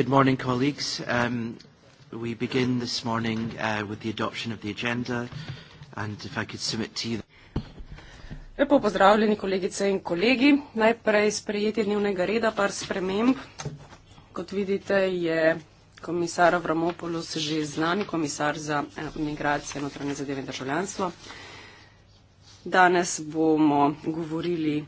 Good morning, colleagues. Um, we begin this morning uh, with the adoption of the agenda, and if I could submit to you. Lepo pozdravljeni kolegice in kolegi. Najprej sprejetje dnevnega reda, par sprememb. Kot vidite, je komisar Avramopoulos že z nami, komisar za imigracije, eh, notranje zadeve in državljanstvo. Danes bomo govorili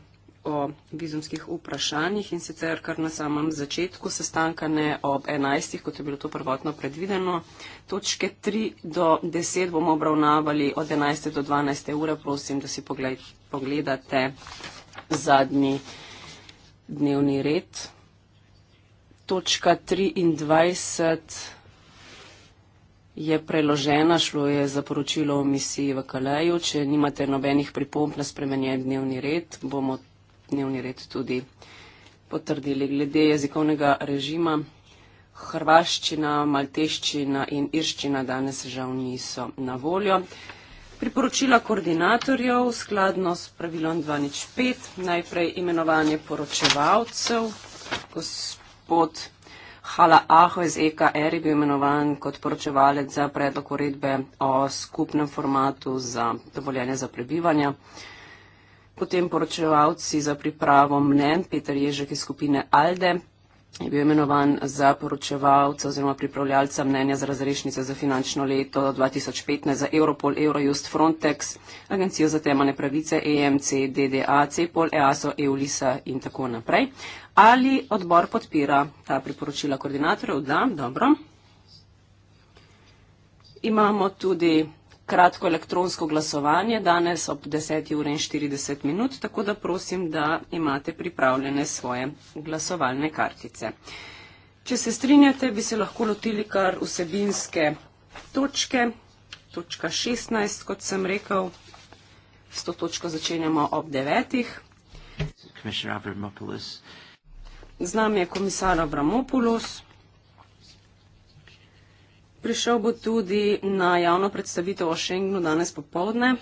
o vizumskih vprašanjih in sicer kar na samem začetku sestanka ne ob 11. kot je bilo to prvotno predvideno. Točke 3 do 10 bomo obravnavali od 11. do 12. ure. Prosim, da si pogled, pogledate zadnji dnevni red. Točka 23 je preložena, šlo je za poročilo o misiji v Kaleju. Če nimate nobenih pripomp na spremenjen dnevni red, bomo dnevni red tudi potrdili. Glede jezikovnega režima, hrvaščina, malteščina in irščina danes žal niso na voljo. Priporočila koordinatorjev skladno s pravilom 205, najprej imenovanje poročevalcev, gospod Hala Aho iz EKR je bil imenovan kot poročevalec za predlog uredbe o skupnem formatu za dovoljenje za prebivanje potem poročevalci za pripravo mnen, Peter Ježek iz skupine Alde je bil imenovan za poročevalca oziroma pripravljalca mnenja za razrešnice za finančno leto 2015 za Europol, Eurojust, Frontex, Agencijo za temane pravice, EMC, DDA, CEPOL, EASO, EULISA in tako naprej. Ali odbor podpira ta priporočila koordinatorjev? Da, dobro. Imamo tudi kratko elektronsko glasovanje danes ob 10. uri in 40 minut, tako da prosim, da imate pripravljene svoje glasovalne kartice. Če se strinjate, bi se lahko lotili kar vsebinske točke. Točka 16, kot sem rekel, s to točko začenjamo ob 9. Z nami je komisar Abramopoulos. Prišel bo tudi na javno predstavitev o Schengenu danes popovdne.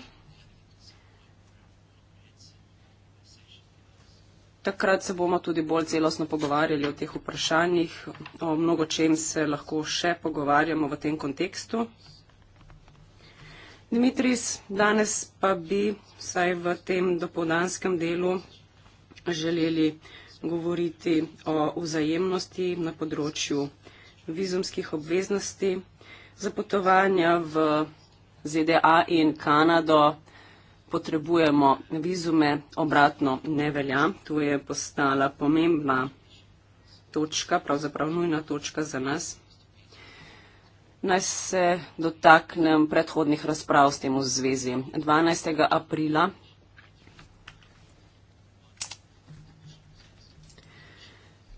Takrat se bomo tudi bolj celosno pogovarjali o teh vprašanjih, o mnogo čem se lahko še pogovarjamo v tem kontekstu. Dimitris, danes pa bi vsaj v tem dopoldanskem delu želeli govoriti o vzajemnosti na področju vizumskih obveznosti za potovanja v ZDA in Kanado potrebujemo vizume, obratno ne velja. To je postala pomembna točka, pravzaprav nujna točka za nas. Naj se dotaknem predhodnih razprav s tem v zvezi. 12. aprila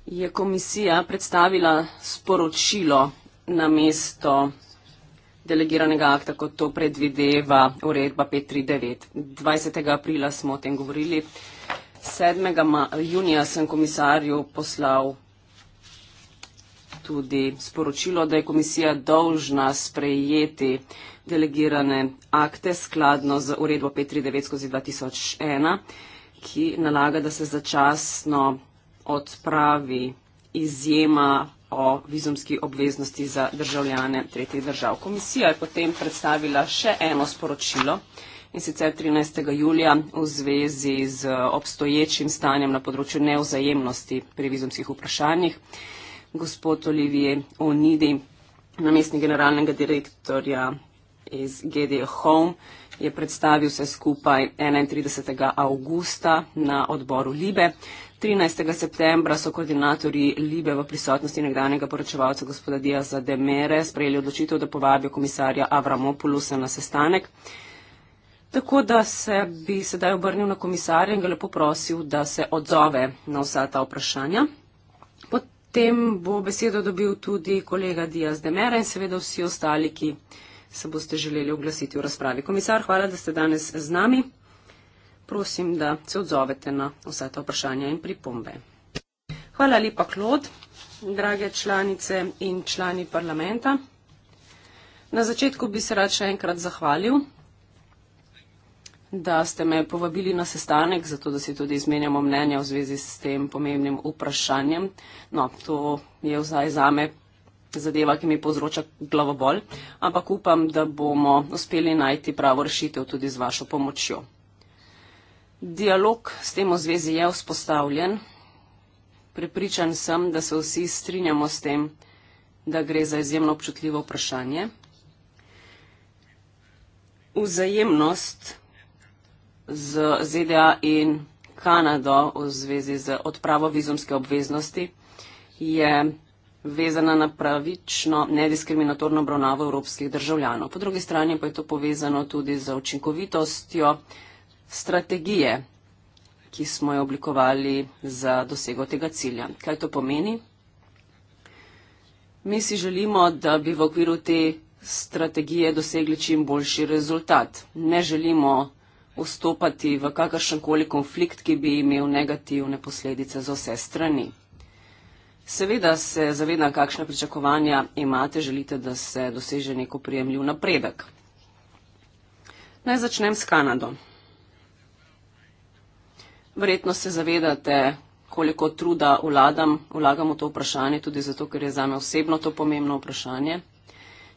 je komisija predstavila sporočilo na mesto delegiranega akta, kot to predvideva uredba 539. 20. aprila smo o tem govorili. 7. junija sem komisarju poslal tudi sporočilo, da je komisija dolžna sprejeti delegirane akte skladno z uredbo 539 skozi 2001, ki nalaga, da se začasno odpravi izjema o vizumski obveznosti za državljane tretjih držav. Komisija je potem predstavila še eno sporočilo in sicer 13. julija v zvezi z obstoječim stanjem na področju neozajemnosti pri vizumskih vprašanjih. Gospod Olivije Onidi, namestni generalnega direktorja iz GD Home, je predstavil vse skupaj 31. augusta na odboru Libe. 13. septembra so koordinatorji Libe v prisotnosti nekdanjega poročevalca gospoda Diaza Demere sprejeli odločitev, da povabijo komisarja Avramopulusa na sestanek. Tako da se bi sedaj obrnil na komisarja in ga lepo prosil, da se odzove na vsa ta vprašanja. Potem bo besedo dobil tudi kolega Diaz Demere in seveda vsi ostali, ki se boste želeli oglasiti v razpravi. Komisar, hvala, da ste danes z nami prosim, da se odzovete na vsa ta vprašanja in pripombe. Hvala lepa, Klod, drage članice in člani parlamenta. Na začetku bi se rad še enkrat zahvalil, da ste me povabili na sestanek, zato da si tudi izmenjamo mnenja v zvezi s tem pomembnim vprašanjem. No, to je vzaj zame zadeva, ki mi povzroča glavobol, ampak upam, da bomo uspeli najti pravo rešitev tudi z vašo pomočjo. Dialog s tem v zvezi je vzpostavljen. Pripričan sem, da se vsi strinjamo s tem, da gre za izjemno občutljivo vprašanje. Vzajemnost z ZDA in Kanado v zvezi z odpravo vizumske obveznosti je vezana na pravično nediskriminatorno obravnavo evropskih državljanov. Po drugi strani pa je to povezano tudi z učinkovitostjo strategije, ki smo jo oblikovali za dosego tega cilja. Kaj to pomeni? Mi si želimo, da bi v okviru te strategije dosegli čim boljši rezultat. Ne želimo vstopati v kakršenkoli konflikt, ki bi imel negativne posledice za vse strani. Seveda se zavedam, kakšne pričakovanja imate, želite, da se doseže neko prijemljiv napredek. Naj začnem s Kanado. Verjetno se zavedate, koliko truda vladam, vlagam v to vprašanje, tudi zato, ker je za me osebno to pomembno vprašanje.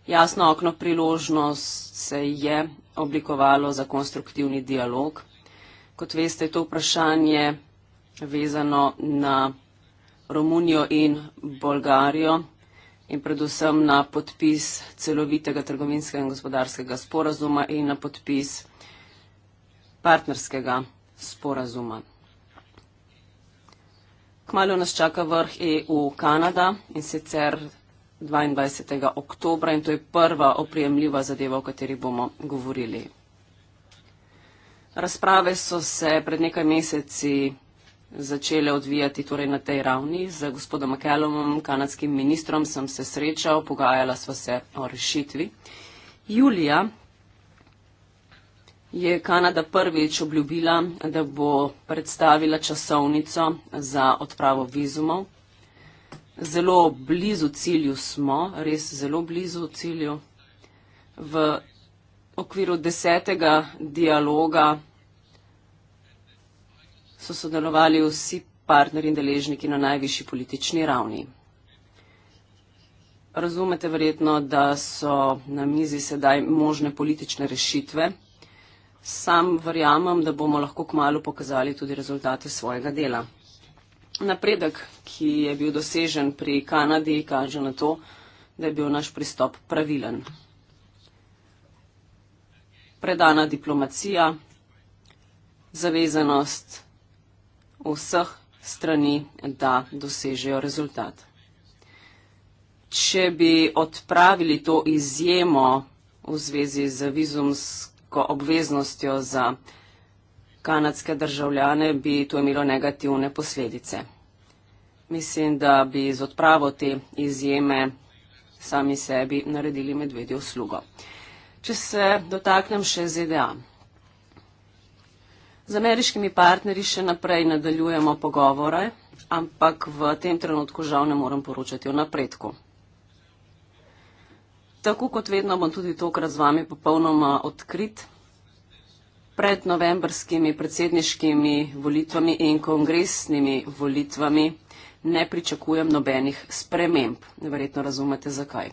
Jasno okno priložnost se je oblikovalo za konstruktivni dialog. Kot veste, je to vprašanje vezano na Romunijo in Bolgarijo in predvsem na podpis celovitega trgovinskega in gospodarskega sporazuma in na podpis partnerskega sporazuma sporazuma. Kmalo nas čaka vrh EU-Kanada in sicer 22. oktobra in to je prva oprijemljiva zadeva, o kateri bomo govorili. Razprave so se pred nekaj meseci začele odvijati torej na tej ravni. Z gospodom Makelomom, kanadskim ministrom, sem se srečal, pogajala sva se o rešitvi. Julija je Kanada prvič obljubila, da bo predstavila časovnico za odpravo vizumov. Zelo blizu cilju smo, res zelo blizu cilju. V okviru desetega dialoga so sodelovali vsi partneri in deležniki na najvišji politični ravni. Razumete verjetno, da so na mizi sedaj možne politične rešitve Sam verjamem, da bomo lahko k malu pokazali tudi rezultate svojega dela. Napredek, ki je bil dosežen pri Kanadi, kaže na to, da je bil naš pristop pravilen. Predana diplomacija, zavezanost vseh strani, da dosežejo rezultat. Če bi odpravili to izjemo v zvezi z vizumskim ko obveznostjo za kanadske državljane bi to imelo negativne posledice. Mislim, da bi z odpravo te izjeme sami sebi naredili medvedje uslugo. Če se dotaknem še ZDA. Z ameriškimi partnerji še naprej nadaljujemo pogovore, ampak v tem trenutku žal ne morem poročati o napredku. Tako kot vedno bom tudi tokrat z vami popolnoma odkrit. Pred novembrskimi predsedniškimi volitvami in kongresnimi volitvami ne pričakujem nobenih sprememb. Verjetno razumete zakaj.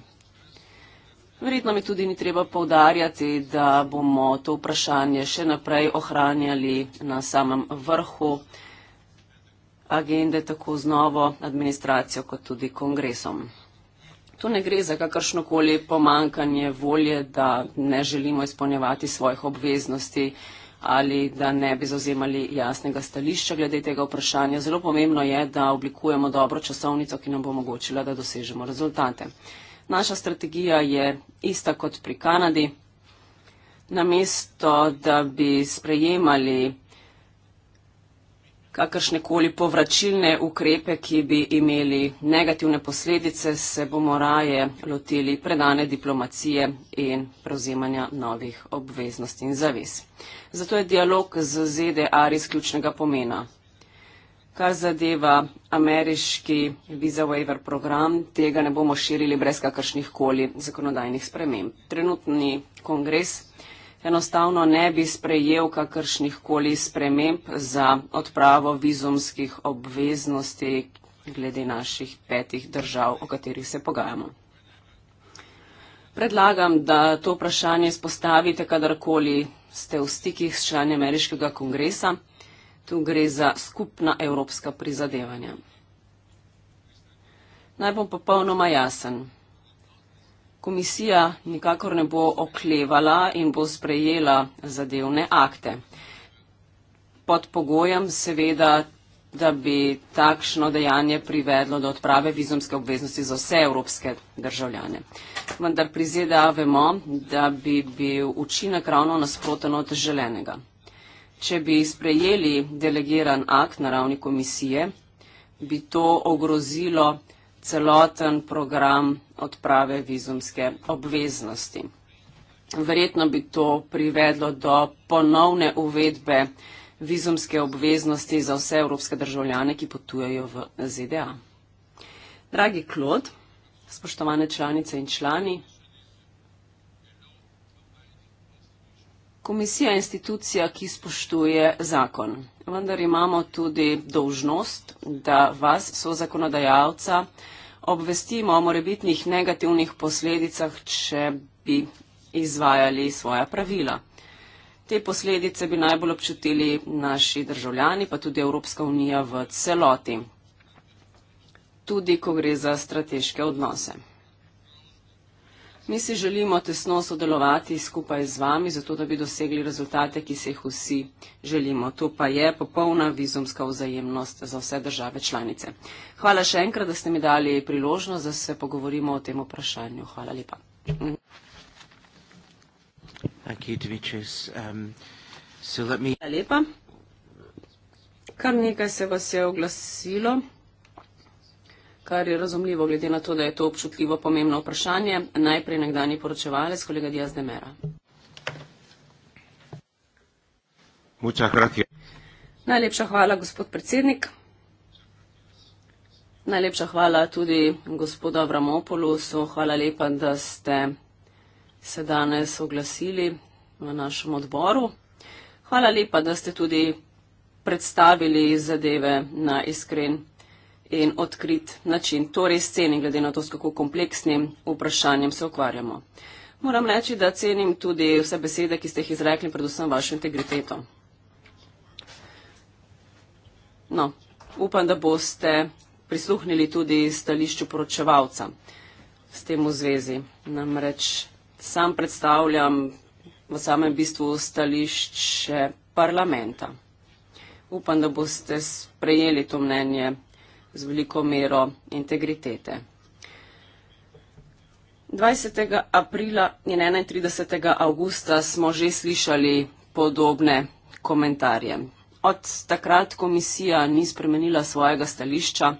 Verjetno mi tudi ni treba povdarjati, da bomo to vprašanje še naprej ohranjali na samem vrhu agende tako z novo administracijo kot tudi kongresom. Tu ne gre za kakršno koli pomankanje volje, da ne želimo izpolnjevati svojih obveznosti ali da ne bi zauzemali jasnega stališča glede tega vprašanja. Zelo pomembno je, da oblikujemo dobro časovnico, ki nam bo omogočila, da dosežemo rezultate. Naša strategija je ista kot pri Kanadi. Namesto, da bi sprejemali kakršne koli povračilne ukrepe, ki bi imeli negativne posledice, se bomo raje lotili predane diplomacije in prevzemanja novih obveznosti in zavez. Zato je dialog z ZDA res ključnega pomena. Kar zadeva ameriški visa waiver program, tega ne bomo širili brez kakršnih koli zakonodajnih sprememb. Trenutni kongres enostavno ne bi sprejel kakršnih koli sprememb za odpravo vizumskih obveznosti glede naših petih držav, o katerih se pogajamo. Predlagam, da to vprašanje spostavite, kadarkoli ste v stikih s člani ameriškega kongresa. Tu gre za skupna evropska prizadevanja. Naj bom popolnoma jasen. Komisija nikakor ne bo oklevala in bo sprejela zadevne akte. Pod pogojem seveda, da bi takšno dejanje privedlo do odprave vizumske obveznosti za vse evropske državljane. Vendar pri ZDA vemo, da bi bil učinek ravno nasproten od želenega. Če bi sprejeli delegiran akt na ravni komisije, bi to ogrozilo celoten program odprave vizumske obveznosti. Verjetno bi to privedlo do ponovne uvedbe vizumske obveznosti za vse evropske državljane, ki potujejo v ZDA. Dragi Klod, spoštovane članice in člani, komisija je institucija, ki spoštuje zakon, vendar imamo tudi dolžnost, da vas so zakonodajalca obvestimo o morebitnih negativnih posledicah, če bi izvajali svoja pravila. Te posledice bi najbolj občutili naši državljani, pa tudi Evropska unija v celoti, tudi ko gre za strateške odnose. Mi si želimo tesno sodelovati skupaj z vami, zato da bi dosegli rezultate, ki se jih vsi želimo. To pa je popolna vizumska vzajemnost za vse države članice. Hvala še enkrat, da ste mi dali priložnost, da se pogovorimo o tem vprašanju. Hvala lepa. Um, Hvala lepa. Kar nekaj se vas je oglasilo kar je razumljivo, glede na to, da je to občutljivo pomembno vprašanje. Najprej nekdani poročevalec, kolega Diaz de Mera. Najlepša hvala, gospod predsednik. Najlepša hvala tudi gospodu Avramopolusu. Hvala lepa, da ste se danes oglasili v našem odboru. Hvala lepa, da ste tudi predstavili zadeve na iskren način in odkrit način. To res cenim, glede na to, s kako kompleksnim vprašanjem se ukvarjamo. Moram reči, da cenim tudi vse besede, ki ste jih izrekli, predvsem vašo integriteto. No, upam, da boste prisluhnili tudi stališču poročevalca s tem v zvezi. Namreč sam predstavljam v samem bistvu stališče parlamenta. Upam, da boste sprejeli to mnenje z veliko mero integritete. 20. aprila in 31. avgusta smo že slišali podobne komentarje. Od takrat komisija ni spremenila svojega stališča.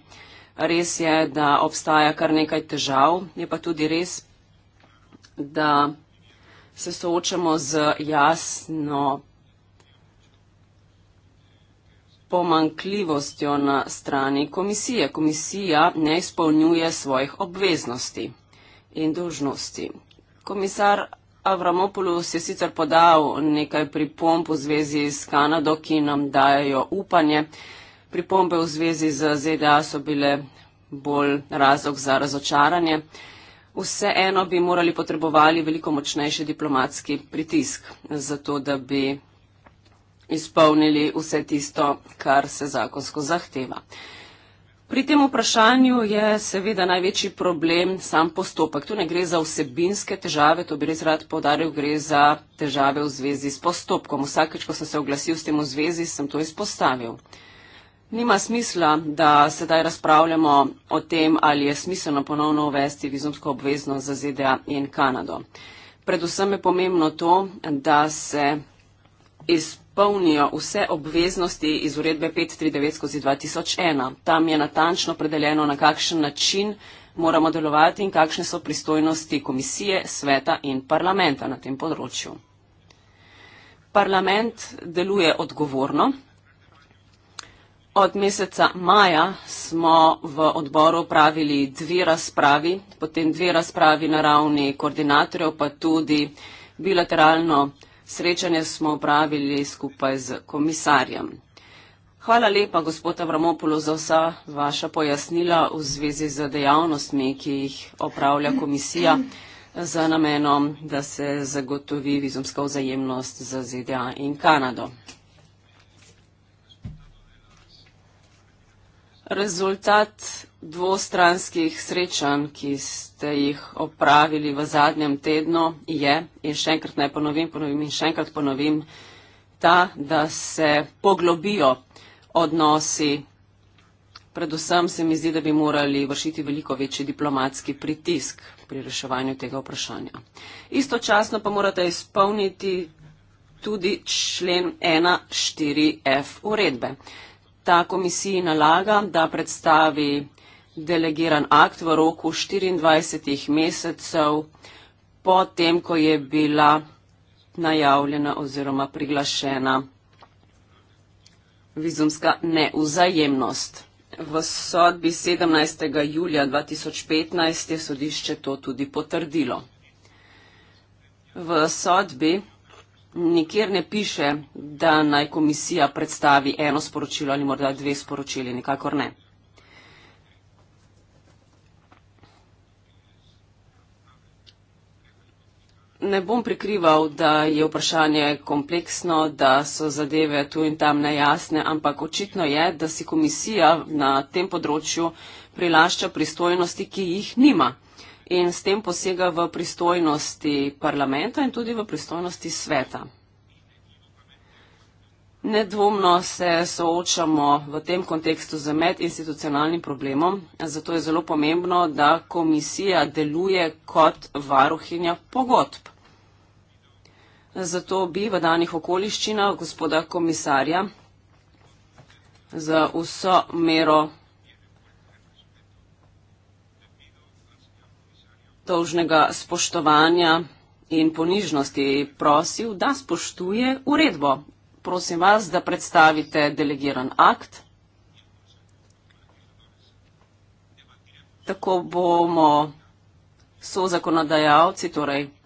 Res je, da obstaja kar nekaj težav. Je pa tudi res, da se soočamo z jasno pomankljivostjo na strani komisije. Komisija ne izpolnjuje svojih obveznosti in dožnosti. Komisar Avramopoulos je sicer podal nekaj pripomp v zvezi s Kanado, ki nam dajo upanje. Pripombe v zvezi z ZDA so bile bolj razlog za razočaranje. Vseeno bi morali potrebovali veliko močnejši diplomatski pritisk, zato da bi izpolnili vse tisto, kar se zakonsko zahteva. Pri tem vprašanju je seveda največji problem sam postopek. Tu ne gre za vsebinske težave, to bi res rad povdaril, gre za težave v zvezi s postopkom. Vsakeč, ko sem se oglasil s tem v zvezi, sem to izpostavil. Nima smisla, da sedaj razpravljamo o tem, ali je smiselno ponovno uvesti vizumsko obveznost za ZDA in Kanado. Predvsem je pomembno to, da se izpolnimo polnijo vse obveznosti iz uredbe 539-2001. Tam je natančno predeljeno, na kakšen način moramo delovati in kakšne so pristojnosti komisije, sveta in parlamenta na tem področju. Parlament deluje odgovorno. Od meseca maja smo v odboru pravili dve razpravi, potem dve razpravi na ravni koordinatorjev, pa tudi bilateralno Srečanje smo upravili skupaj z komisarjem. Hvala lepa, gospod Avramopolo, za vsa vaša pojasnila v zvezi z dejavnostmi, ki jih opravlja komisija za namenom, da se zagotovi vizumska vzajemnost za ZDA in Kanado. Rezultat dvostranskih srečanj, ki ste jih opravili v zadnjem tednu, je, in še enkrat naj ponovim, ponovim in še enkrat ponovim, ta, da se poglobijo odnosi. Predvsem se mi zdi, da bi morali vršiti veliko večji diplomatski pritisk pri reševanju tega vprašanja. Istočasno pa morate izpolniti tudi člen 1.4.F. uredbe. Ta komisiji nalaga, da predstavi delegiran akt v roku 24 mesecev po tem, ko je bila najavljena oziroma priglašena vizumska neuzajemnost. V sodbi 17. julija 2015 je sodišče to tudi potrdilo. V sodbi nikjer ne piše, da naj komisija predstavi eno sporočilo ali morda dve sporočili, nikakor ne. ne bom prikrival, da je vprašanje kompleksno, da so zadeve tu in tam nejasne, ampak očitno je, da si komisija na tem področju prilašča pristojnosti, ki jih nima. In s tem posega v pristojnosti parlamenta in tudi v pristojnosti sveta. Nedvomno se soočamo v tem kontekstu z medinstitucionalnim problemom, zato je zelo pomembno, da komisija deluje kot varuhinja pogodb. Zato bi v danih okoliščinah gospoda komisarja za vso mero dolžnega spoštovanja in ponižnosti prosil, da spoštuje uredbo. Prosim vas, da predstavite delegiran akt. Tako bomo so zakonodajalci, torej vsega,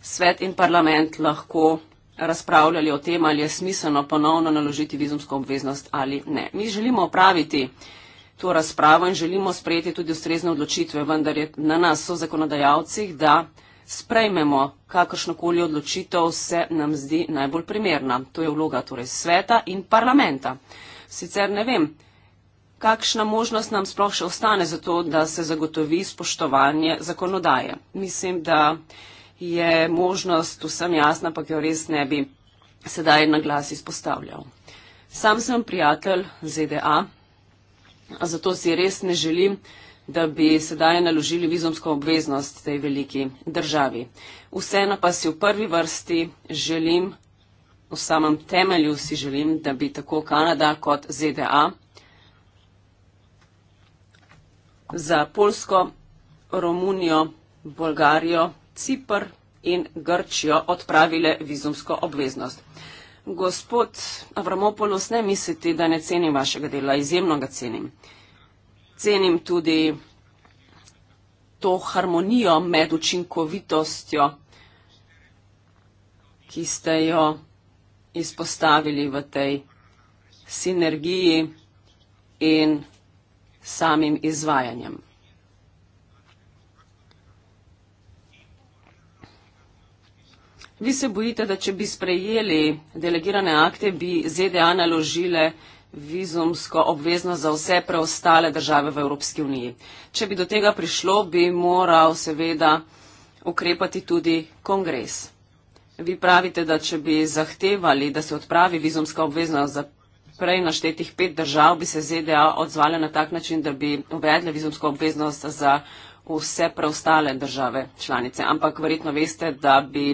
svet in parlament lahko razpravljali o tem, ali je smiselno ponovno naložiti vizumsko obveznost ali ne. Mi želimo opraviti to razpravo in želimo sprejeti tudi ustrezne odločitve, vendar je na nas, so zakonodajalcih, da sprejmemo kakršnokoli odločitev, se nam zdi najbolj primerna. To je vloga torej sveta in parlamenta. Sicer ne vem, kakšna možnost nam sploh še ostane za to, da se zagotovi spoštovanje zakonodaje. Mislim, da je možnost vsem jasna, pa ki jo res ne bi sedaj na glas izpostavljal. Sam sem prijatelj ZDA, zato si res ne želim, da bi sedaj naložili vizumsko obveznost tej veliki državi. Vseeno pa si v prvi vrsti želim, v samem temelju si želim, da bi tako Kanada kot ZDA za Polsko, Romunijo, Bolgarijo, Cipr in Grčijo odpravile vizumsko obveznost. Gospod Avramopoulos, ne mislite, da ne cenim vašega dela, izjemno ga cenim. Cenim tudi to harmonijo med učinkovitostjo, ki ste jo izpostavili v tej sinergiji in samim izvajanjem. Vi se bojite, da če bi sprejeli delegirane akte, bi ZDA naložile vizumsko obveznost za vse preostale države v Evropski uniji. Če bi do tega prišlo, bi moral seveda ukrepati tudi kongres. Vi pravite, da če bi zahtevali, da se odpravi vizumska obveznost za prej naštetih pet držav, bi se ZDA odzvale na tak način, da bi uvedle vizumsko obveznost za vse preostale države članice. Ampak verjetno veste, da bi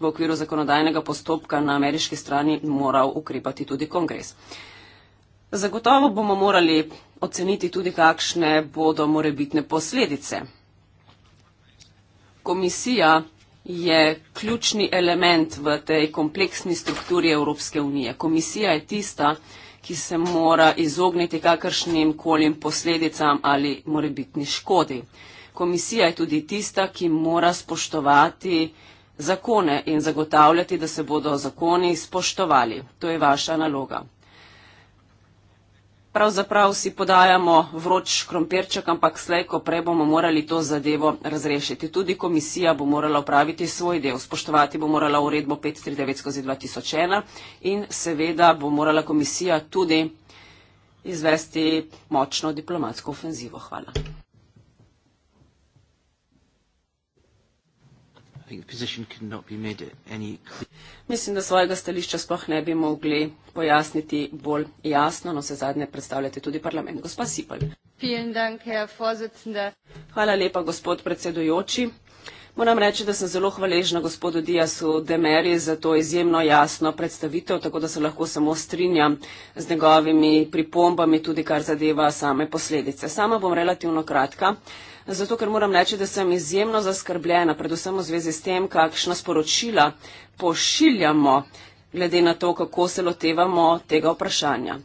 v okviru zakonodajnega postopka na ameriški strani moral ukrepati tudi kongres. Zagotovo bomo morali oceniti tudi, kakšne bodo morebitne posledice. Komisija je ključni element v tej kompleksni strukturi Evropske unije. Komisija je tista, ki se mora izogniti kakršnim kolim posledicam ali morebitni škodi. Komisija je tudi tista, ki mora spoštovati zakone in zagotavljati, da se bodo zakoni spoštovali. To je vaša naloga. Pravzaprav si podajamo vroč krompirček, ampak slejko prej bomo morali to zadevo razrešiti. Tudi komisija bo morala upraviti svoj del, spoštovati bo morala uredbo 539-2001 in seveda bo morala komisija tudi izvesti močno diplomatsko ofenzivo. Hvala. Mislim, da svojega stališča sploh ne bi mogli pojasniti bolj jasno, no se zadnje predstavljate tudi parlament. Gospa Sipal. Hvala lepa, gospod predsedujoči. Moram reči, da sem zelo hvaležna gospodu Dijasu Demeri za to izjemno jasno predstavitev, tako da se lahko samo strinjam z njegovimi pripombami, tudi kar zadeva same posledice. Sama bom relativno kratka zato ker moram reči, da sem izjemno zaskrbljena, predvsem v zvezi s tem, kakšna sporočila pošiljamo, glede na to, kako se lotevamo tega vprašanja.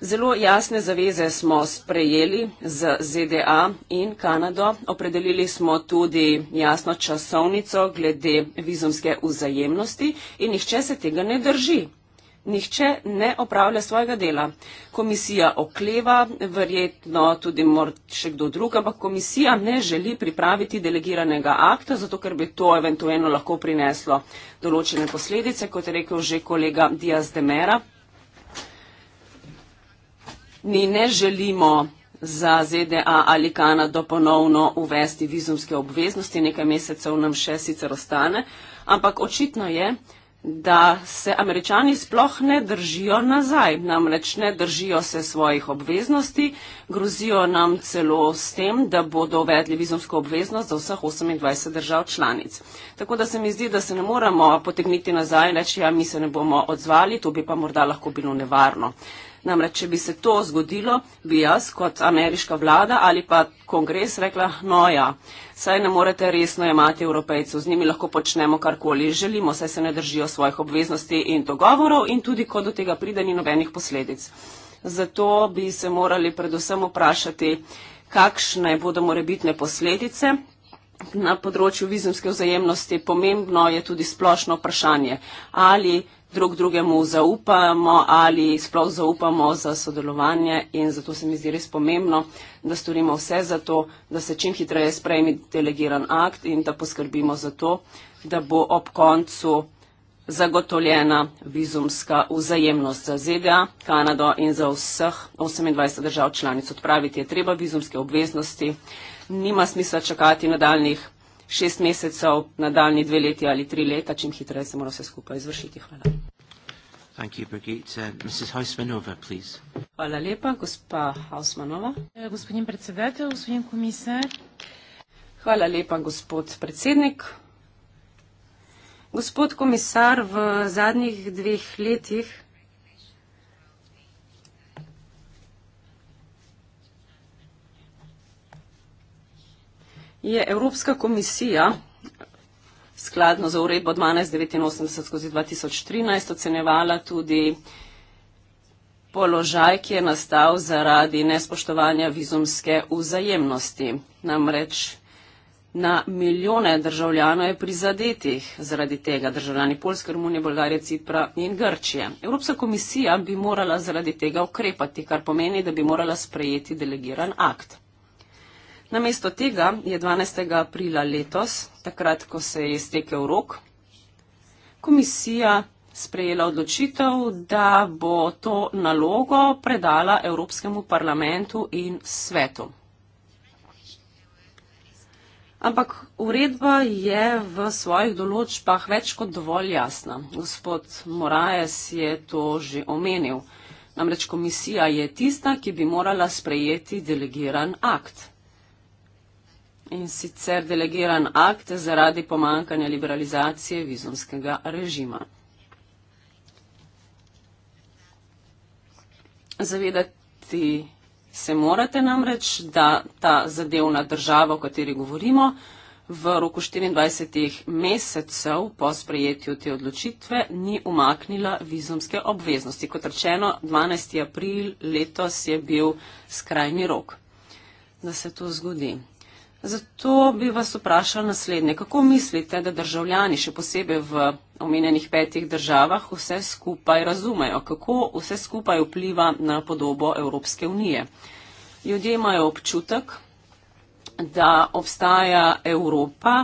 Zelo jasne zaveze smo sprejeli z ZDA in Kanado. Opredelili smo tudi jasno časovnico glede vizumske vzajemnosti in nihče se tega ne drži nihče ne opravlja svojega dela. Komisija okleva, verjetno tudi še kdo drug, ampak komisija ne želi pripraviti delegiranega akta, zato ker bi to eventualno lahko prineslo določene posledice, kot je rekel že kolega Diaz de Mera. Mi ne želimo za ZDA ali Kanado ponovno uvesti vizumske obveznosti, nekaj mesecev nam še sicer ostane, ampak očitno je, da se američani sploh ne držijo nazaj, namreč ne držijo se svojih obveznosti, grozijo nam celo s tem, da bodo uvedli vizumsko obveznost za vseh 28 držav članic. Tako da se mi zdi, da se ne moramo potegniti nazaj in reči, ja, mi se ne bomo odzvali, to bi pa morda lahko bilo nevarno. Namreč, če bi se to zgodilo, bi jaz kot ameriška vlada ali pa kongres rekla, no ja, saj ne morete resno jemati evropejcev, z njimi lahko počnemo karkoli želimo, saj se ne držijo svojih obveznosti in dogovorov in tudi, ko do tega pride, ni nobenih posledic. Zato bi se morali predvsem vprašati, kakšne bodo morebitne posledice. Na področju vizumske vzajemnosti pomembno je tudi splošno vprašanje, ali drug drugemu zaupamo ali sploh zaupamo za sodelovanje in zato se mi zdi res pomembno, da storimo vse za to, da se čim hitreje sprejmi delegiran akt in da poskrbimo za to, da bo ob koncu zagotovljena vizumska vzajemnost za ZDA, Kanado in za vseh 28 držav članic. Odpraviti je treba vizumske obveznosti, nima smisla čakati nadaljnih šest mesecev, nadaljni dve leti ali tri leta, čim hitreje se mora vse skupaj izvršiti. Hvala. You, uh, Hvala lepa, gospa Hausmanova. Eh, gospodin predsedatelj, gospodin komisar. Hvala lepa, gospod predsednik. Gospod komisar, v zadnjih dveh letih je Evropska komisija skladno za uredbo 1289-2013 ocenjevala tudi položaj, ki je nastal zaradi nespoštovanja vizumske vzajemnosti. Namreč na milijone državljanov je prizadetih zaradi tega državljani Polske, Romunije, Bolgarije, Cipra in Grčije. Evropska komisija bi morala zaradi tega ukrepati, kar pomeni, da bi morala sprejeti delegiran akt. Namesto tega je 12. aprila letos, takrat, ko se je iztekel rok, komisija sprejela odločitev, da bo to nalogo predala Evropskemu parlamentu in svetu. Ampak uredba je v svojih določbah več kot dovolj jasna. Gospod Moraes je to že omenil. Namreč komisija je tista, ki bi morala sprejeti delegiran akt in sicer delegiran akt zaradi pomankanja liberalizacije vizumskega režima. Zavedati se morate namreč, da ta zadevna država, o kateri govorimo, v roku 24 mesecev po sprejetju te odločitve ni umaknila vizumske obveznosti. Kot rečeno, 12. april letos je bil skrajni rok, da se to zgodi. Zato bi vas vprašal naslednje. Kako mislite, da državljani, še posebej v omenjenih petih državah, vse skupaj razumejo? Kako vse skupaj vpliva na podobo Evropske unije? Ljudje imajo občutek, da obstaja Evropa,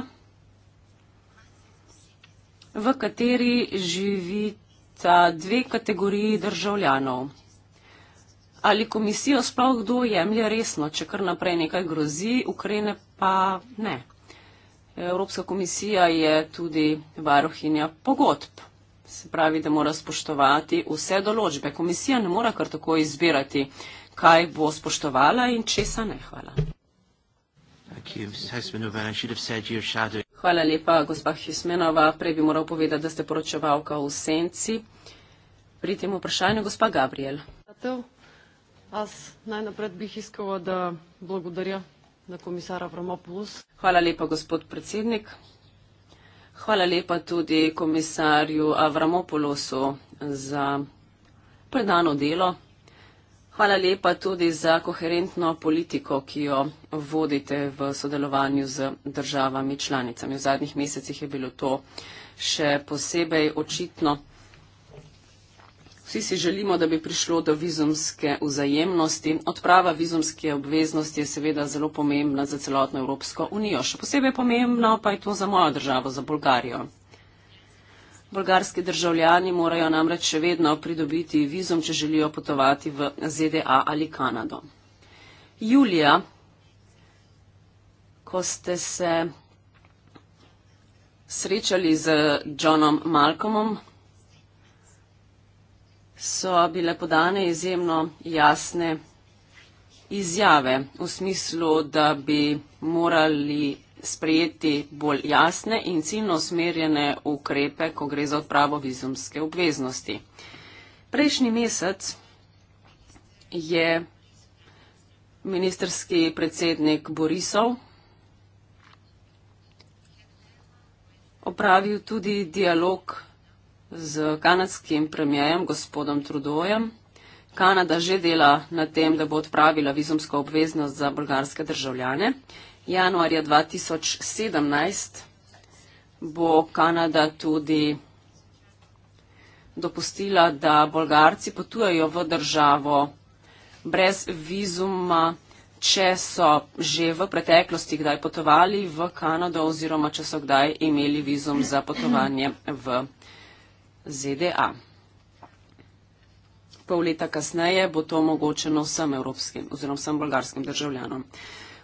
v kateri živita dve kategoriji državljanov ali komisijo sploh kdo jemlje resno, če kar naprej nekaj grozi, Ukrajine pa ne. Evropska komisija je tudi varohinja pogodb. Se pravi, da mora spoštovati vse določbe. Komisija ne mora kar tako izbirati, kaj bo spoštovala in česa ne. Hvala. Hvala lepa, gospa Hismenova. Prej bi moral povedati, da ste poročevalka v senci. Pri tem vprašanju, gospa Gabriel. Hvala. Аз най-напред бих искала да благодаря на комисара Врамопулус. Hvala lepa, gospod predsednik. Hvala lepa tudi komisarju Avramopolosu za predano delo. Hvala lepa tudi za koherentno politiko, ki jo vodite v sodelovanju z državami članicami. V zadnjih mesecih je bilo to še posebej očitno. Vsi si želimo, da bi prišlo do vizumske vzajemnosti. Odprava vizumske obveznosti je seveda zelo pomembna za celotno Evropsko unijo. Še posebej pomembno pa je to za mojo državo, za Bolgarijo. Bolgarski državljani morajo namreč še vedno pridobiti vizum, če želijo potovati v ZDA ali Kanado. Julija, ko ste se srečali z Johnom Malcolmom, so bile podane izjemno jasne izjave v smislu, da bi morali sprejeti bolj jasne in ciljno usmerjene ukrepe, ko gre za odpravo vizumske obveznosti. Prejšnji mesec je ministerski predsednik Borisov opravil tudi dialog z kanadskim premijejem gospodom Trudojem. Kanada že dela na tem, da bo odpravila vizumsko obveznost za bolgarske državljane. Januarja 2017 bo Kanada tudi dopustila, da bolgarci potujejo v državo brez vizuma, če so že v preteklosti kdaj potovali v Kanado oziroma če so kdaj imeli vizum za potovanje v državo. ZDA. Pol leta kasneje bo to omogočeno vsem evropskim oziroma vsem bolgarskim državljanom.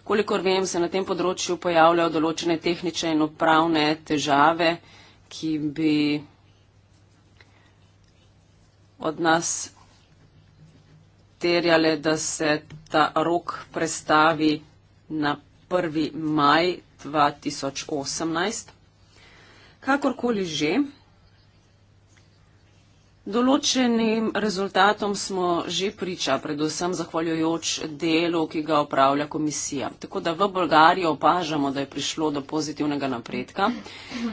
Kolikor vem, se na tem področju pojavljajo določene tehnične in upravne težave, ki bi od nas terjale, da se ta rok prestavi na 1. maj 2018. Kakorkoli že, Določenim rezultatom smo že priča, predvsem zahvaljujoč delu, ki ga upravlja komisija. Tako da v Bolgariji opažamo, da je prišlo do pozitivnega napredka.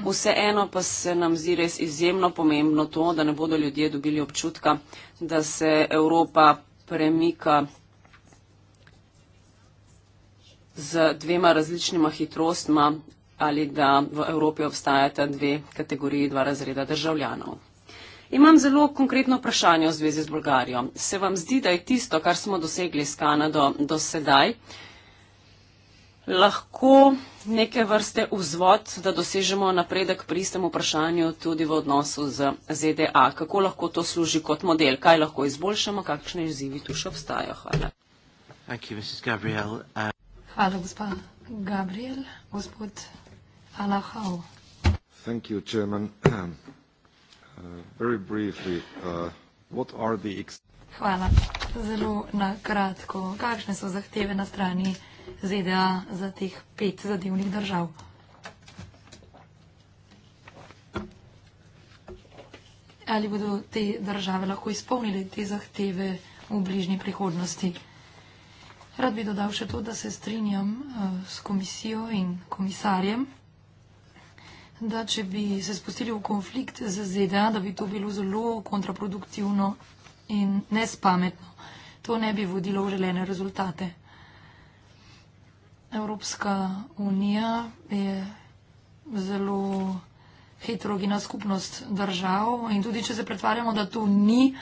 Vseeno pa se nam zdi res izjemno pomembno to, da ne bodo ljudje dobili občutka, da se Evropa premika z dvema različnima hitrostma ali da v Evropi obstajata dve kategoriji, dva razreda državljanov. Imam zelo konkretno vprašanje v zvezi z Bolgarijo. Se vam zdi, da je tisto, kar smo dosegli s Kanado do sedaj, lahko neke vrste vzvod, da dosežemo napredek pri istem vprašanju tudi v odnosu z ZDA? Kako lahko to služi kot model? Kaj lahko izboljšamo? Kakšne izzivi tu še obstajajo? Hvala. Uh, Hvala, gospa Gabriel. Gospod Alahau. Hvala, gospod predsednik. Uh, Hvala. Zelo na kratko. Kakšne so zahteve na strani ZDA za teh pet zadevnih držav? Ali bodo te države lahko izpolnili te zahteve v bližnji prihodnosti? Rad bi dodal še to, da se strinjam uh, s komisijo in komisarjem, da če bi se spustili v konflikt z ZDA, da bi to bilo zelo kontraproduktivno in nespametno. To ne bi vodilo v želene rezultate. Evropska unija je zelo heterogena skupnost držav in tudi, če se pretvarjamo, da to ni,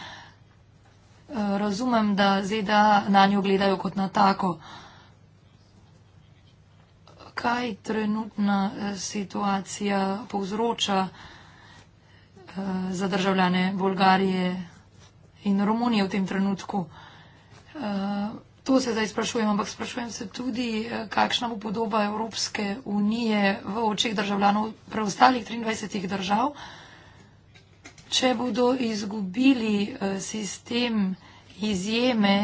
eh, razumem, da ZDA na njo gledajo kot na tako kaj trenutna eh, situacija povzroča eh, za državljane Bolgarije in Romunije v tem trenutku. Eh, to se zdaj sprašujem, ampak sprašujem se tudi, kakšna bo podoba Evropske unije v očih državljanov preostalih 23 držav, če bodo izgubili sistem izjeme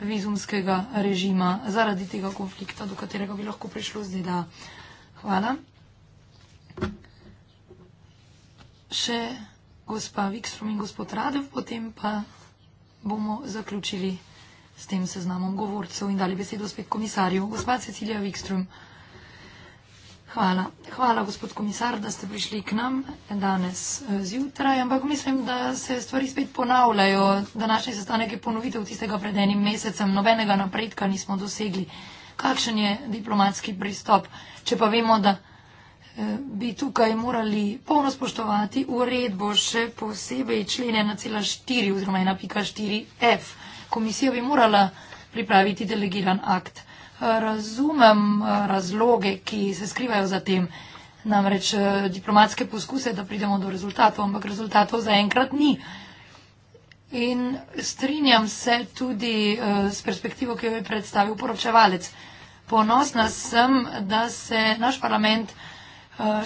vizumskega režima zaradi tega konflikta, do katerega bi lahko prišlo zdaj. Da. Hvala. Še gospa Vikstrom in gospod Radev, potem pa bomo zaključili s tem seznamom govorcev in dali besedo spet komisarju. Gospa Cecilija Vikstrom. Hvala. Hvala, gospod komisar, da ste prišli k nam danes eh, zjutraj, ampak mislim, da se stvari spet ponavljajo. Današnji sestanek je ponovitev tistega pred enim mesecem, nobenega napredka nismo dosegli. Kakšen je diplomatski pristop, če pa vemo, da eh, bi tukaj morali polno spoštovati uredbo še posebej člene 1,4 oziroma 1,4f. Komisija bi morala pripraviti delegiran akt razumem eh, razloge, ki se skrivajo za tem. Namreč eh, diplomatske poskuse, da pridemo do rezultatov, ampak rezultatov zaenkrat ni. In strinjam se tudi eh, s perspektivo, ki jo je predstavil poročevalec. Ponosna sem, da se naš parlament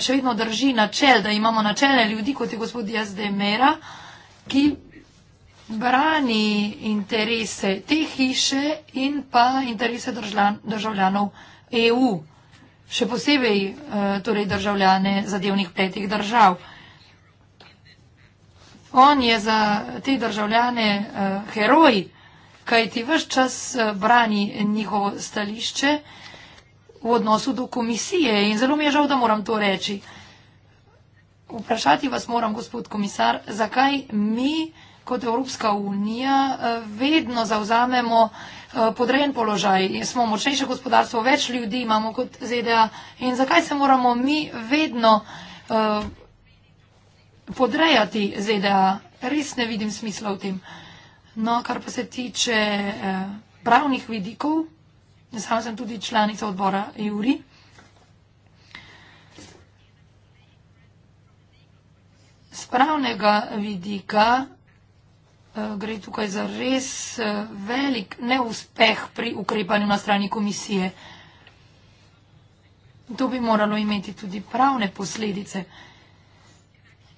še vedno drži načel, da imamo načele ljudi, kot je gospod Jazdemera, ki brani interese te hiše in pa interese državljan, državljanov EU, še posebej eh, torej državljane zadevnih petih držav. On je za te državljane eh, heroj, kaj ti vse čas eh, brani njihovo stališče v odnosu do komisije in zelo mi je žal, da moram to reči. Vprašati vas moram, gospod komisar, zakaj mi kot Evropska unija eh, vedno zauzamemo eh, podrejen položaj. Smo močnejše gospodarstvo, več ljudi imamo kot ZDA in zakaj se moramo mi vedno eh, podrejati ZDA? Res ne vidim smisla v tem. No, kar pa se tiče pravnih vidikov, sam sem tudi članica odbora Juri. Z pravnega vidika Eh, gre tukaj za res eh, velik neuspeh pri ukrepanju na strani komisije. To bi moralo imeti tudi pravne posledice.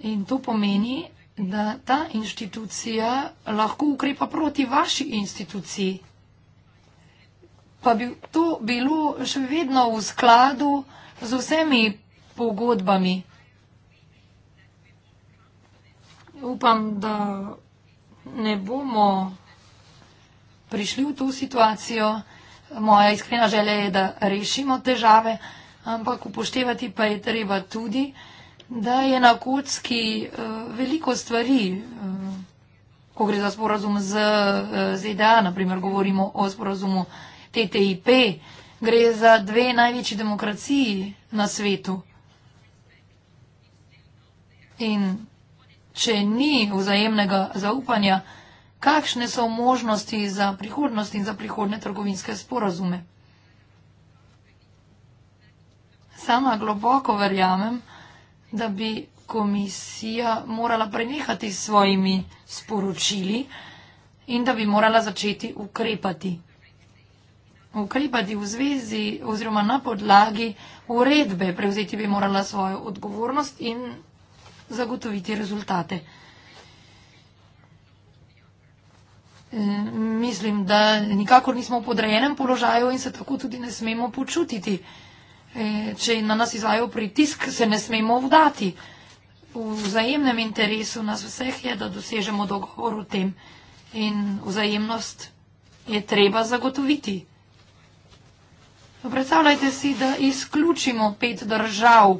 In to pomeni, da ta inštitucija lahko ukrepa proti vaši instituciji. Pa bi to bilo še vedno v skladu z vsemi pogodbami. Upam, da ne bomo prišli v to situacijo. Moja iskrena želja je, da rešimo težave, ampak upoštevati pa je treba tudi, da je na kocki eh, veliko stvari, eh, ko gre za sporazum z eh, ZDA, naprimer govorimo o sporazumu TTIP, gre za dve največji demokraciji na svetu. In če ni vzajemnega zaupanja, kakšne so možnosti za prihodnost in za prihodne trgovinske sporazume. Sama globoko verjamem, da bi komisija morala prenehati s svojimi sporočili in da bi morala začeti ukrepati. Ukrepati v zvezi oziroma na podlagi uredbe, prevzeti bi morala svojo odgovornost in zagotoviti rezultate. E, mislim, da nikakor nismo v podrejenem položaju in se tako tudi ne smemo počutiti. E, če na nas izvajo pritisk, se ne smemo vdati. V vzajemnem interesu nas vseh je, da dosežemo dogovor o tem in vzajemnost je treba zagotoviti. Predstavljajte si, da izključimo pet držav.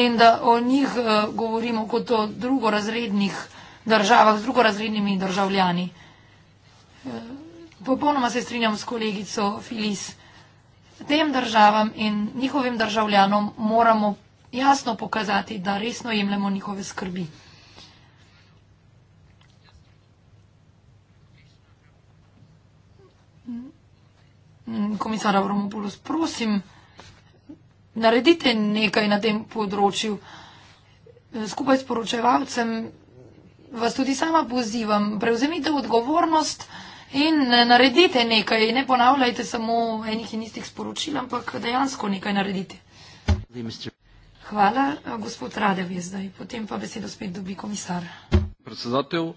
in da o njih eh, govorimo kot o drugorazrednih državah z drugorazrednimi državljani. Eh, popolnoma se strinjam s kolegico Filis. Tem državam in njihovim državljanom moramo jasno pokazati, da resno jemljemo njihove skrbi. Komisar Avromopoulos, prosim naredite nekaj na tem področju. Eh, Skupaj s poročevalcem vas tudi sama pozivam, prevzemite odgovornost in eh, naredite nekaj. Ne ponavljajte samo enih in istih sporočil, ampak dejansko nekaj naredite. Hvala, eh, gospod Radev je zdaj. Potem pa besedo spet dobi komisar. Predsedatelj,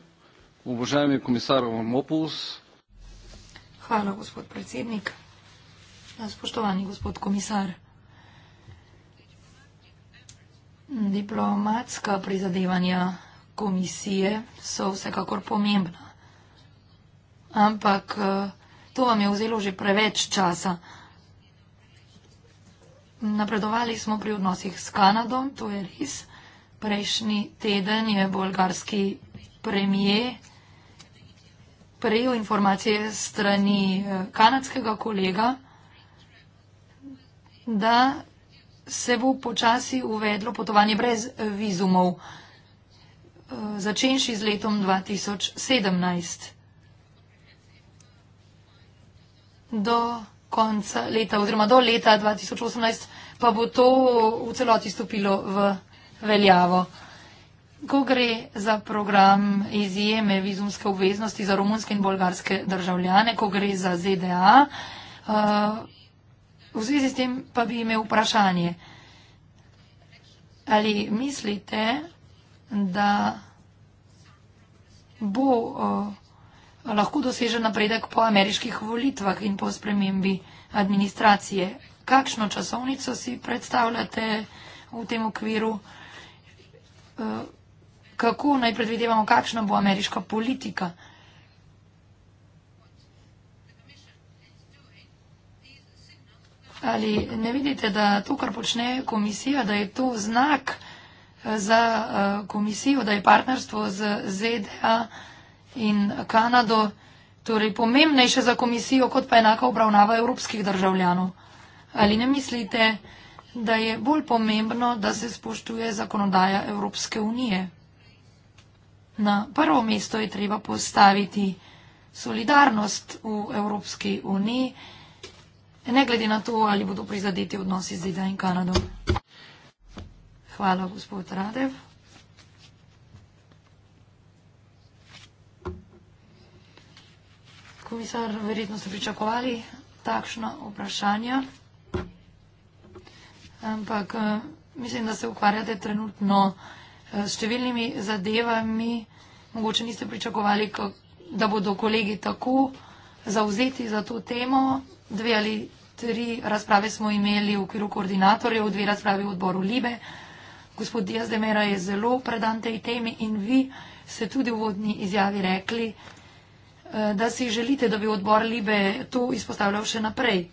obožajem je komisar Mopus. Hvala, gospod predsednik. Spoštovani gospod komisar. Diplomatska prizadevanja komisije so vsekakor pomembna. Ampak eh, to vam je vzelo že preveč časa. Napredovali smo pri odnosih s Kanadom, to je res. Prejšnji teden je bolgarski premije prejel informacije strani eh, kanadskega kolega, da se bo počasi uvedlo potovanje brez eh, vizumov, eh, začenši z letom 2017. Do konca leta oziroma do leta 2018 pa bo to v celoti stopilo v veljavo. Ko gre za program izjeme vizumske obveznosti za romunske in bolgarske državljane, ko gre za ZDA, eh, V zvezi s tem pa bi imel vprašanje. Ali mislite, da bo uh, lahko dosežen napredek po ameriških volitvah in po spremembi administracije? Kakšno časovnico si predstavljate v tem okviru? Uh, kako naj predvidevamo, kakšna bo ameriška politika? Ali ne vidite, da to, kar počne komisija, da je to znak eh, za eh, komisijo, da je partnerstvo z ZDA in Kanado torej pomembnejše za komisijo, kot pa enaka obravnava evropskih državljanov? Ali ne mislite, da je bolj pomembno, da se spoštuje zakonodaja Evropske unije? Na prvo mesto je treba postaviti solidarnost v Evropski uniji ne glede na to, ali bodo prizadeti odnosi z ZDA in Kanado. Hvala, gospod Radev. Komisar, verjetno ste pričakovali takšno vprašanje, ampak eh, mislim, da se ukvarjate trenutno eh, s številnimi zadevami. Mogoče niste pričakovali, da bodo kolegi tako zauzeti za to temo. Dve ali Tri razprave smo imeli v okviru koordinatorjev, dve razprave v odboru Libe. Gospod Diaz de Mera je zelo predan tej temi in vi ste tudi v vodni izjavi rekli, eh, da si želite, da bi odbor Libe to izpostavljal še naprej.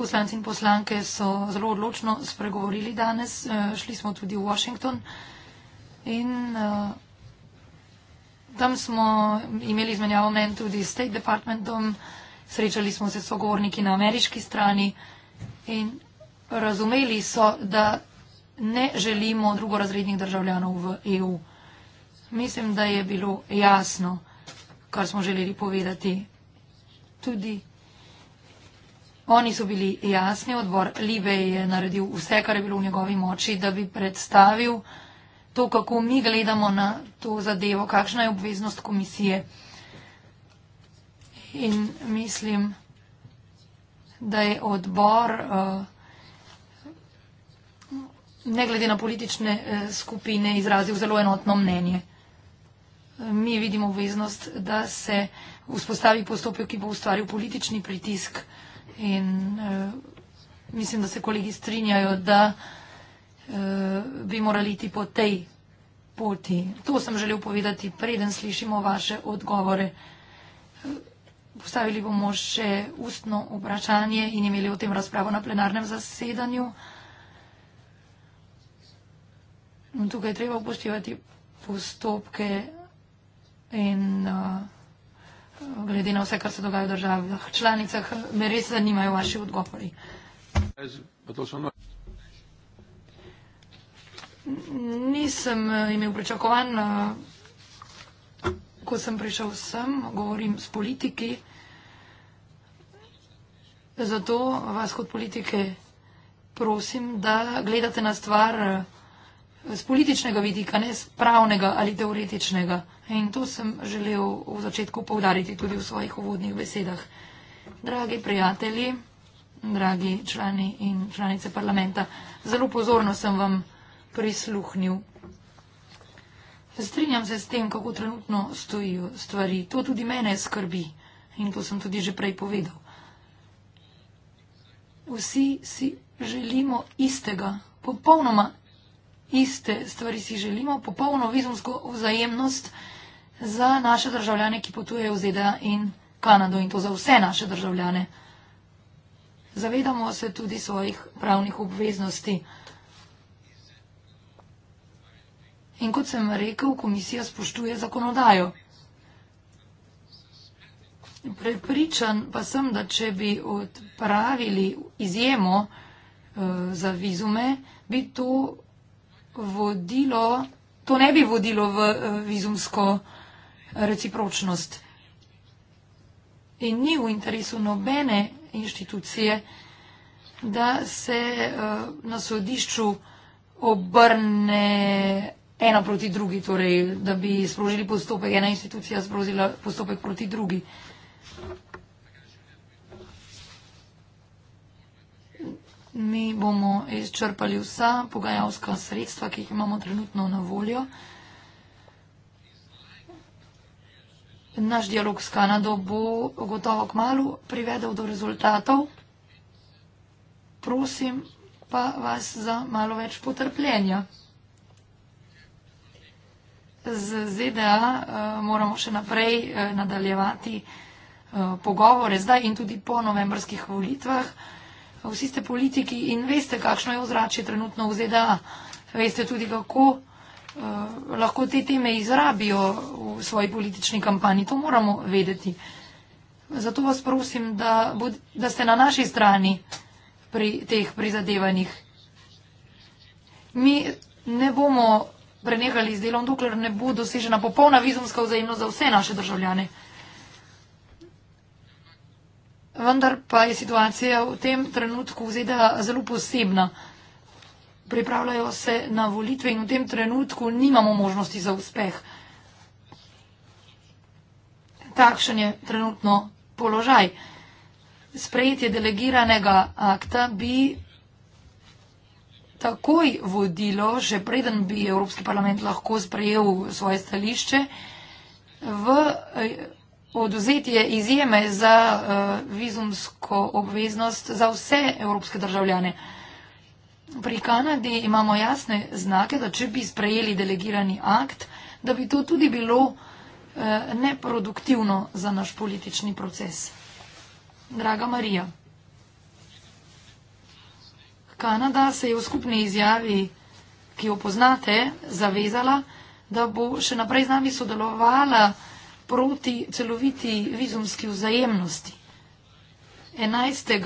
Poslanci in poslanke so zelo odločno spregovorili danes, eh, šli smo tudi v Washington in eh, tam smo imeli izmenjavo mnen tudi s State Departmentom. Srečali smo se sogovorniki na ameriški strani in razumeli so, da ne želimo drugorazrednih državljanov v EU. Mislim, da je bilo jasno, kar smo želeli povedati. Tudi oni so bili jasni, odbor Libe je naredil vse, kar je bilo v njegovi moči, da bi predstavil to, kako mi gledamo na to zadevo, kakšna je obveznost komisije in mislim, da je odbor eh, ne glede na politične eh, skupine izrazil zelo enotno mnenje. Mi vidimo obveznost, da se vzpostavi postopek, ki bo ustvaril politični pritisk in eh, mislim, da se kolegi strinjajo, da bi morali iti po tej poti. To sem želel povedati, preden slišimo vaše odgovore postavili bomo še ustno vprašanje in imeli o tem razpravo na plenarnem zasedanju. In no, tukaj je treba upoštevati postopke in uh, glede na vse, kar se dogaja v državah članicah, me res zanimajo vaši odgovori. Nisem uh, imel pričakovan. Uh, ko sem prišel sem, govorim s politiki. Zato vas kot politike prosim, da gledate na stvar z eh, političnega vidika, ne z pravnega ali teoretičnega. In to sem želel v začetku povdariti tudi v svojih uvodnih besedah. Dragi prijatelji, dragi člani in članice parlamenta, zelo pozorno sem vam prisluhnil. Strinjam se s tem, kako trenutno stojijo stvari. To tudi mene skrbi in to sem tudi že prej povedal. Vsi si želimo istega, popolnoma iste stvari si želimo, popolno vizumsko vzajemnost za naše državljane, ki potujejo v ZDA in Kanado in to za vse naše državljane. Zavedamo se tudi svojih pravnih obveznosti. In kot sem rekel, komisija spoštuje zakonodajo. Prepričan pa sem, da če bi odpravili izjemo uh, za vizume, bi to vodilo, to ne bi vodilo v uh, vizumsko recipročnost. In ni v interesu nobene inštitucije, da se uh, na sodišču obrne ena proti drugi, torej, da bi sprožili postopek, ena institucija sprožila postopek proti drugi. Mi bomo izčrpali vsa pogajalska sredstva, ki jih imamo trenutno na voljo. Naš dialog s Kanado bo gotovo k malu privedel do rezultatov. Prosim pa vas za malo več potrpljenja z ZDA eh, moramo še naprej eh, nadaljevati eh, pogovore zdaj in tudi po novembrskih volitvah. Vsi ste politiki in veste, kakšno je ozračje trenutno v ZDA. Veste tudi, kako lahko te teme izrabijo v svoji politični kampanji. To moramo vedeti. Zato vas prosim, da, bod, da ste na naši strani pri teh prizadevanjih. Mi ne bomo prenehali z delom, dokler ne bo dosežena popolna vizumska vzajemnost za vse naše državljane. Vendar pa je situacija v tem trenutku v ZDA zelo posebna. Pripravljajo se na volitve in v tem trenutku nimamo možnosti za uspeh. Takšen je trenutno položaj. Sprejetje delegiranega akta bi takoj vodilo, še preden bi Evropski parlament lahko sprejel svoje stališče, v eh, oduzetje izjeme za eh, vizumsko obveznost za vse evropske državljane. Pri Kanadi imamo jasne znake, da če bi sprejeli delegirani akt, da bi to tudi bilo eh, neproduktivno za naš politični proces. Draga Marija. Kanada se je v skupni izjavi, ki jo poznate, zavezala, da bo še naprej z nami sodelovala proti celoviti vizumski vzajemnosti. 11. Eh,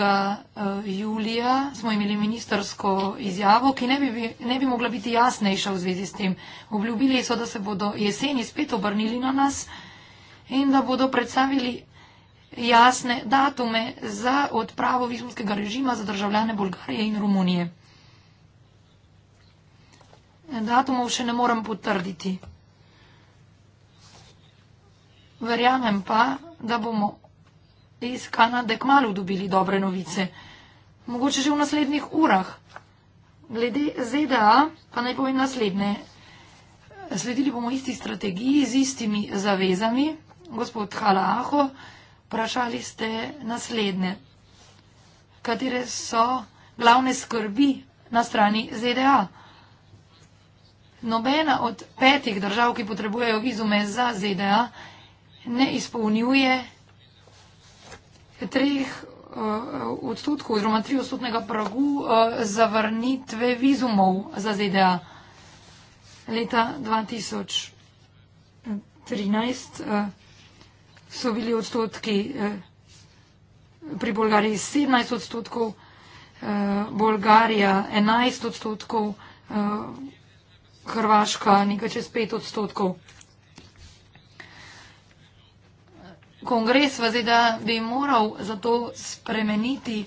julija smo imeli ministersko izjavo, ki ne bi, ne bi mogla biti jasnejša v zvezi s tem. Obljubili so, da se bodo jeseni spet obrnili na nas in da bodo predstavili jasne datume za odpravo vizumskega režima za državljane Bolgarije in Romunije. Datumov še ne morem potrditi. Verjamem pa, da bomo iz Kanade kmalo dobili dobre novice. Mogoče že v naslednjih urah. Glede ZDA pa naj povem naslednje. Sledili bomo isti strategiji z istimi zavezami. Gospod Halaho, vprašali ste naslednje. Katere so glavne skrbi na strani ZDA? Nobena od petih držav, ki potrebujejo vizume za ZDA, ne izpolnjuje treh eh, odstotkov oziroma tri odstotnega pragu eh, zavrnitve vizumov za ZDA. Leta 2013 so bili odstotki eh, pri Bolgariji 17 odstotkov, eh, Bolgarija 11 odstotkov, eh, Hrvaška nekaj čez 5 odstotkov. Kongres v ZDA bi moral zato spremeniti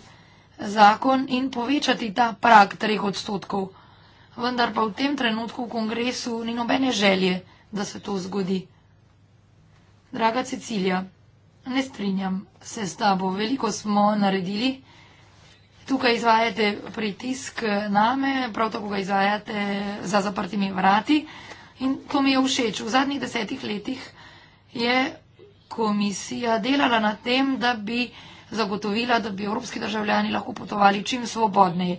zakon in povečati ta prag 3 odstotkov. Vendar pa v tem trenutku v kongresu ni nobene želje, da se to zgodi. Draga Cecilija, ne strinjam se s tabo. Veliko smo naredili. Tukaj izvajate pritisk name, prav tako ga izvajate za zaprtimi vrati. In to mi je všeč. V zadnjih desetih letih je komisija delala na tem, da bi zagotovila, da bi evropski državljani lahko potovali čim svobodneje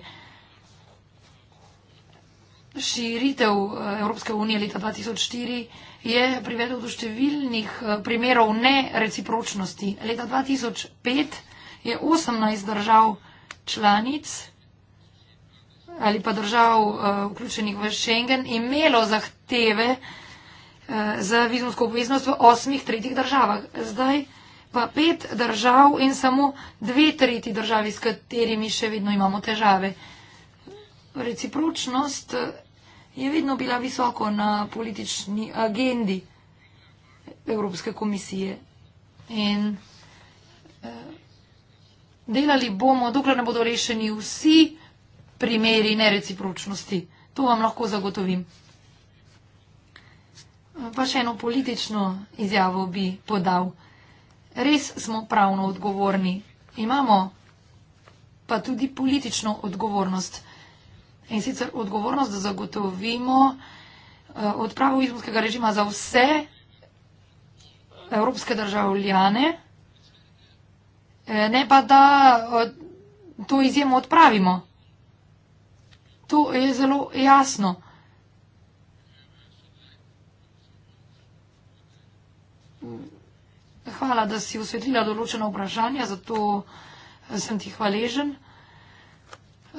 širitev eh, Evropske unije leta 2004 je privedel do številnih eh, primerov nereciprocnosti. Leta 2005 je 18 držav članic ali pa držav eh, vključenih v Schengen imelo zahteve za vizumsko obveznost v osmih tretjih državah. Zdaj pa pet držav in samo dve tretji državi, s katerimi še vedno imamo težave. Recipročnost je vedno bila visoko na politični agendi Evropske komisije. In eh, delali bomo, dokler ne bodo rešeni vsi primeri nereciprocnosti. To vam lahko zagotovim. Eh, pa še eno politično izjavo bi podal. Res smo pravno odgovorni. Imamo pa tudi politično odgovornost. In sicer odgovornost, da zagotovimo eh, odpravo izbunskega režima za vse evropske državljane, eh, ne pa da eh, to izjemo odpravimo. To je zelo jasno. Hvala, da si osvetlila določena vprašanja, zato sem ti hvaležen.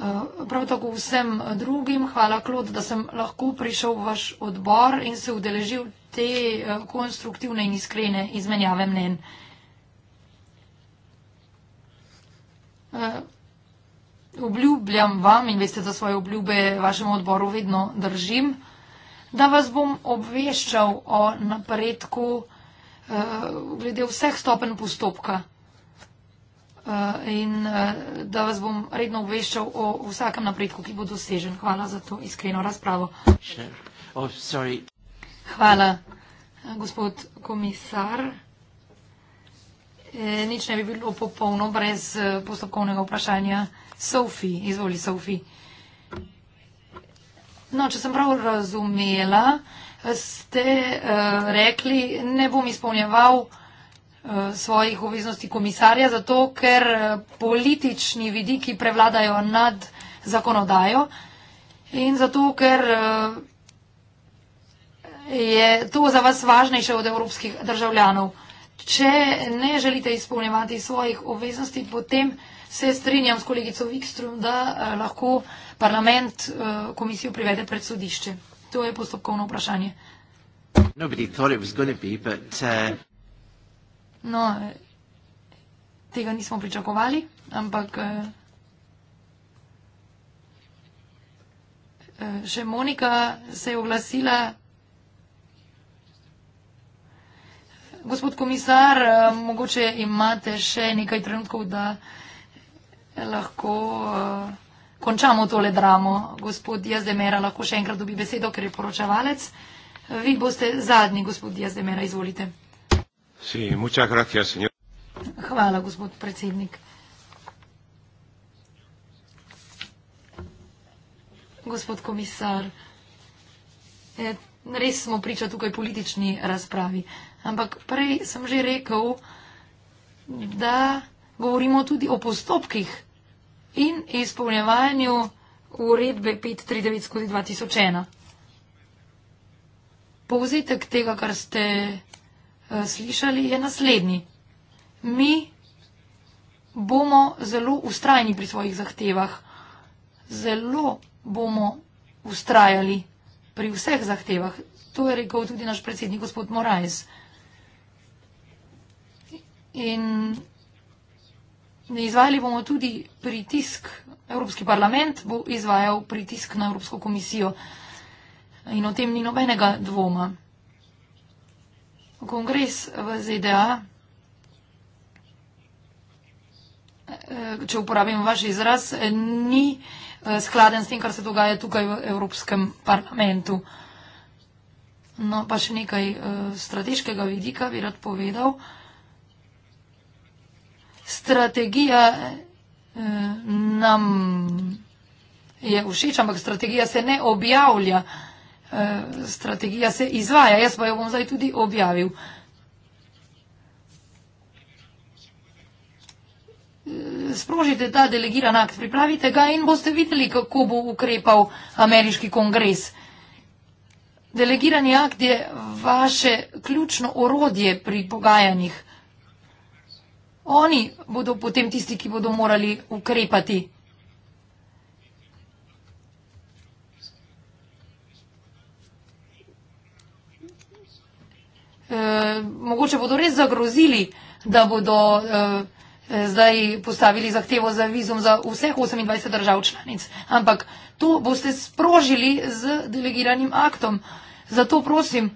Eh, prav tako vsem drugim. Hvala, Klod, da sem lahko prišel v vaš odbor in se udeležil te eh, konstruktivne in iskrene izmenjave mnen. Eh, obljubljam vam in veste, da svoje obljube vašemu odboru vedno držim, da vas bom obveščal o napredku glede vseh stopen postopka. Eh, in eh, da vas bom redno obveščal o vsakem napredku, ki bo dosežen. Hvala za to iskreno razpravo. Sure. Oh, Hvala, eh, gospod komisar. E, nič ne bi bilo popolno brez postopkovnega vprašanja. Sofi, izvoli Sofi. No, če sem prav razumela, ste uh, rekli, ne bom izpolnjeval uh, Eh, svojih obveznosti komisarja, zato ker eh, politični vidiki prevladajo nad zakonodajo in zato ker eh, je to za vas važnejše od evropskih državljanov. Če ne želite izpolnjevati svojih obveznosti, potem se strinjam s kolegico Wikström, da lahko parlament komisijo privede pred sodišče. To je postopkovno vprašanje. Nobody thought it was going to be, but uh... No, tega nismo pričakovali, ampak eh, eh, še Monika se je oglasila. Gospod komisar, eh, mogoče imate še nekaj trenutkov, da lahko končamo tole dramo. Gospod Jazdemera lahko še enkrat dobi besedo, ker je poročevalec. Vi boste zadnji, gospod Jazdemera, izvolite. Sí, muchas gracias, señor. Hvala, gospod predsednik. Gospod komisar, res smo priča tukaj politični razpravi, ampak prej sem že rekel, da govorimo tudi o postopkih in izpolnjevanju uredbe 539 skozi 2001. Povzetek tega, kar ste. Eh, slišali, je naslednji. Mi bomo zelo ustrajni pri svojih zahtevah. Zelo bomo ustrajali pri vseh zahtevah. To je rekel tudi naš predsednik gospod Morales. In ne izvajali bomo tudi pritisk, Evropski parlament bo izvajal pritisk na Evropsko komisijo. In o tem ni nobenega dvoma kongres v ZDA, če uporabim vaš izraz, ni eh, skladen s tem, kar se dogaja tukaj v Evropskem parlamentu. No, pa še nekaj eh, strateškega vidika bi rad povedal. Strategija eh, nam je všeč, ampak strategija se ne objavlja. Eh, strategija se izvaja, jaz pa jo bom zdaj tudi objavil. Eh, sprožite ta delegiran akt, pripravite ga in boste videli, kako bo ukrepal ameriški kongres. Delegirani akt je vaše ključno orodje pri pogajanjih. Oni bodo potem tisti, ki bodo morali ukrepati. eh, mogoče bodo res zagrozili, da bodo eh, eh zdaj postavili zahtevo za vizum za vseh 28 držav članic. Ampak to boste sprožili z delegiranim aktom. Zato prosim,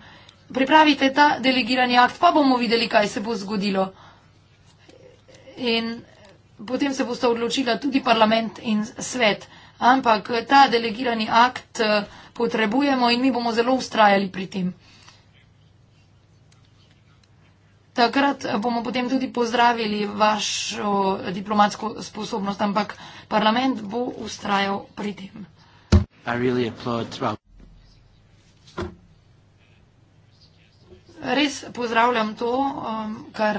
pripravite ta delegirani akt, pa bomo videli, kaj se bo zgodilo. In potem se boste odločila tudi parlament in svet. Ampak ta delegirani akt eh, potrebujemo in mi bomo zelo ustrajali pri tem. Takrat bomo potem tudi pozdravili vašo diplomatsko sposobnost, ampak parlament bo ustrajal pri tem. Really Res pozdravljam to, um, kar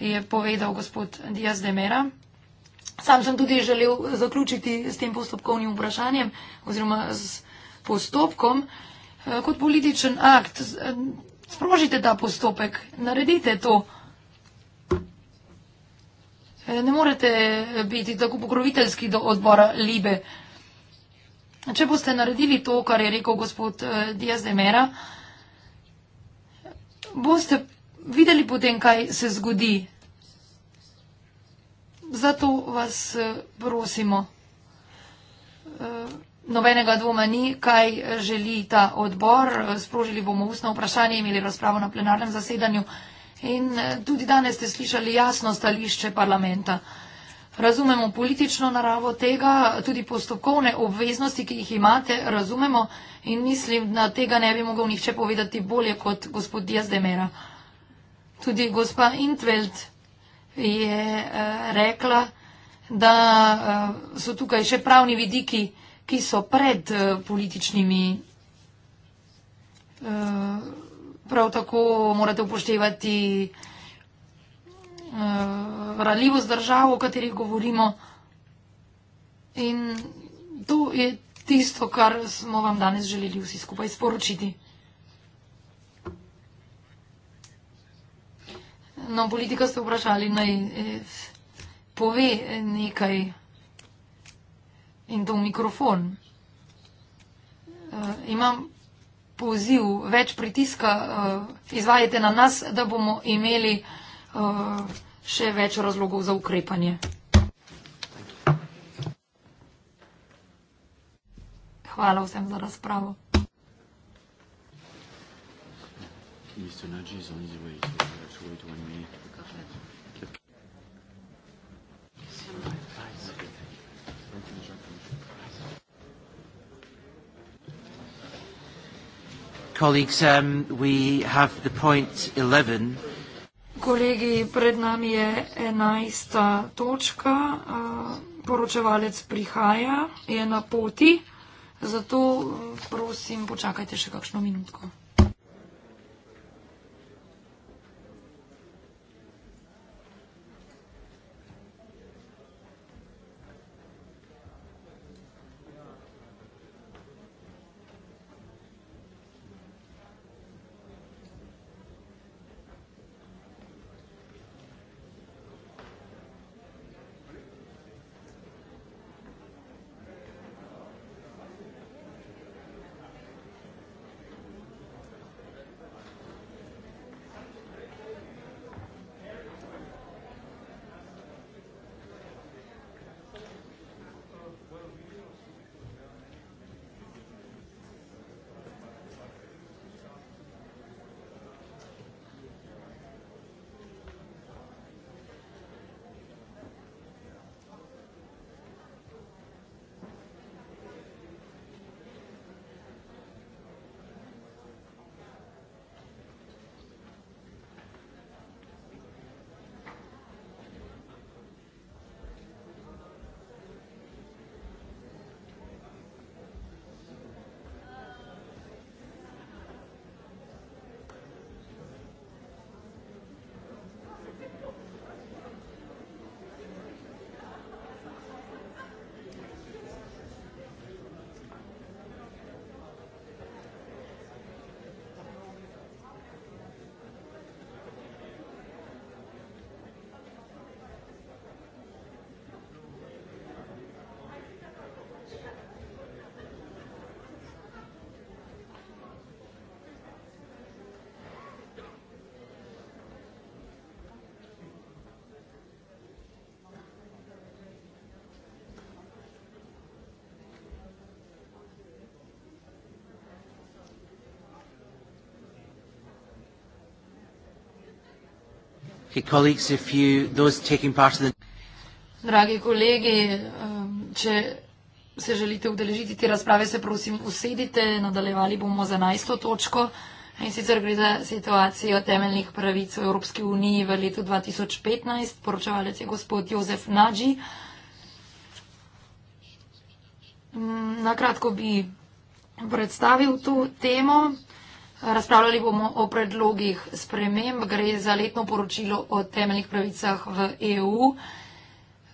je povedal gospod Diaz de Mera. Sam sem tudi želel zaključiti s tem postopkovnim vprašanjem oziroma s postopkom uh, kot političen akt sprožite ta postopek, naredite to. E, ne morete biti tako pokroviteljski do odbora Libe. Če boste naredili to, kar je rekel gospod e, Diaz de Mera, boste videli potem, kaj se zgodi. Zato vas e, prosimo. Nobenega dvoma ni, kaj želi ta odbor. Sprožili bomo ustno vprašanje, imeli razpravo na plenarnem zasedanju in eh, tudi danes ste slišali jasno stališče parlamenta. Razumemo politično naravo tega, tudi postopkovne obveznosti, ki jih imate, razumemo in mislim, da tega ne bi mogel nihče povedati bolje kot gospod Diaz de Mera. Tudi gospa Intveld je eh, rekla, da eh, so tukaj še pravni vidiki, ki so pred uh, političnimi. Uh, prav tako morate upoštevati uh, ranljivost držav, o katerih govorimo. In to je tisto, kar smo vam danes želeli vsi skupaj sporočiti. No, politika ste vprašali, naj eh, pove nekaj in to v mikrofon. Uh, imam poziv, več pritiska uh, eh, izvajate na nas, da bomo imeli uh, še več razlogov za ukrepanje. Hvala vsem za razpravo. Mr. Nudges, on his way to the uh, right to one minute. Colleagues, um, we have the point 11. Kolegi, pred nami je enajsta točka, uh, poročevalec prihaja, je na poti, zato prosim, počakajte še kakšno minutko. Dragi kolegi, um, če se želite udeležiti te razprave, se prosim usedite, nadaljevali bomo z enajsto točko. In sicer gre za situacijo temeljnih pravic v Evropski uniji v letu 2015. Poročevalec je gospod Jozef Nađi. Mm, Nakratko bi predstavil to temo. Razpravljali bomo o predlogih sprememb, gre za letno poročilo o temeljnih pravicah v EU.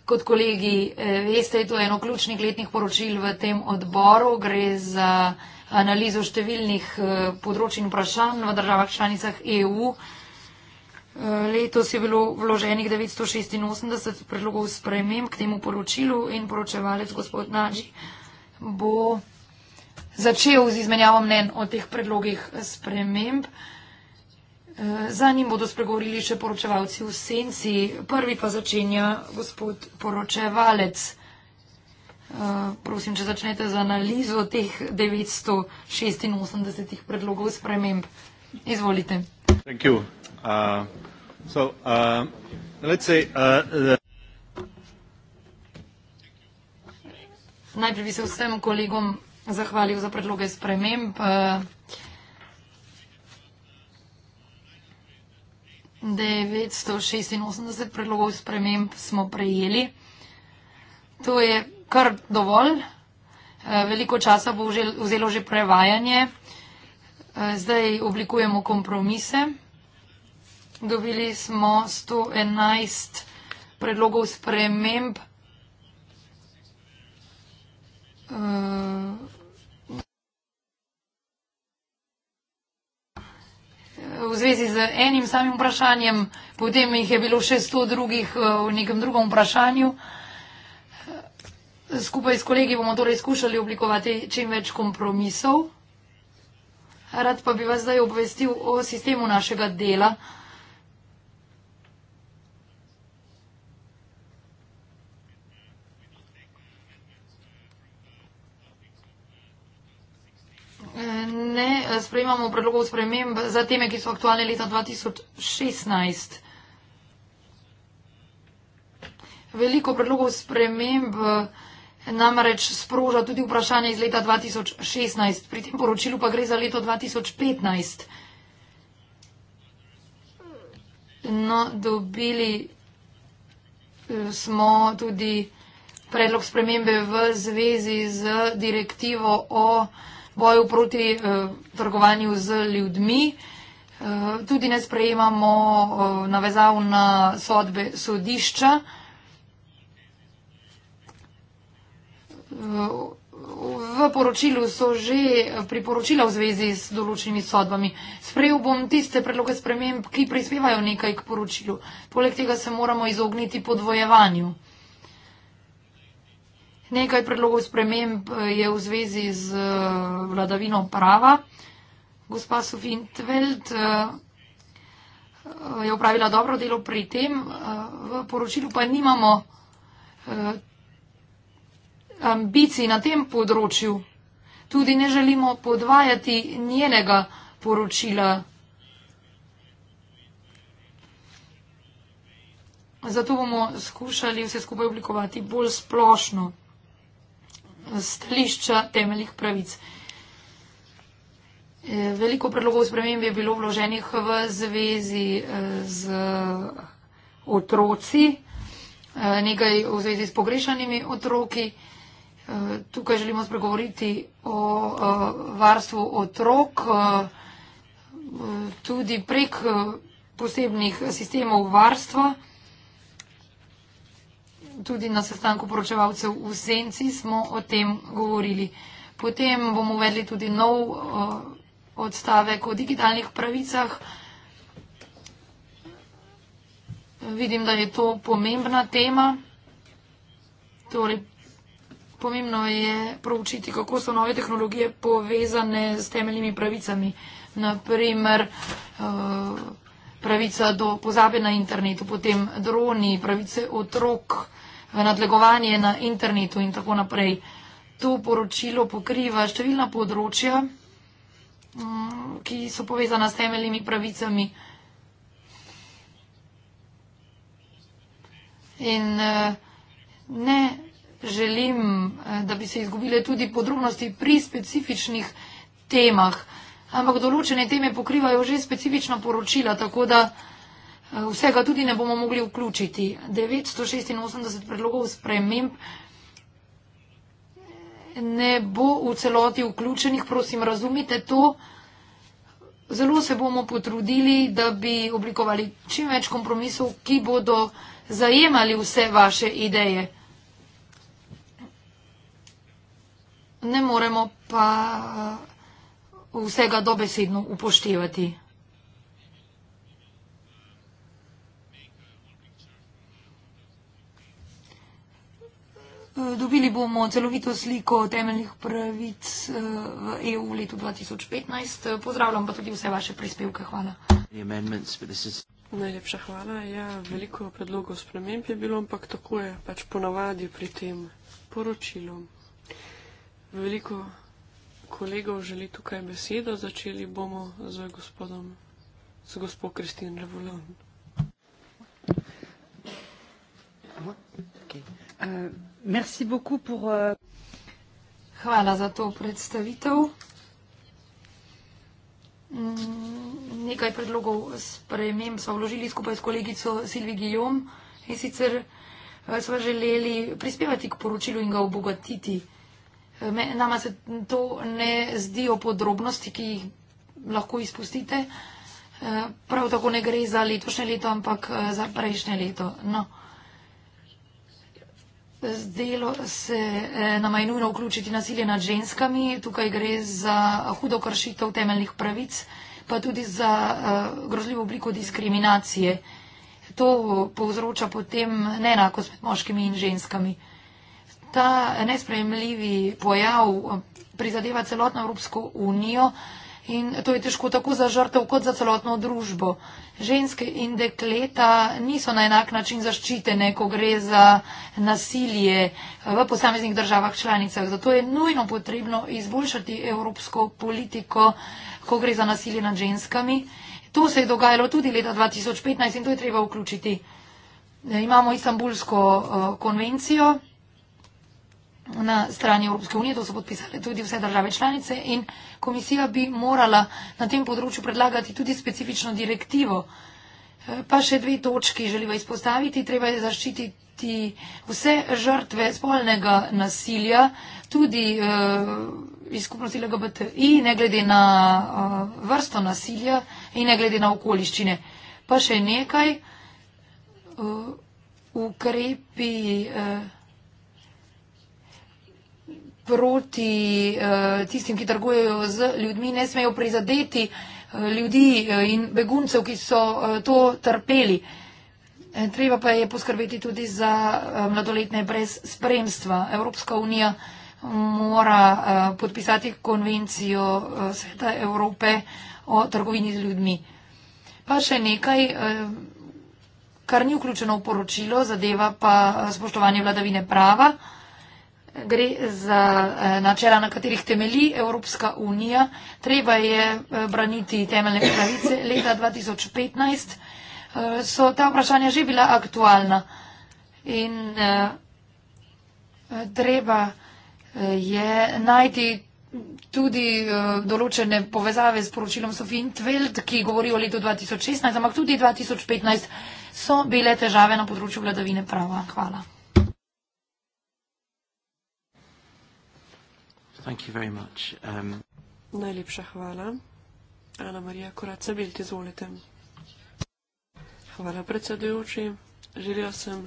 Kot kolegi eh, veste, je to eno ključnih letnih poročil v tem odboru, gre za analizo številnih eh, področji in vprašanj v državah članicah EU. Eh, letos je bilo vloženih 986 predlogov sprememb k temu poročilu in poročevalec gospod Nađi bo začel z izmenjavo mnen o teh predlogih sprememb. Eh, za njim bodo spregovorili še poročevalci v senci. Prvi pa začenja gospod poročevalec. Eh, prosim, če začnete z analizo teh 986 predlogov sprememb. Izvolite. Uh, uh, uh, Najprej bi se vsem kolegom zahvalil za predloge sprememb. Eh, Devetsto šestinosemdeset predlogov sprememb smo prejeli. To je kar dovolj. Eh, veliko časa bo vzelo že prevajanje. Eh, zdaj oblikujemo kompromise. Dobili smo 111 predlogov sprememb. v zvezi z enim samim vprašanjem, potem jih je bilo še sto drugih eh, v nekem drugem vprašanju. Skupaj s kolegi bomo torej skušali oblikovati čim več kompromisov. Rad pa bi vas zdaj obvestil o sistemu našega dela. ne eh, sprejemamo predlogov sprememb za teme, ki so aktualne leta 2016. Veliko predlogov sprememb eh, namreč sproža tudi vprašanje iz leta 2016. Pri tem poročilu pa gre za leto 2015. No, dobili eh, smo tudi predlog spremembe v zvezi z direktivo o boju proti uh, trgovanju z ljudmi. Uh, tudi ne sprejemamo uh, navezav na sodbe sodišča. V poročilu so že priporočila v zvezi s določenimi sodbami. Sprejel bom tiste predloge sprememb, ki prispevajo nekaj k poročilu. Poleg tega se moramo izogniti podvojevanju. Nekaj predlogov sprememb eh, je v zvezi z eh, vladavino prava. Gospa Sofintveld eh, je upravila dobro delo pri tem. V poročilu pa nimamo ambicij na tem področju. Tudi ne želimo podvajati njenega poročila. Zato bomo skušali vse skupaj oblikovati bolj splošno stališča temeljih pravic. E, veliko predlogov sprememb je bilo vloženih v zvezi e, z otroci, e, nekaj v zvezi s pogrešanimi otroki. Tukaj želimo spregovoriti o varstvu otrok tudi prek posebnih sistemov varstva tudi na sestanku poročevalcev v Senci smo o tem govorili. Potem bomo uvedli tudi nov eh, odstavek o digitalnih pravicah. Vidim, da je to pomembna tema. Torej, pomembno je proučiti, kako so nove tehnologije povezane s temeljnimi pravicami. Naprimer, eh, pravica do pozabe na internetu, potem droni, pravice otrok v nadlegovanje na internetu in tako naprej. To poročilo pokriva številna področja, mm, ki so povezana s temeljnimi pravicami. In eh, ne želim, eh, da bi se izgubile tudi podrobnosti pri specifičnih temah, ampak določene teme pokrivajo že specifična poročila, tako da. Eh, vsega tudi ne bomo mogli vključiti. 986 predlogov sprememb eh, ne bo v celoti vključenih, prosim, razumite to. Zelo se bomo potrudili, da bi oblikovali čim več kompromisov, ki bodo zajemali vse vaše ideje. Ne moremo pa eh, vsega dobesedno upoštevati. Eh, dobili bomo celovito sliko temeljnih pravic eh, v EU v letu 2015. Eh, pozdravljam pa tudi vse vaše prispevke. Hvala. Najlepša hvala. Ja, veliko predlogov sprememb je bilo, ampak tako je pač ponavadi pri tem poročilu. Veliko kolegov želi tukaj besedo. Začeli bomo z gospodom, z gospod Kristin Revolon. Okay. Uh, Euh, Hvala za to predstavitev. Mm, nekaj predlogov sprejemem so vložili skupaj s kolegico Silvi Giljom in sicer eh, smo želeli prispevati k poročilu in ga obogatiti. Eh, nama se to ne zdijo podrobnosti, ki jih lahko izpustite. Eh, prav tako ne gre za letošnje leto, ampak za prejšnje leto. No zdelo se eh, nama je nujno vključiti nasilje nad ženskami. Tukaj gre za hudo kršitev temeljnih pravic, pa tudi za eh, grozljivo obliko diskriminacije. To povzroča potem neenakost med moškimi in ženskami. Ta nespremljivi pojav prizadeva celotno Evropsko unijo. In to je težko tako za žrtev, kot za celotno družbo. Ženske in dekleta niso na enak način zaščitene, ko gre za nasilje v posameznih državah članicah. Zato je nujno potrebno izboljšati evropsko politiko, ko gre za nasilje nad ženskami. To se je dogajalo tudi leta 2015 in to je treba vključiti. Imamo istambulsko eh, konvencijo na strani Evropske unije, to so podpisale tudi vse države članice in komisija bi morala na tem področju predlagati tudi specifično direktivo. Eh, pa še dve točki želiva izpostaviti. Treba je zaščititi vse žrtve spolnega nasilja, tudi uh, iz skupnosti LGBTI, ne glede na uh, vrsto nasilja in ne glede na okoliščine. Pa še nekaj uh, ukrepi. Uh, proti eh, tistim, ki trgujejo z ljudmi, ne smejo prizadeti eh, ljudi eh, in beguncev, ki so to trpeli. Treba pa je poskrbeti tudi za mladoletne brez spremstva. Evropska unija mora podpisati konvencijo Sveta Evrope o trgovini z ljudmi. Pa še nekaj, kar ni vključeno v poročilo, zadeva pa spoštovanje vladavine prava gre za eh, načela, na katerih temelji Evropska unija. Treba je eh, braniti temeljne pravice. Leta 2015 eh, so ta vprašanja že bila aktualna in treba je najti tudi določene povezave s poročilom Sofijn Tveld, ki govori o letu 2016, ampak tudi 2015 so bile težave na področju vladavine prava. Hvala. Thank you very much. Um... Najlepša hvala. Ana Marija Koraca, biljte, izvolite. Hvala, predsedujoči. Želela sem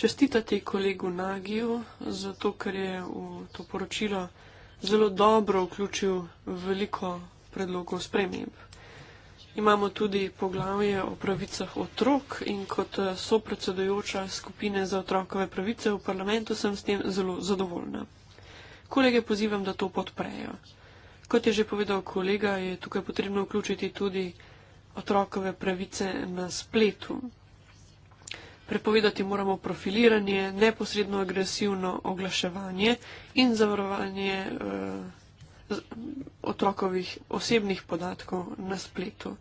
čestitati kolegu Nagiju, zato ker je v to poročilo zelo dobro vključil veliko predlogov sprememb. Imamo tudi poglavje o pravicah otrok in kot eh, sopredsedujoča skupine za otrokove pravice v parlamentu sem s tem zelo zadovoljna kolege pozivam, da to podprejo. Kot je že povedal kolega, je tukaj potrebno vključiti tudi otrokove pravice na spletu. Prepovedati moramo profiliranje, neposredno agresivno oglaševanje in zavarovanje eh, otrokovih osebnih podatkov na spletu.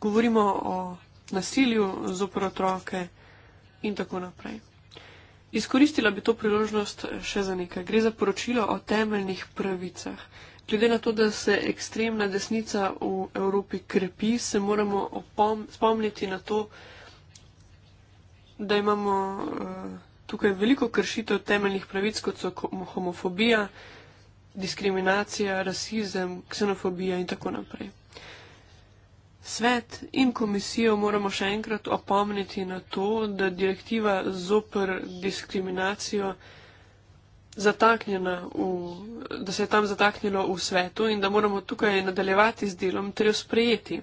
Govorimo o nasilju zopr otroke in tako naprej. Izkoristila bi to priložnost še za nekaj. Gre za poročilo o temeljnih pravicah. Glede na to, da se ekstremna desnica v Evropi krepi, se moramo opom, spomniti na to, da imamo uh, tukaj veliko kršitev temeljnih pravic, kot so homofobija, diskriminacija, rasizem, ksenofobija in tako naprej. Svet in komisijo moramo še enkrat opomniti na to, da direktiva zoper diskriminacijo zataknjena, v, da se je tam zataknilo v svetu in da moramo tukaj nadaljevati z delom, treba sprejeti.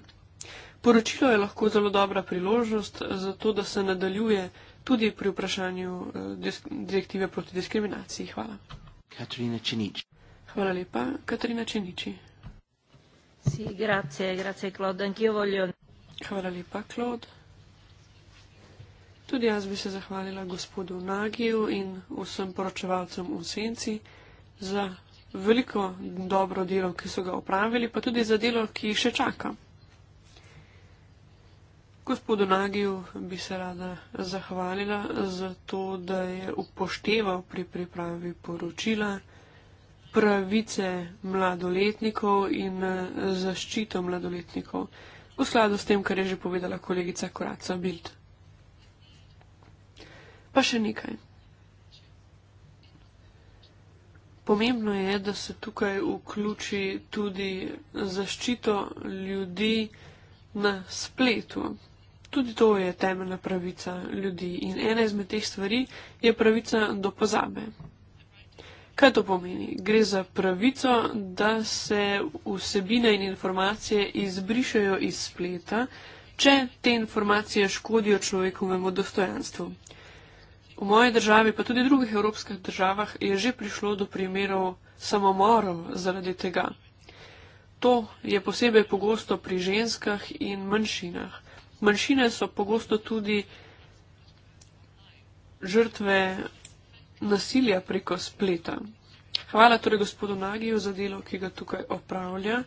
Poročilo je lahko zelo dobra priložnost za to, da se nadaljuje tudi pri vprašanju eh, disk, direktive proti diskriminaciji. Hvala. Katrina Činiči. Hvala lepa, Katrina Činiči. Sì, grazie, grazie Claude. Anch'io voglio. Hvala lepa, Claude. Tudi jaz bi se zahvalila gospodu Nagiju in vsem poročevalcem v senci za veliko dobro delo, ki so ga opravili, pa tudi za delo, ki jih še čaka. Gospodu Nagiju bi se rada zahvalila za to, da je upošteval pri pripravi poročila pravice mladoletnikov in eh, zaščito mladoletnikov, v skladu s tem, kar je že povedala kolegica Koraca Bild. Pa še nekaj. Pomembno je, da se tukaj vključi tudi zaščito ljudi na spletu. Tudi to je temeljna pravica ljudi in ena izmed teh stvari je pravica do pozabe. Kaj to pomeni? Gre za pravico, da se vsebine in informacije izbrišajo iz spleta, če te informacije škodijo človekovemu dostojanstvu. V moji državi, pa tudi drugih evropskih državah, je že prišlo do primerov samomorov zaradi tega. To je posebej pogosto pri ženskah in manjšinah. Manjšine so pogosto tudi žrtve nasilja preko spleta. Hvala torej gospodu Nagiju za delo, ki ga tukaj opravlja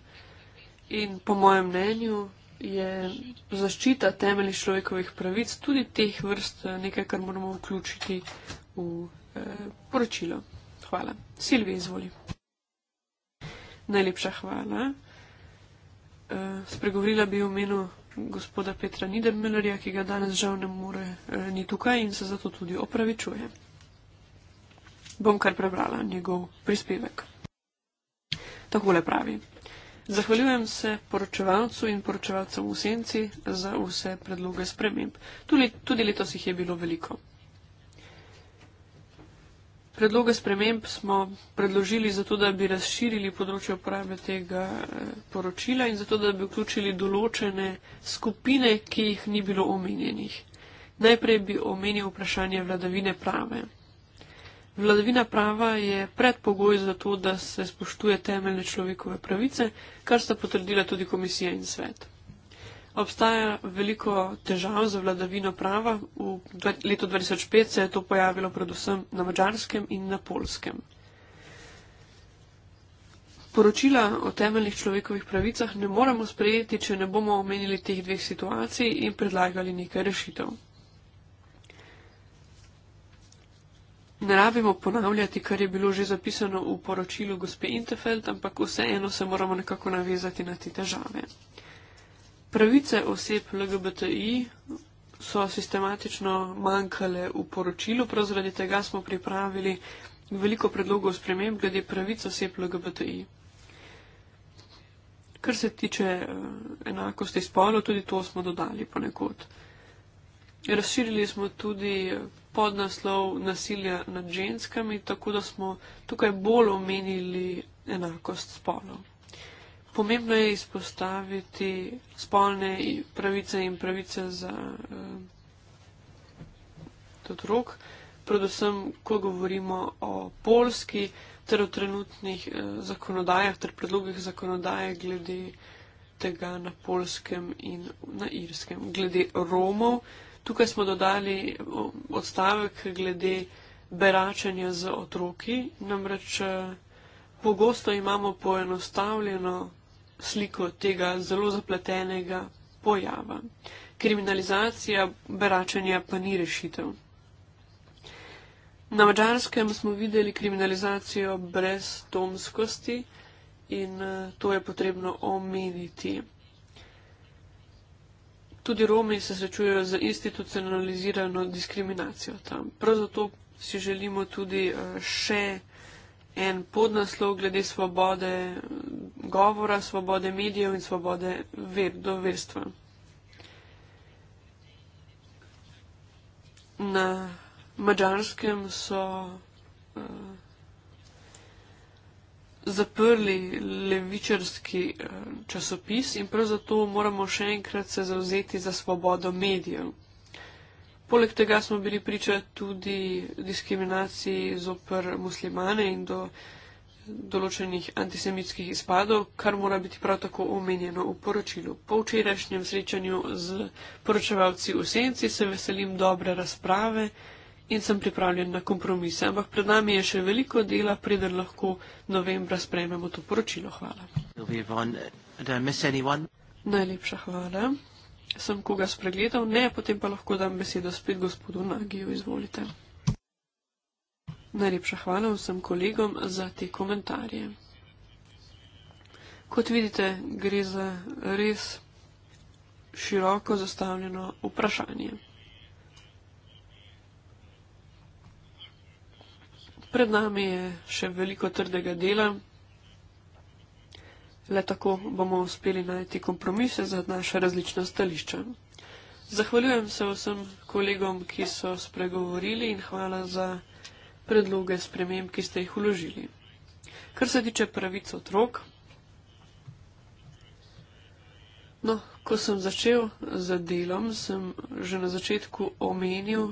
in po mojem mnenju je zaščita temeljih človekovih pravic tudi teh vrst eh, nekaj, kar moramo vključiti v eh, poročilo. Hvala. Silvi, izvoli. Najlepša hvala. Eh, spregovorila bi v imenu gospoda Petra Niedermüllerja, ki ga danes žal ne more eh, ni tukaj in se zato tudi opravičuje bom kar prebrala njegov prispevek. Takole pravi. Zahvaljujem se poročevalcu in poročevalcem v senci za vse predloge sprememb. Tudi, tudi letos jih je bilo veliko. Predloge sprememb smo predložili zato, da bi razširili področje uporabe tega eh, poročila in zato, da bi vključili določene skupine, ki jih ni bilo omenjenih. Najprej bi omenil vprašanje vladavine prave. Vladavina prava je predpogoj za to, da se spoštuje temeljne človekove pravice, kar sta potrdila tudi komisija in svet. Obstaja veliko težav za vladavino prava. V letu 2005 se je to pojavilo predvsem na mačarskem in na polskem. Poročila o temeljnih človekovih pravicah ne moremo sprejeti, če ne bomo omenili teh dveh situacij in predlagali nekaj rešitev. Ne rabimo ponavljati, kar je bilo že zapisano v poročilu gospe Intefeld, ampak vseeno se moramo nekako navezati na te težave. Pravice oseb LGBTI so sistematično manjkale v poročilu, prav zaradi tega smo pripravili veliko predlogov sprememb glede pravic oseb LGBTI. Kar se tiče eh, enakosti spolov, tudi to smo dodali ponekod. Razširili smo tudi podnaslov nasilja nad ženskami, tako da smo tukaj bolj omenili enakost spolov. Pomembno je izpostaviti spolne pravice in pravice za eh, otrok, predvsem, ko govorimo o polski ter o trenutnih eh, zakonodajah ter predlogih zakonodaje glede tega na polskem in na irskem, glede Romov. Eh, Tukaj smo dodali odstavek glede beračanja z otroki, namreč eh, pogosto imamo poenostavljeno sliko tega zelo zapletenega pojava. Kriminalizacija beračanja pa ni rešitev. Na mačarskem smo videli kriminalizacijo brez tomskosti in eh, to je potrebno omeniti tudi Romi se srečujejo z institucionalizirano diskriminacijo tam. Prav zato si želimo tudi eh, še en podnaslov glede svobode eh, govora, svobode medijev in svobode ver, do verstva. Na mađarskem so. Uh, zaprli levičarski eh, časopis in prav zato moramo še enkrat se zauzeti za svobodo medijev. Poleg tega smo bili priča tudi diskriminaciji zopr muslimane in do določenih antisemitskih izpadov, kar mora biti prav tako omenjeno v poročilu. Po včerajšnjem srečanju z poročevalci v senci se veselim dobre razprave in sem pripravljen na kompromise. Ampak pred nami je še veliko dela, preden lahko novembra sprejmemo to poročilo. Hvala. Najlepša hvala. Sem koga spregledal? Ne, potem pa lahko dam besedo spet gospodu Nagijo. Izvolite. Najlepša hvala vsem kolegom za te komentarje. Kot vidite, gre za res široko zastavljeno vprašanje. Pred nami je še veliko trdega dela. Le tako bomo uspeli najti kompromise za naše različna stališča. Zahvaljujem se vsem kolegom, ki so spregovorili in hvala za predloge spremem, ki ste jih uložili. Kar se tiče pravic otrok, no, ko sem začel z delom, sem že na začetku omenil,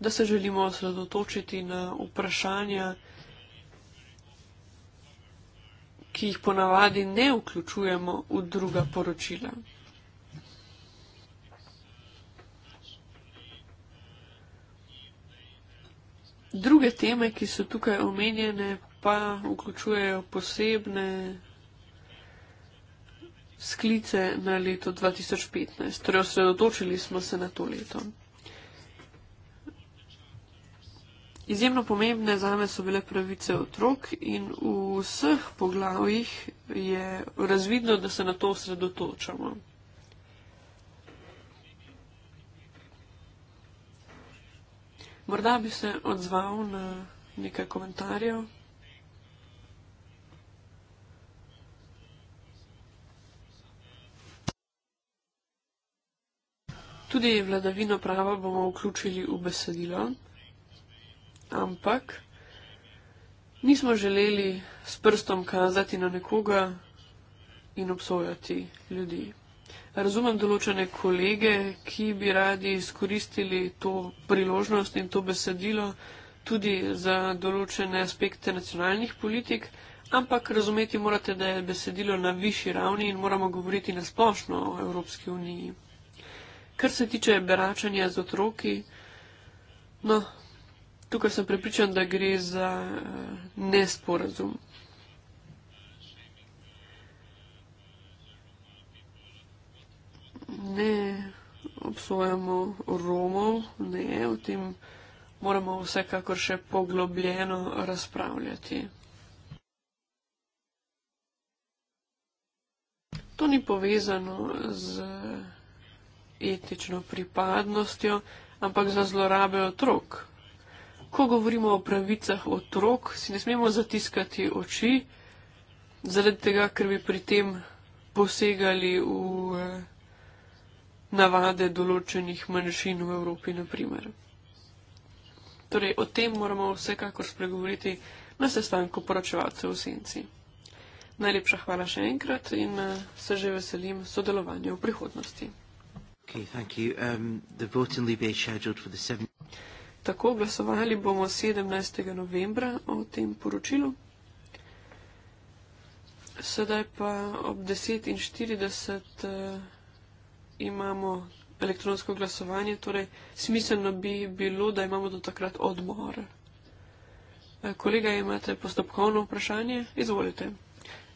da se želimo osredotočiti na vprašanja, ki jih ponavadi ne vključujemo v druga poročila. Druge teme, ki so tukaj omenjene, pa vključujejo posebne sklice na leto 2015. Torej, osredotočili smo se na to leto. Izjemno pomembne zame so bile pravice otrok in v vseh poglavjih je razvidno, da se na to osredotočamo. Morda bi se odzval na nekaj komentarjev. Tudi vladavino prava bomo vključili v besedilo ampak nismo želeli s prstom kazati na nekoga in obsojati ljudi. Razumem določene kolege, ki bi radi izkoristili to priložnost in to besedilo tudi za določene aspekte nacionalnih politik, ampak razumeti morate, da je besedilo na višji ravni in moramo govoriti nasplošno o Evropski uniji. Kar se tiče beračanja z otroki, no, Tukaj sem prepričan, da gre za uh, nesporazum. Ne obsojamo Romov, ne, o tem moramo vsekakor še poglobljeno razpravljati. To ni povezano z eh, etično pripadnostjo, ampak za zlorabe otrok ko govorimo o pravicah otrok, si ne smemo zatiskati oči, zaradi tega, ker bi pri tem posegali v eh, navade določenih manjšin v Evropi, naprimer. Torej, o tem moramo vsekakor spregovoriti na sestanku poročevalcev v Senci. Najlepša hvala še enkrat in eh, se že veselim sodelovanja v prihodnosti. Okay, Tako glasovali bomo 17. novembra o tem poročilu. Sedaj pa ob 10.40 eh, imamo elektronsko glasovanje, torej smiselno bi bilo, da imamo do takrat odmor. Eh, kolega, imate postopkovno vprašanje? Izvolite.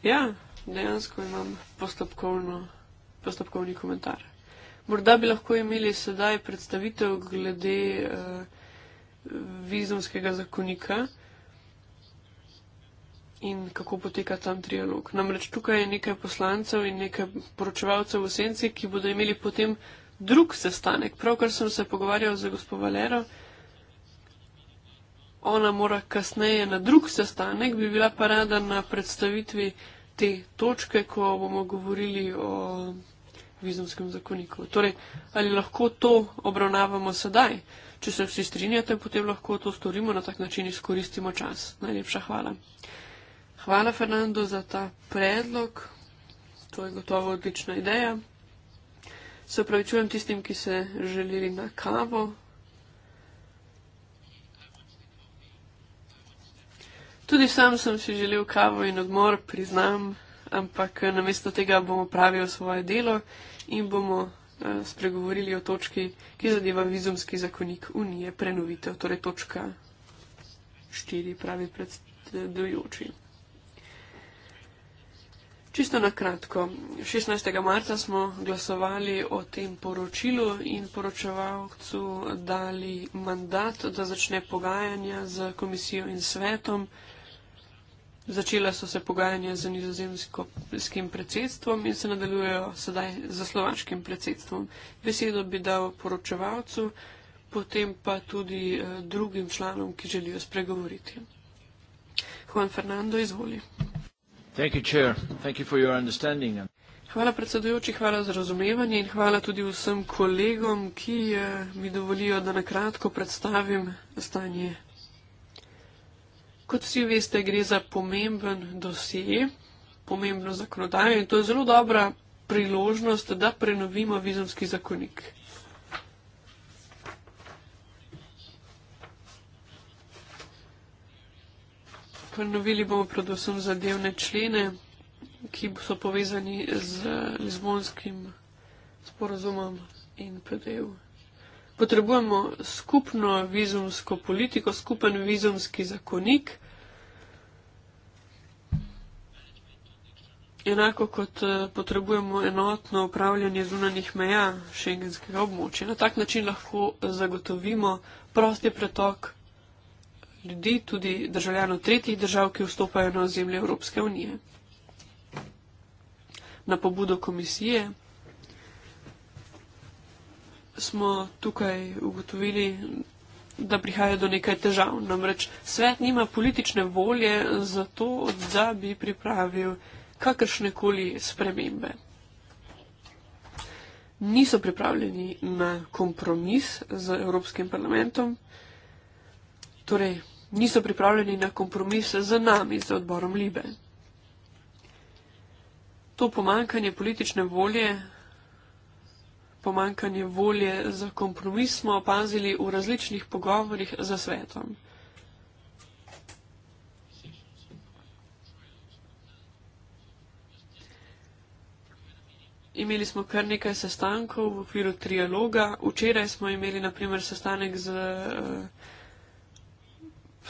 Ja, dejansko imam postopkovni komentar. Morda bi lahko imeli sedaj predstavitev glede. Uh, vizumskega zakonika in kako poteka tam trialog. Namreč tukaj je nekaj poslancev in nekaj poročevalcev v senci, ki bodo imeli potem drug sestanek. Pravkar sem se pogovarjal z gospod Valero, ona mora kasneje na drug sestanek, bi bila pa rada na predstavitvi te točke, ko bomo govorili o vizumskem zakoniku. Torej, ali lahko to obravnavamo sedaj? Če se vsi strinjate, potem lahko to storimo na tak način, izkoristimo čas. Najlepša hvala. Hvala, Fernando, za ta predlog. To je gotovo odlična ideja. Se upravičujem tistim, ki se želeli na kavo. Tudi sam sem si želel kavo in odmor, priznam, ampak namesto tega bomo pravili svoje delo in bomo Eh, spregovorili o točki, ki zadeva vizumski zakonik Unije, prenovitev, torej točka 4, pravi predsedujoči. Čisto na kratko. 16. marca smo glasovali o tem poročilu in poročevalcu dali mandat, da začne pogajanja z komisijo in svetom. Začela so se pogajanja z nizozemskim predsedstvom in se nadaljujejo sedaj z slovaškim predsedstvom. Besedo bi dal poročevalcu, potem pa tudi eh, drugim članom, ki želijo spregovoriti. Juan Fernando, izvoli. Thank you, chair. Thank you for your understanding. Hvala predsedujoči, hvala za razumevanje in hvala tudi vsem kolegom, ki eh, mi dovolijo, da nakratko predstavim stanje kot vsi veste, gre za pomemben dosije, pomembno zakonodajo in to je zelo dobra priložnost, da prenovimo vizumski zakonik. Prenovili bomo predvsem zadevne člene, ki so povezani z Lizbonskim sporozumom in PDV potrebujemo skupno vizumsko politiko, skupen vizumski zakonik. Enako kot eh, potrebujemo enotno upravljanje zunanih meja šengenskega območja. Na tak način lahko zagotovimo prosti pretok ljudi, tudi državljanov tretjih držav, ki vstopajo na ozemlje Evropske unije. Na pobudo komisije smo tukaj ugotovili, da prihaja do nekaj težav. Namreč svet nima politične volje za to, da bi pripravil kakršne koli spremembe. Niso pripravljeni na kompromis z Evropskim parlamentom, torej niso pripravljeni na kompromis z nami, z odborom Libe. To pomankanje politične volje pomankanje volje za kompromis smo opazili v različnih pogovorih za svetom. Imeli smo kar nekaj sestankov v okviru trialoga. Včeraj smo imeli naprimer sestanek z uh,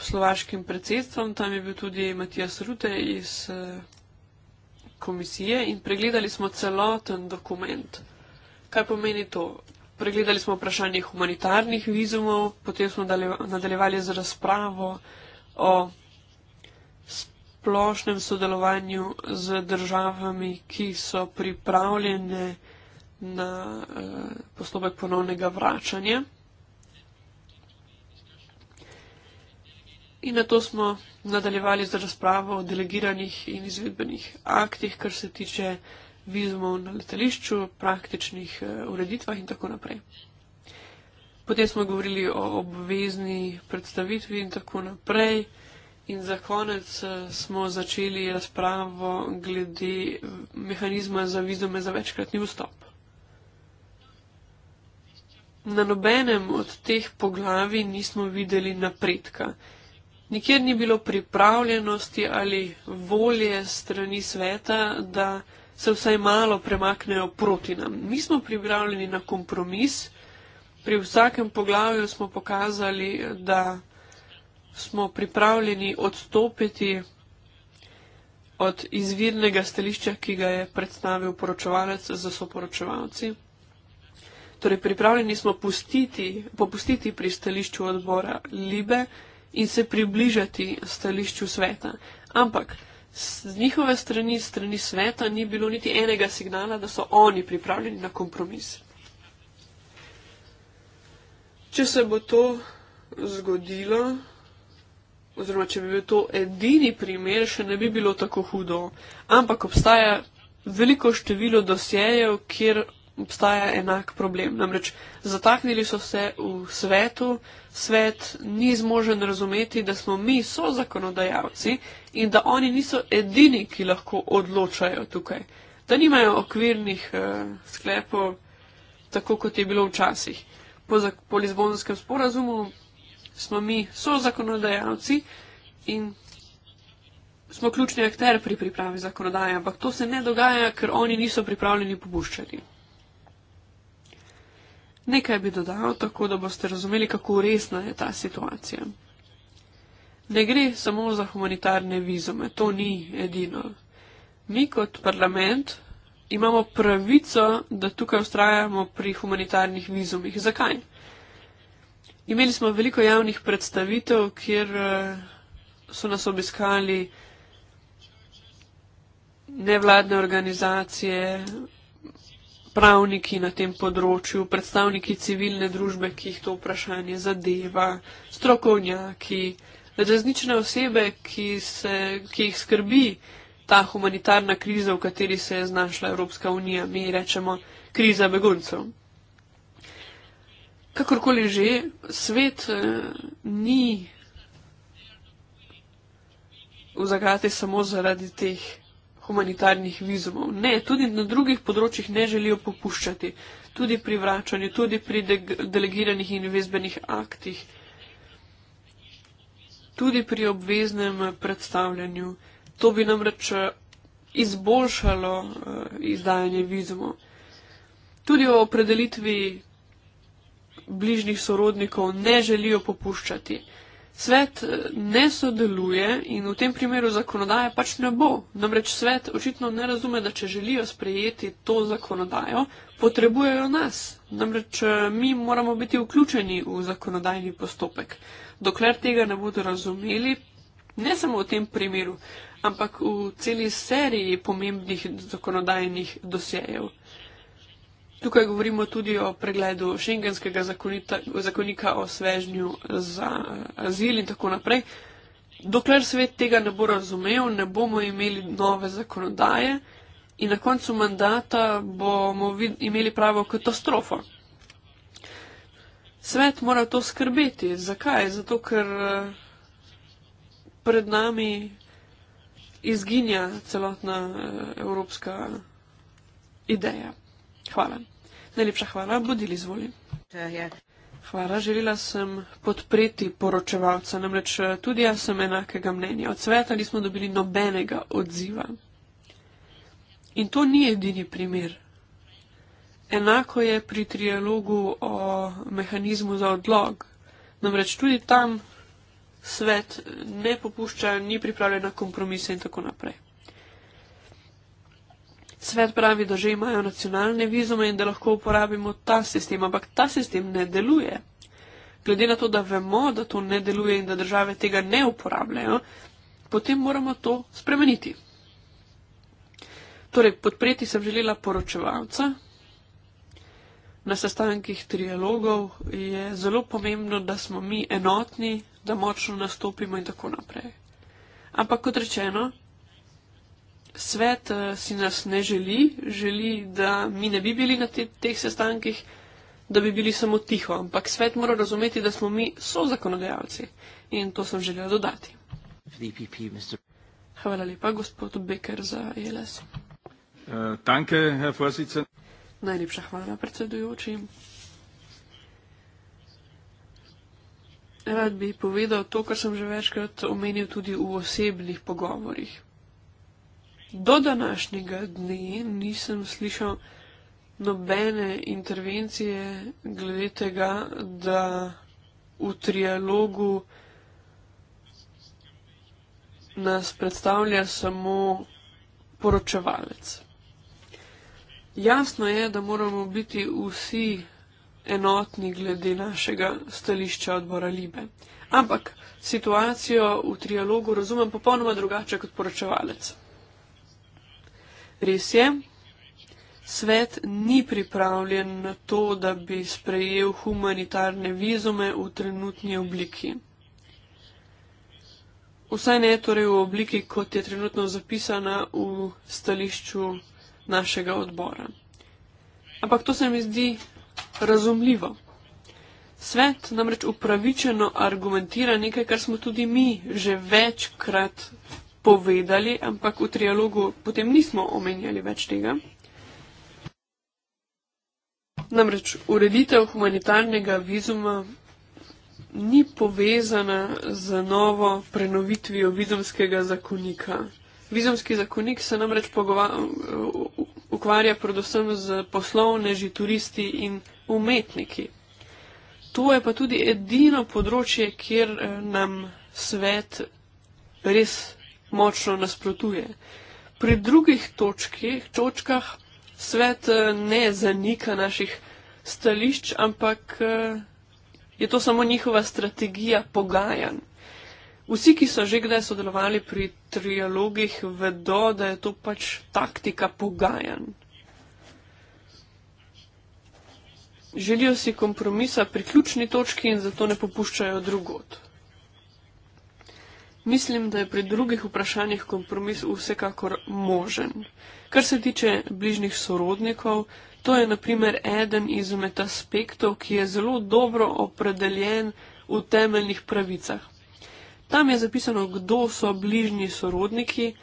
slovaškim predsedstvom, tam je bil tudi Matijas Rute iz uh, komisije in pregledali smo celoten dokument. Uh, kaj pomeni to. Pregledali smo vprašanje humanitarnih vizumov, potem smo nadaljevali z razpravo o splošnem sodelovanju z državami, ki so pripravljene na eh, postopek ponovnega vračanja. In na to smo nadaljevali z razpravo o delegiranih in izvedbenih aktih, kar se tiče vizumov na letališču, praktičnih eh, ureditvah in tako naprej. Potem smo govorili o obvezni predstavitvi in tako naprej. In za konec eh, smo začeli razpravo glede eh, mehanizma za vizume za večkratni vstop. Na nobenem od teh poglavi nismo videli napredka. Nikjer ni bilo pripravljenosti ali volje strani sveta, da se vsaj malo premaknejo proti nam. Mi smo pripravljeni na kompromis, pri vsakem poglavju smo pokazali, da smo pripravljeni odstopiti od izvirnega stališča, ki ga je predstavil poročevalec za soporočevalci. Torej, pripravljeni smo pustiti, popustiti pri stališču odbora Libe in se približati stališču sveta. Ampak z njihove strani, strani sveta, ni bilo niti enega signala, da so oni pripravljeni na kompromis. Če se bo to zgodilo, oziroma če bi bil to edini primer, še ne bi bilo tako hudo. Ampak obstaja veliko število dosjejev, kjer obstaja enak problem. Namreč zataknili so se v svetu, svet ni zmožen razumeti, da smo mi so zakonodajalci in da oni niso edini, ki lahko odločajo tukaj, da nimajo okvirnih uh, sklepov, tako kot je bilo včasih. Po, po Lizbonskem sporazumu smo mi so zakonodajalci in. Smo ključni akter pri pripravi zakonodaje, ampak to se ne dogaja, ker oni niso pripravljeni popuščati. Nekaj bi dodal, tako da boste razumeli, kako resna je ta situacija. Ne gre samo za humanitarne vizume, to ni edino. Mi kot parlament imamo pravico, da tukaj ustrajamo pri humanitarnih vizumih. Zakaj? Imeli smo veliko javnih predstavitev, kjer eh, so nas obiskali nevladne organizacije, pravniki na tem področju, predstavniki civilne družbe, ki jih to vprašanje zadeva, strokovnjaki, različne osebe, ki, se, ki jih skrbi ta humanitarna kriza, v kateri se je znašla Evropska unija, mi rečemo kriza beguncev. Kakorkoli že, svet eh, ni v zagati samo zaradi teh humanitarnih vizumov. Ne, tudi na drugih področjih ne želijo popuščati. Tudi pri vračanju, tudi pri de delegiranih in vezbenih aktih, tudi pri obveznem eh, predstavljanju. To bi namreč eh, izboljšalo uh, izdajanje vizumov. Tudi o opredelitvi bližnjih sorodnikov ne želijo popuščati. Uh, svet eh, ne sodeluje in v tem primeru zakonodaje pač ne bo. Namreč svet očitno ne razume, da če želijo sprejeti to zakonodajo, potrebujejo nas. Namreč eh, mi moramo biti vključeni v zakonodajni postopek. Dokler tega ne bodo razumeli, ne samo v tem primeru, ampak v celi seriji pomembnih zakonodajnih dosjejev. Tukaj govorimo tudi o pregledu šengenskega zakonita, zakonika o svežnju za eh, azil in tako naprej. Dokler svet tega ne bo razumel, ne bomo imeli nove zakonodaje in na koncu mandata bomo imeli pravo katastrofo. Svet mora to skrbeti. Zakaj? Zato, ker eh, pred nami izginja celotna eh, evropska ideja. Hvala. Najlepša hvala, bodili zvoli. Hvala, želela sem podpreti poročevalca, namreč eh, tudi jaz sem enakega mnenja. Od sveta nismo dobili nobenega odziva. In to ni edini primer. Enako je pri trialogu o mehanizmu za odlog. Namreč tudi tam svet ne popušča, ni pripravljen na kompromise in tako naprej. Svet pravi, da že imajo nacionalne vizume in da lahko uporabimo ta sistem, ampak ta sistem ne deluje. Glede na to, da vemo, da to ne deluje in da države tega ne uporabljajo, potem moramo to spremeniti. Torej, podpreti sem želela poročevalca. Na sestankih trialogov je zelo pomembno, da smo mi enotni, da močno nastopimo in tako naprej. Ampak kot rečeno, svet eh, si nas ne želi, želi, da mi ne bi bili na te, teh sestankih, da bi bili samo tiho, ampak svet mora razumeti, da smo mi so zakonodajalci in to sem želel dodati. EPP, e Hvala lepa, gospod Becker, za ELS. Uh, eh, danke, Herr Vorsitzender. Najlepša hvala, predsedujoči. Rad bi povedal to, kar sem že večkrat omenil tudi v osebnih pogovorih. Do današnjega dne nisem slišal nobene intervencije glede tega, da v trialogu nas predstavlja samo poročevalec. Jasno je, da moramo biti vsi enotni glede našega stališča odbora Libe. Ampak situacijo v trialogu razumem popolnoma drugače kot poročevalec. Res je, svet ni pripravljen na to, da bi sprejel humanitarne vizume v trenutni obliki. Vsaj ne torej v obliki, kot je trenutno zapisana v stališču našega odbora. Ampak to se mi zdi razumljivo. Svet namreč upravičeno argumentira nekaj, kar smo tudi mi že večkrat povedali, ampak v trialogu potem nismo omenjali več tega. Namreč ureditev humanitarnega vizuma ni povezana z novo prenovitvijo vizumskega zakonika. Vizumski zakonik se namreč ukvarja predvsem z poslovneži, turisti in umetniki. To je pa tudi edino področje, kjer eh, nam svet res močno nasprotuje. Pri drugih točkih, točkah svet eh, ne zanika naših stališč, ampak eh, je to samo njihova strategija pogajanj. Vsi, ki so že kdaj sodelovali pri trialogih, vedo, da je to pač taktika pogajanj. Želijo si kompromisa pri ključni točki in zato ne popuščajo drugot. Mislim, da je pri drugih vprašanjih kompromis vsekakor možen. Kar se tiče bližnjih sorodnikov, to je naprimer eden izmed aspektov, ki je zelo dobro opredeljen v temeljnih pravicah. Tam je zapisano, kdo so bližnji sorodniki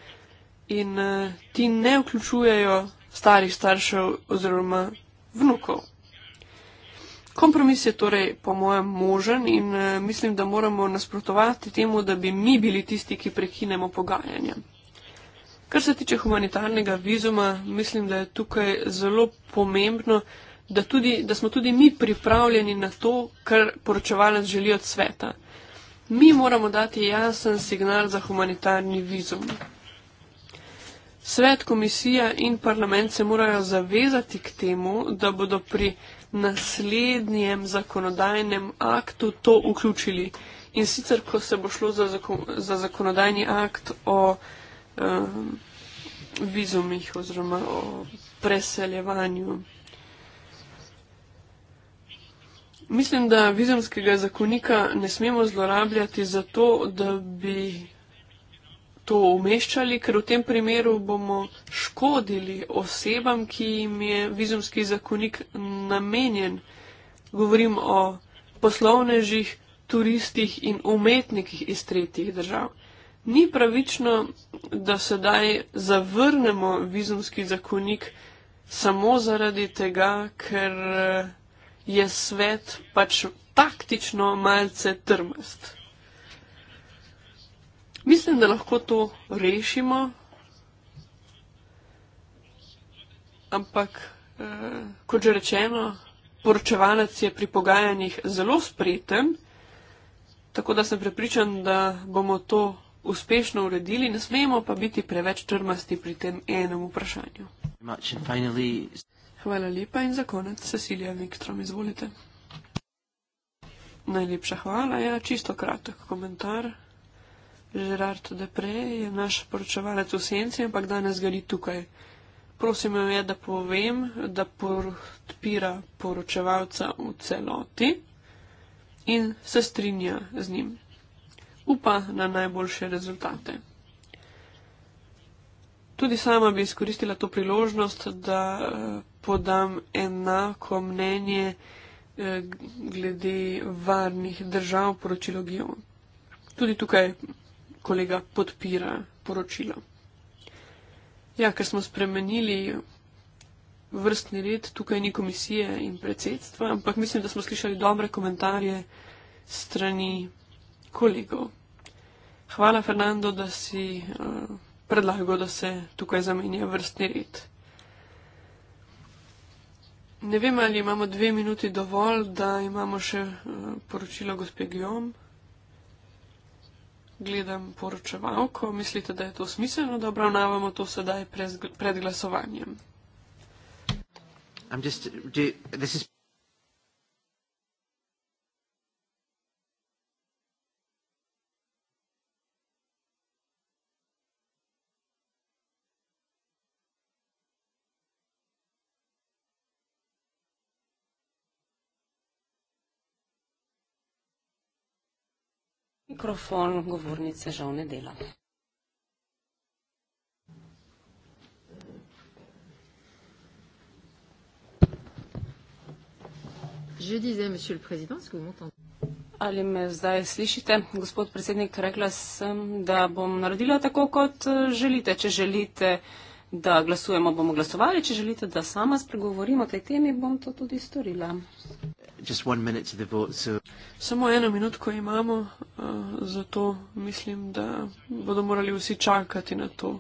in eh, ti ne vključujejo starih staršev oziroma vnukov. Kompromis je torej, po mojem, možen in eh, mislim, da moramo nasprotovati temu, da bi mi bili tisti, ki prekinemo pogajanja. Kar se tiče humanitarnega vizuma, mislim, da je tukaj zelo pomembno, da, tudi, da smo tudi mi pripravljeni na to, kar poročevalec želi od sveta. Mi moramo dati jasen signal za humanitarni vizum. Svet, komisija in parlament se morajo zavezati k temu, da bodo pri naslednjem zakonodajnem aktu to vključili. In sicer, ko se bo šlo za, zakon, za zakonodajni akt o um, vizumih oziroma o preseljevanju. Mislim, da vizumskega zakonika ne smemo zlorabljati zato, da bi to umeščali, ker v tem primeru bomo škodili osebam, ki jim je vizumski zakonik namenjen. Govorim o poslovnežih, turistih in umetnikih iz tretjih držav. Ni pravično, da sedaj zavrnemo vizumski zakonik samo zaradi tega, ker eh, je svet pač taktično malce trmest. Mislim, da lahko to rešimo, ampak eh, kot že rečeno, poročevalec je pri pogajanjih zelo spreten, tako da sem prepričan, da bomo to uspešno uredili, ne smemo pa biti preveč trmasti pri tem enem vprašanju. Hvala lepa in za konec, Cecilija Viktrom, izvolite. Najlepša hvala, ja, čisto kratek komentar. Žerard Depre je naš poročevalec v senci, ampak danes ga ni tukaj. Prosim jo je, da povem, da podpira poročevalca v celoti in se strinja z njim. Upa na najboljše rezultate. Tudi sama bi izkoristila to priložnost, da eh, podam enako mnenje eh, glede varnih držav poročilo Gion. Tudi tukaj kolega podpira poročilo. Ja, ker smo spremenili vrstni red, tukaj ni komisije in predsedstva, ampak mislim, da smo slišali dobre komentarje strani kolegov. Hvala, Fernando, da si uh, predlagal, da se tukaj zamenja vrstni red. Ne vem, ali imamo dve minuti dovolj, da imamo še uh, poročilo gospe Guillaume gledam poročevalko, mislite, da je to smiselno, da obravnavamo to sedaj pred glasovanjem? mikrofon govornice žal ne dela. Ali me zdaj slišite, gospod predsednik? Rekla sem, da bom naredila tako, kot eh, želite. Če želite, da glasujemo, bomo glasovali. Če želite, da sama spregovorimo o tej temi, bom to tudi storila just one minute to the vote, so. Samo eno minutko imamo, uh, zato mislim, da bodo morali vsi čakati na to.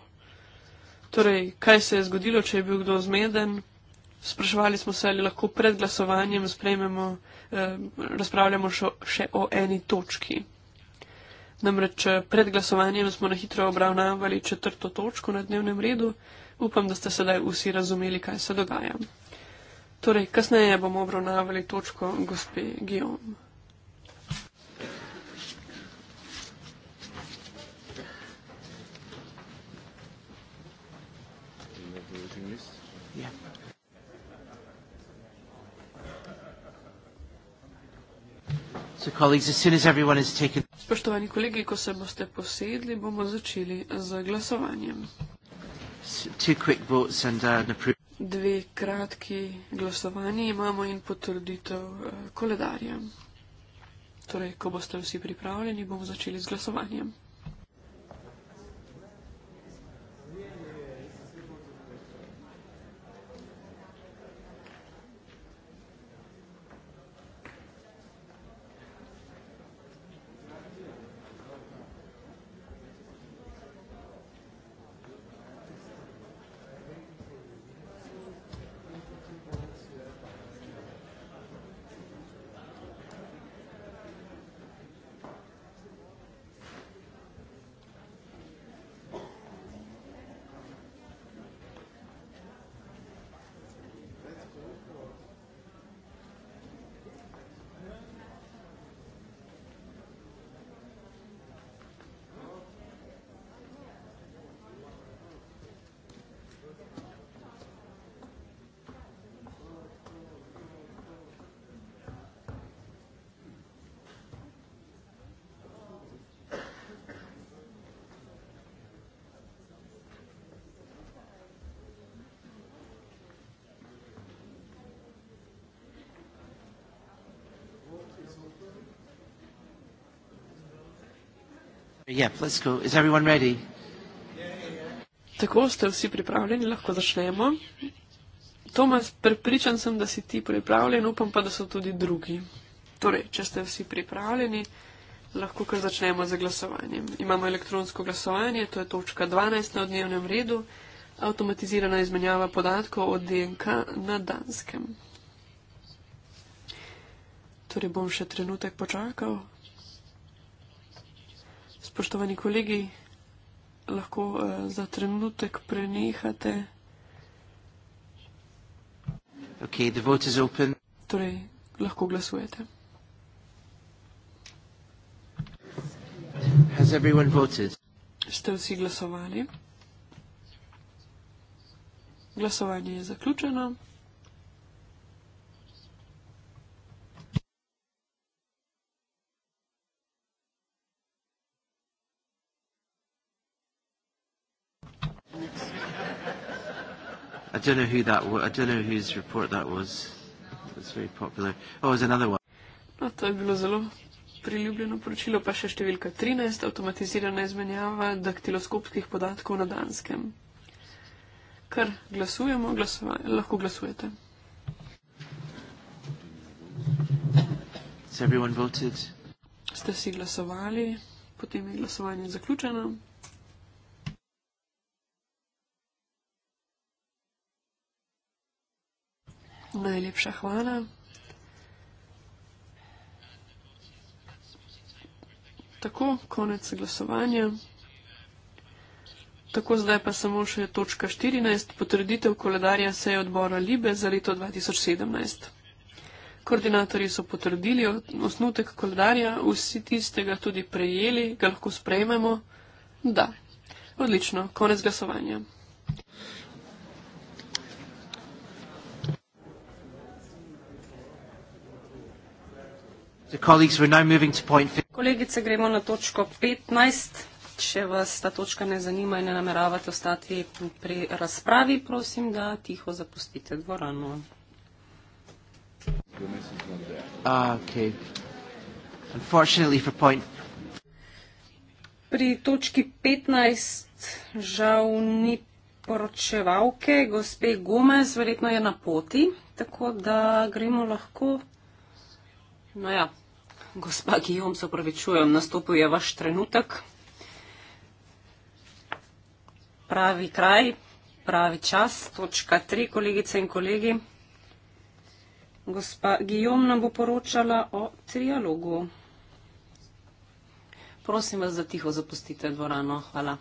Torej, kaj se je zgodilo, če je bil kdo zmeden? Spraševali smo se, ali lahko pred glasovanjem sprejmemo, eh, razpravljamo šo, še o eni točki. Namreč eh, pred glasovanjem smo na hitro obravnavali četrto točko na dnevnem redu. Upam, da ste sedaj vsi razumeli, kaj se dogaja. Torej, kasneje bomo obravnavali točko gospe Gijom. Spoštovani kolegi, ko se boste posedli, bomo začeli z glasovanjem. Two quick votes and, uh, dve kratki glasovanji imamo in potrditev eh, koledarja. Torej, ko boste vsi pripravljeni, bomo začeli z glasovanjem. Tako ste vsi pripravljeni, lahko začnemo. Tomas, prepričan sem, da si ti pripravljen, upam pa, da so tudi drugi. Torej, če ste vsi pripravljeni, lahko kar začnemo z glasovanjem. Imamo elektronsko glasovanje, to je točka 12 na dnevnem redu, avtomatizirana izmenjava podatkov od DNK na danskem. Torej, bom še trenutek počakal, spoštovani kolegi, lahko uh, za trenutek prenehate. Okay, the vote is open. Torej, lahko glasujete. Has everyone voted? Ste vsi glasovali? Glasovanje je zaključeno. I don't know who that was. I don't know whose report that was. It's very popular. Oh, it was another one. No, to je bilo zelo priljubljeno poročilo, pa še številka 13, avtomatizirana izmenjava daktiloskopskih podatkov na Danskem. Kar glasujemo, glasuj lahko glasujete. Ste vsi glasovali, potem je glasovanje zaključeno. Najlepša hvala. Tako, konec glasovanja. Tako, zdaj pa samo še točka 14, potreditev koledarja seje odbora Libe za leto 2017. Koordinatorji so potrdili osnutek koledarja, vsi tistega tudi prejeli, ga lahko sprejmemo. Da. Odlično, konec glasovanja. Kolegice, gremo na točko 15. Če vas ta točka ne zanima in ne nameravate ostati pri razpravi, prosim, da tiho zapustite dvorano. Ah, okay. Point... Pri točki 15 žal ni poročevalke, gospe Gomez verjetno je na poti, tako da gremo lahko. No ja, Gospa Gijom, se opravičujem, nastopil je vaš trenutek. Pravi kraj, pravi čas, točka tri, kolegice in kolegi. Gospa Gijom nam bo poročala o trialogu. Prosim vas, da tiho zapustite dvorano. Hvala.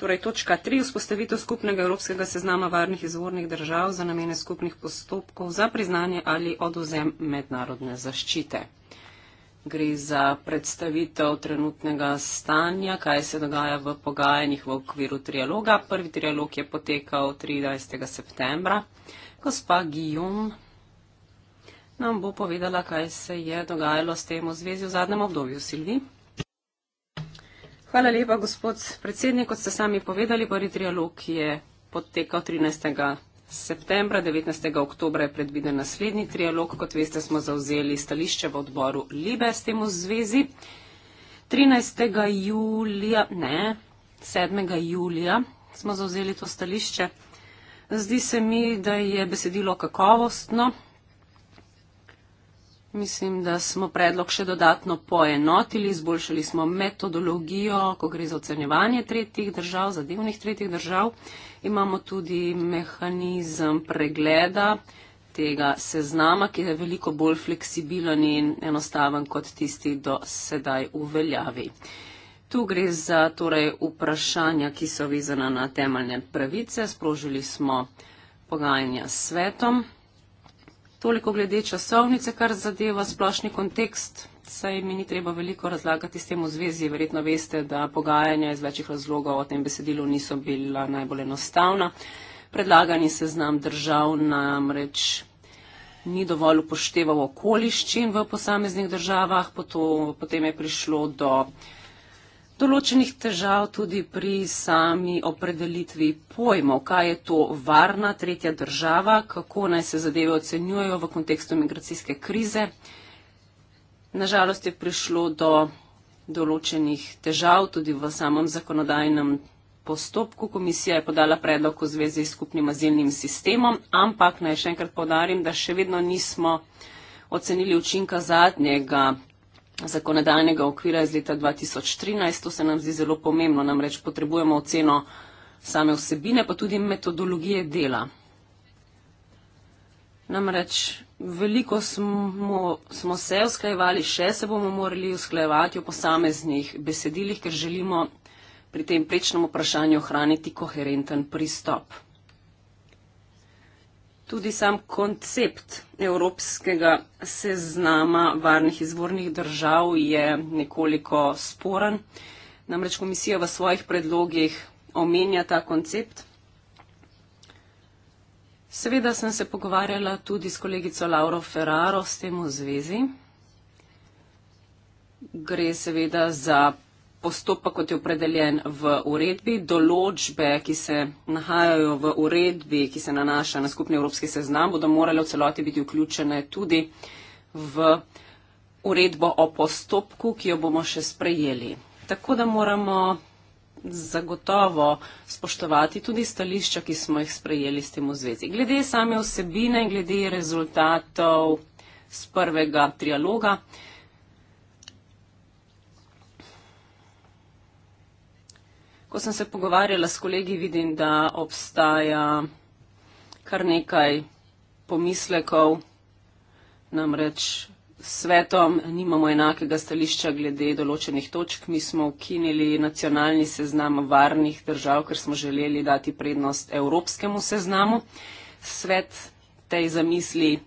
Torej, točka tri, vzpostavitev skupnega evropskega seznama varnih izvornih držav za namene skupnih postopkov za priznanje ali odozem mednarodne zaščite gre za predstavitev trenutnega stanja, kaj se dogaja v pogajanjih v okviru trialoga. Prvi trialog je potekal 13. septembra. Gospa Gijum nam bo povedala, kaj se je dogajalo s tem v zvezi v zadnjem obdobju. Silvi. Hvala lepa, gospod predsednik. Kot ste sami povedali, prvi trialog je potekal 13 septembra, 19. oktobra je predviden naslednji trialog, kot veste, smo zauzeli stališče v odboru Libe s tem v zvezi. 13. julija, ne, 7. julija smo zauzeli to stališče. Zdi se mi, da je besedilo kakovostno, Mislim, da smo predlog še dodatno poenotili, izboljšali smo metodologijo, ko gre za ocenjevanje tretjih držav, zadevnih tretjih držav. Imamo tudi mehanizem pregleda tega seznama, ki je veliko bolj fleksibilen in enostaven kot tisti do sedaj uveljavi. Tu gre za torej, vprašanja, ki so vizana na temeljne pravice. Sprožili smo pogajanja s svetom. Toliko glede časovnice, kar zadeva splošni kontekst, saj mi ni treba veliko razlagati s tem v zvezi. Verjetno veste, da pogajanja iz večjih razlogov o tem besedilu niso bila najbolj enostavna. Predlagani seznam držav namreč ni dovolj upošteval okoliščin v posameznih državah, potem je prišlo do določenih težav tudi pri sami opredelitvi pojmov, kaj je to varna tretja država, kako naj se zadeve ocenjujejo v kontekstu migracijske krize. Nažalost je prišlo do določenih težav tudi v samem zakonodajnem postopku. Komisija je podala predlog v zvezi s skupnim azilnim sistemom, ampak naj še enkrat povdarim, da še vedno nismo ocenili učinka zadnjega zakonodajnega okvira iz leta 2013. To se nam zdi zelo pomembno, namreč potrebujemo oceno same vsebine, pa tudi metodologije dela. Namreč veliko smo, smo se usklajevali, še se bomo morali usklajevati o posameznih besedilih, ker želimo pri tem prečnem vprašanju ohraniti koherenten pristop. Tudi sam koncept evropskega seznama varnih izvornih držav je nekoliko sporen. Namreč komisija v svojih predlogih omenja ta koncept. Seveda sem se pogovarjala tudi s kolegico Lauro Ferraro s tem v zvezi. Gre seveda za postopek, kot je opredeljen v uredbi. Določbe, ki se nahajajo v uredbi, ki se nanaša na skupni evropski seznam, bodo morale v celoti biti vključene tudi v uredbo o postopku, ki jo bomo še sprejeli. Tako da moramo zagotovo spoštovati tudi stališča, ki smo jih sprejeli s tem v zvezi. Glede same osebine in glede rezultatov z prvega trialoga. Ko sem se pogovarjala s kolegi, vidim, da obstaja kar nekaj pomislekov, namreč svetom nimamo enakega stališča glede določenih točk. Mi smo ukinili nacionalni seznam varnih držav, ker smo želeli dati prednost evropskemu seznamu. Svet tej zamisli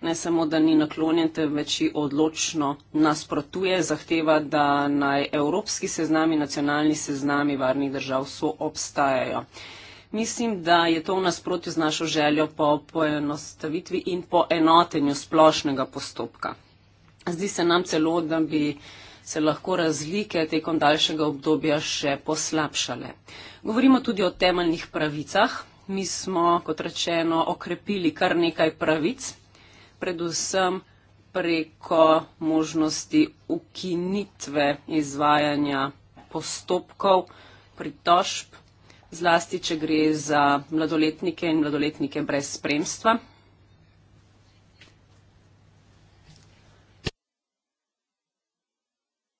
ne samo, da ni naklonjen, temveč odločno nasprotuje, zahteva, da naj evropski seznami, nacionalni seznami varnih držav so obstajajo. Mislim, da je to v nasprotju z našo željo po poenostavitvi in poenotenju splošnega postopka. Zdi se nam celo, da bi se lahko razlike tekom daljšega obdobja še poslabšale. Govorimo tudi o temeljnih pravicah. Mi smo, kot rečeno, okrepili kar nekaj pravic, predvsem preko možnosti ukinitve izvajanja postopkov pritožb, zlasti, če gre za mladoletnike in mladoletnike brez spremstva.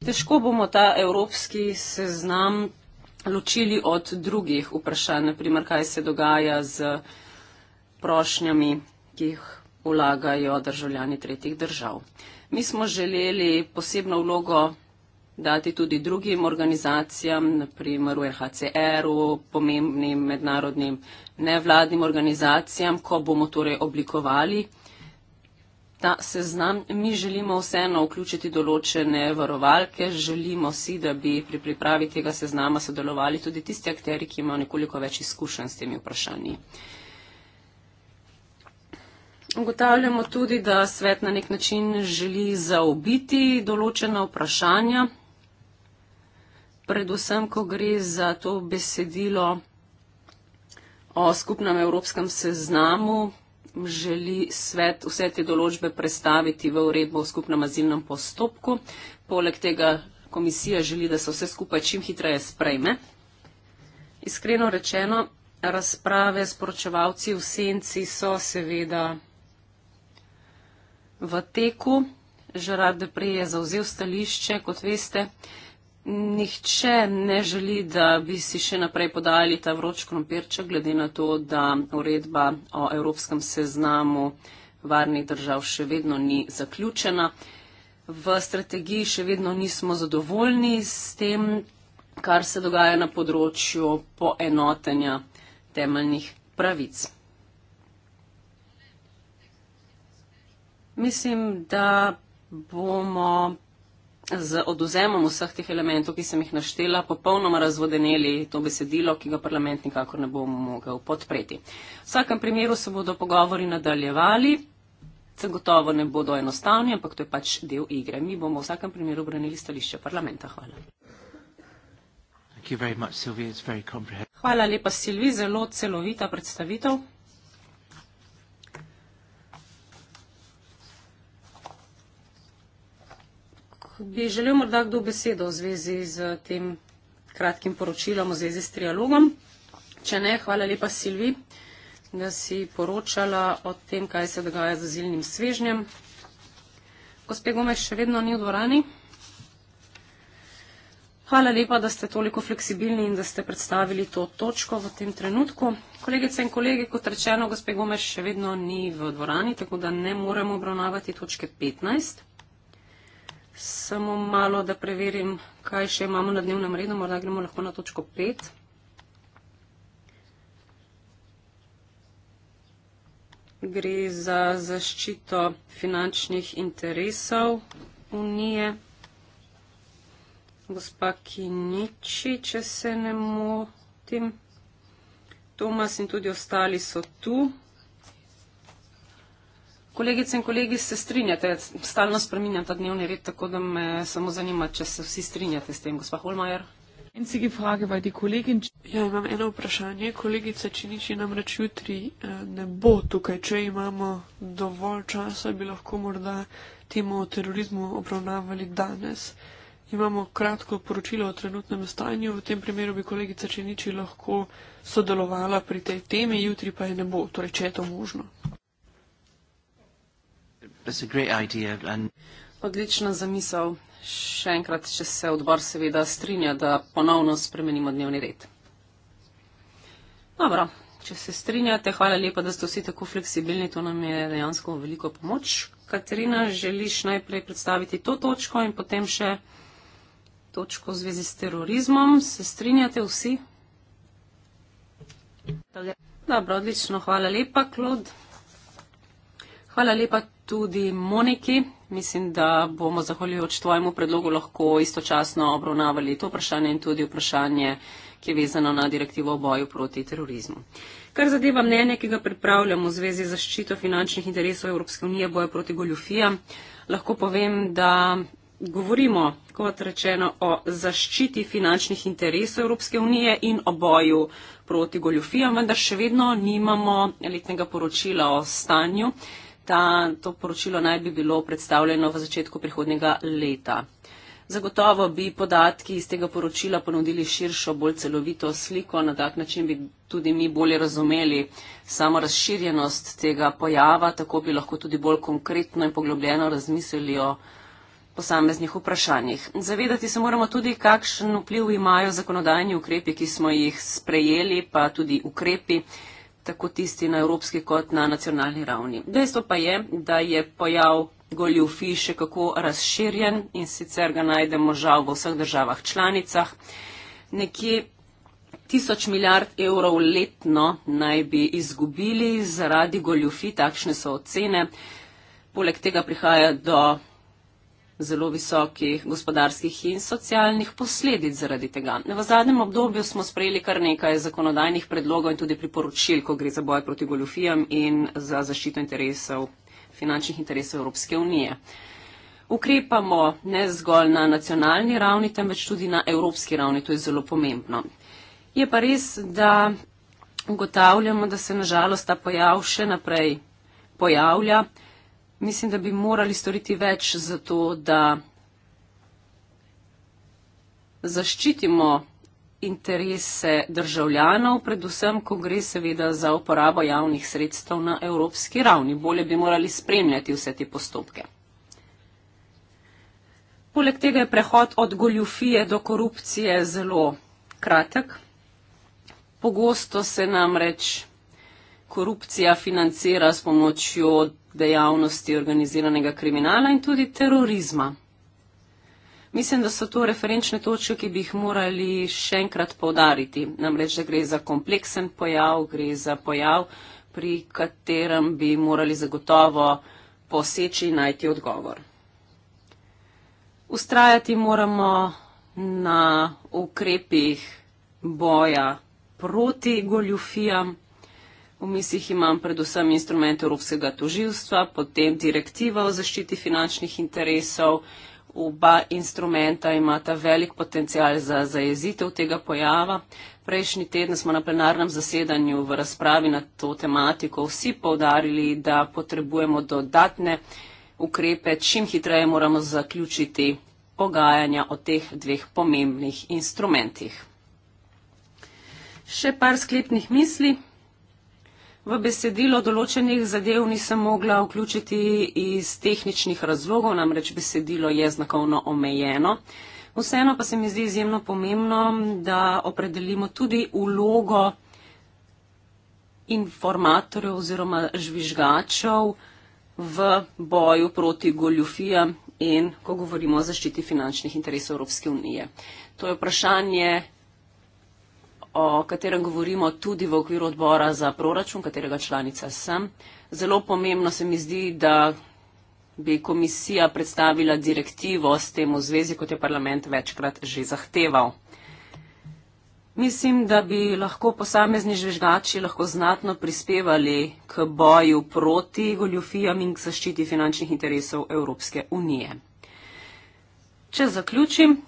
Težko bomo ta evropski seznam ločili od drugih vprašanj, naprimer, kaj se dogaja z prošnjami, ki jih vlagajo državljani tretjih držav. Mi smo želeli posebno vlogo dati tudi drugim organizacijam, naprimer UNHCR-u, pomembnim mednarodnim nevladnim organizacijam, ko bomo torej oblikovali ta seznam. Mi želimo vseeno vključiti določene varovalke, želimo si, da bi pri pripravi tega seznama sodelovali tudi tisti akteri, ki imajo nekoliko več izkušenj s temi vprašanji. Ugotavljamo tudi, da svet na nek način želi zaobiti določena vprašanja, predvsem, ko gre za to besedilo o skupnem evropskem seznamu, želi svet vse te določbe predstaviti v uredbo o skupnem azilnem postopku. Poleg tega komisija želi, da se vse skupaj čim hitreje sprejme. Iskreno rečeno, razprave s poročevalci v senci so seveda v teku. Žerar Depre je zauzel stališče, kot veste. Nihče ne želi, da bi si še naprej podali ta vroč krompirček, glede na to, da uredba o evropskem seznamu varnih držav še vedno ni zaključena. V strategiji še vedno nismo zadovoljni s tem, kar se dogaja na področju poenotenja temeljnih pravic. mislim, da bomo z oduzemom vseh teh elementov, ki sem jih naštela, popolnoma razvodeneli to besedilo, ki ga parlament nikakor ne bo mogel podpreti. V vsakem primeru se bodo pogovori nadaljevali. Zagotovo ne bodo enostavni, ampak to je pač del igre. Mi bomo v vsakem primeru branili stališče parlamenta. Hvala. Much, Hvala lepa, Silvi, zelo celovita predstavitev. Bi želel morda kdo besedo v zvezi z tem kratkim poročilom, v zvezi s trialogom? Če ne, hvala lepa Silvi, da si poročala o tem, kaj se dogaja z azilnim svežnjem. Gospe Gomeš še vedno ni v dvorani. Hvala lepa, da ste toliko fleksibilni in da ste predstavili to točko v tem trenutku. Kolegice in kolege, kot rečeno, gospe Gomeš še vedno ni v dvorani, tako da ne moremo obravnavati točke 15. Samo malo, da preverim, kaj še imamo na dnevnem redu. Morda gremo lahko na točko 5. Gre za zaščito finančnih interesov unije. Gospa Kiniči, če se ne motim. Tomas in tudi ostali so tu. Kolegice in kolegi, se strinjate, stalno spreminjam ta dnevni red, tako da me samo zanima, če se vsi strinjate s tem, gospa Holmajer. Ja, imam eno vprašanje. Kolegica Činič je namreč jutri eh, ne bo tukaj. Če imamo dovolj časa, bi lahko morda temo o terorizmu obravnavali danes. Imamo kratko poročilo o trenutnem stanju. V tem primeru bi kolegica Činič lahko sodelovala pri tej temi, jutri pa je ne bo, torej če je to možno. Odlična zamisel. Še enkrat, če se odbor seveda strinja, da ponovno spremenimo dnevni red. Dobro, če se strinjate, hvala lepa, da ste vsi tako fleksibilni, to nam je dejansko veliko pomoč. Katerina, želiš najprej predstaviti to točko in potem še točko v zvezi s terorizmom. Se strinjate vsi? Dobro, odlično, hvala lepa, Klod. Hvala lepa tudi Moniki. Mislim, da bomo zahvaljujoč tvojemu predlogu lahko istočasno obravnavali to vprašanje in tudi vprašanje, ki je vezano na direktivo o boju proti terorizmu. Kar zadeva mnenje, ki ga pripravljamo v zvezi z zaščito finančnih interesov Evropske unije boja proti goljufijam, lahko povem, da govorimo, kot rečeno, o zaščiti finančnih interesov Evropske unije in o boju proti goljufijam, vendar še vedno nimamo letnega poročila o stanju ta, to poročilo naj bi bilo predstavljeno v začetku prihodnjega leta. Zagotovo bi podatki iz tega poročila ponudili širšo, bolj celovito sliko, na tak način bi tudi mi bolje razumeli samo razširjenost tega pojava, tako bi lahko tudi bolj konkretno in poglobljeno razmislili o posameznih vprašanjih. Zavedati se moramo tudi, kakšen vpliv imajo zakonodajni ukrepi, ki smo jih sprejeli, pa tudi ukrepi, tako tisti na evropski kot na nacionalni ravni. Dejstvo pa je, da je pojav goljufi še kako razširjen in sicer ga najdemo žal v vseh državah članicah. Nekje tisoč milijard evrov letno naj bi izgubili zaradi goljufi, takšne so ocene. Poleg tega prihaja do zelo visokih gospodarskih in socialnih posledic zaradi tega. V zadnjem obdobju smo sprejeli kar nekaj zakonodajnih predlogov in tudi priporočil, ko gre za boj proti goljofijam in za zaščito interesov, finančnih interesov Evropske unije. Ukrepamo ne zgolj na nacionalni ravni, temveč tudi na evropski ravni. To je zelo pomembno. Je pa res, da ugotavljamo, da se nažalost ta pojav še naprej pojavlja mislim, da bi morali storiti več za to, da zaščitimo interese državljanov, predvsem, ko gre seveda za uporabo javnih sredstev na evropski ravni. Bolje bi morali spremljati vse te postopke. Poleg tega je prehod od goljufije do korupcije zelo kratek. Pogosto se namreč korupcija financira s pomočjo dejavnosti organiziranega kriminala in tudi terorizma. Mislim, da so to referenčne točke, ki bi jih morali še enkrat povdariti. Namreč, da gre za kompleksen pojav, gre za pojav, pri katerem bi morali zagotovo poseči in najti odgovor. Ustrajati moramo na ukrepih boja proti goljufijam. V mislih imam predvsem instrument Evropskega toživstva, potem direktiva o zaščiti finančnih interesov. Oba instrumenta imata velik potencial za zajezitev tega pojava. Prejšnji teden smo na plenarnem zasedanju v razpravi na to tematiko vsi povdarili, da potrebujemo dodatne ukrepe, čim hitreje moramo zaključiti pogajanja o teh dveh pomembnih instrumentih. Še par sklepnih misli v besedilo določenih zadev nisem mogla vključiti iz tehničnih razlogov, namreč besedilo je znakovno omejeno. Vseeno pa se mi zdi izjemno pomembno, da opredelimo tudi ulogo informatorjev oziroma žvižgačev v boju proti goljufijam in ko govorimo o zaščiti finančnih interesov Evropske unije. To je vprašanje o katerem govorimo tudi v okviru odbora za proračun, katerega članica sem. Zelo pomembno se mi zdi, da bi komisija predstavila direktivo s tem v zvezi, kot je parlament večkrat že zahteval. Mislim, da bi lahko posamezni žvižgači lahko znatno prispevali k boju proti goljufijam in k zaščiti finančnih interesov Evropske unije. Če zaključim,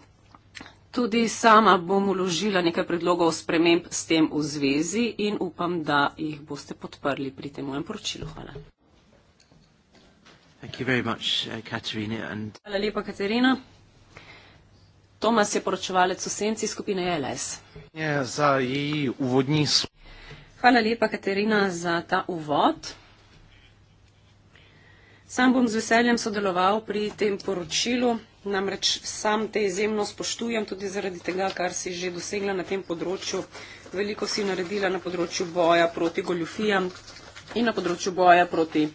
Tudi sama bom uložila nekaj predlogov sprememb s tem v zvezi in upam, da jih boste podprli pri tem mojem poročilu. Hvala. Much, uh, and... Hvala lepa, Katerina. Tomas je poročevalec v senci skupine LS. Hvala lepa, Katerina, za ta uvod. Sam bom z veseljem sodeloval pri tem poročilu. Namreč sam te izjemno spoštujem tudi zaradi tega, kar si že dosegla na tem področju. Veliko si naredila na področju boja proti goljufijam in na področju boja proti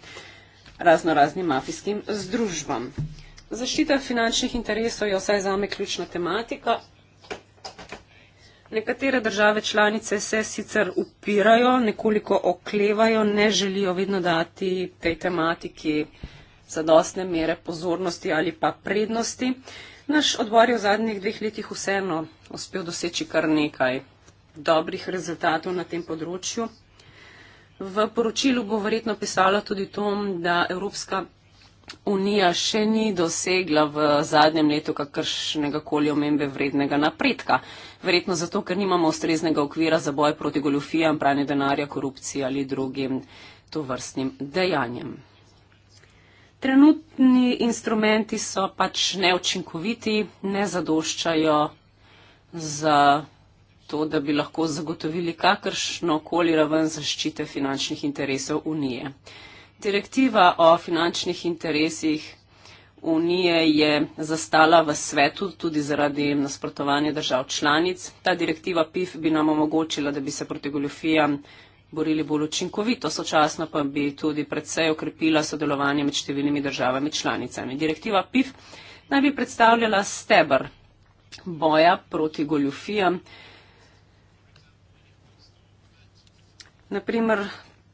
razno raznim mafijskim združbam. Zaščita finančnih interesov je vsaj zame ključna tematika. Nekatere države članice se sicer upirajo, nekoliko oklevajo, ne želijo vedno dati tej tematiki zadostne mere pozornosti ali pa prednosti. Naš odbor je v zadnjih dveh letih vseeno uspel doseči kar nekaj dobrih rezultatov na tem področju. V poročilu bo verjetno pisalo tudi to, da Evropska unija še ni dosegla v zadnjem letu kakršnega koli omembe vrednega napredka. Verjetno zato, ker nimamo ustreznega okvira za boj proti goljofijam, pranju denarja, korupciji ali drugim tovrstnim dejanjem. Trenutni instrumenti so pač neučinkoviti, ne zadoščajo za to, da bi lahko zagotovili kakršno koli raven zaščite finančnih interesov Unije. Direktiva o finančnih interesih Unije je zastala v svetu tudi zaradi nasprotovanja držav članic. Ta direktiva PIF bi nam omogočila, da bi se proti goljofijam borili bolj učinkovito, sočasno pa bi tudi predvsej okrepila sodelovanje med številnimi državami članicami. Direktiva PIF naj bi predstavljala stebr boja proti goljufijam. Naprimer,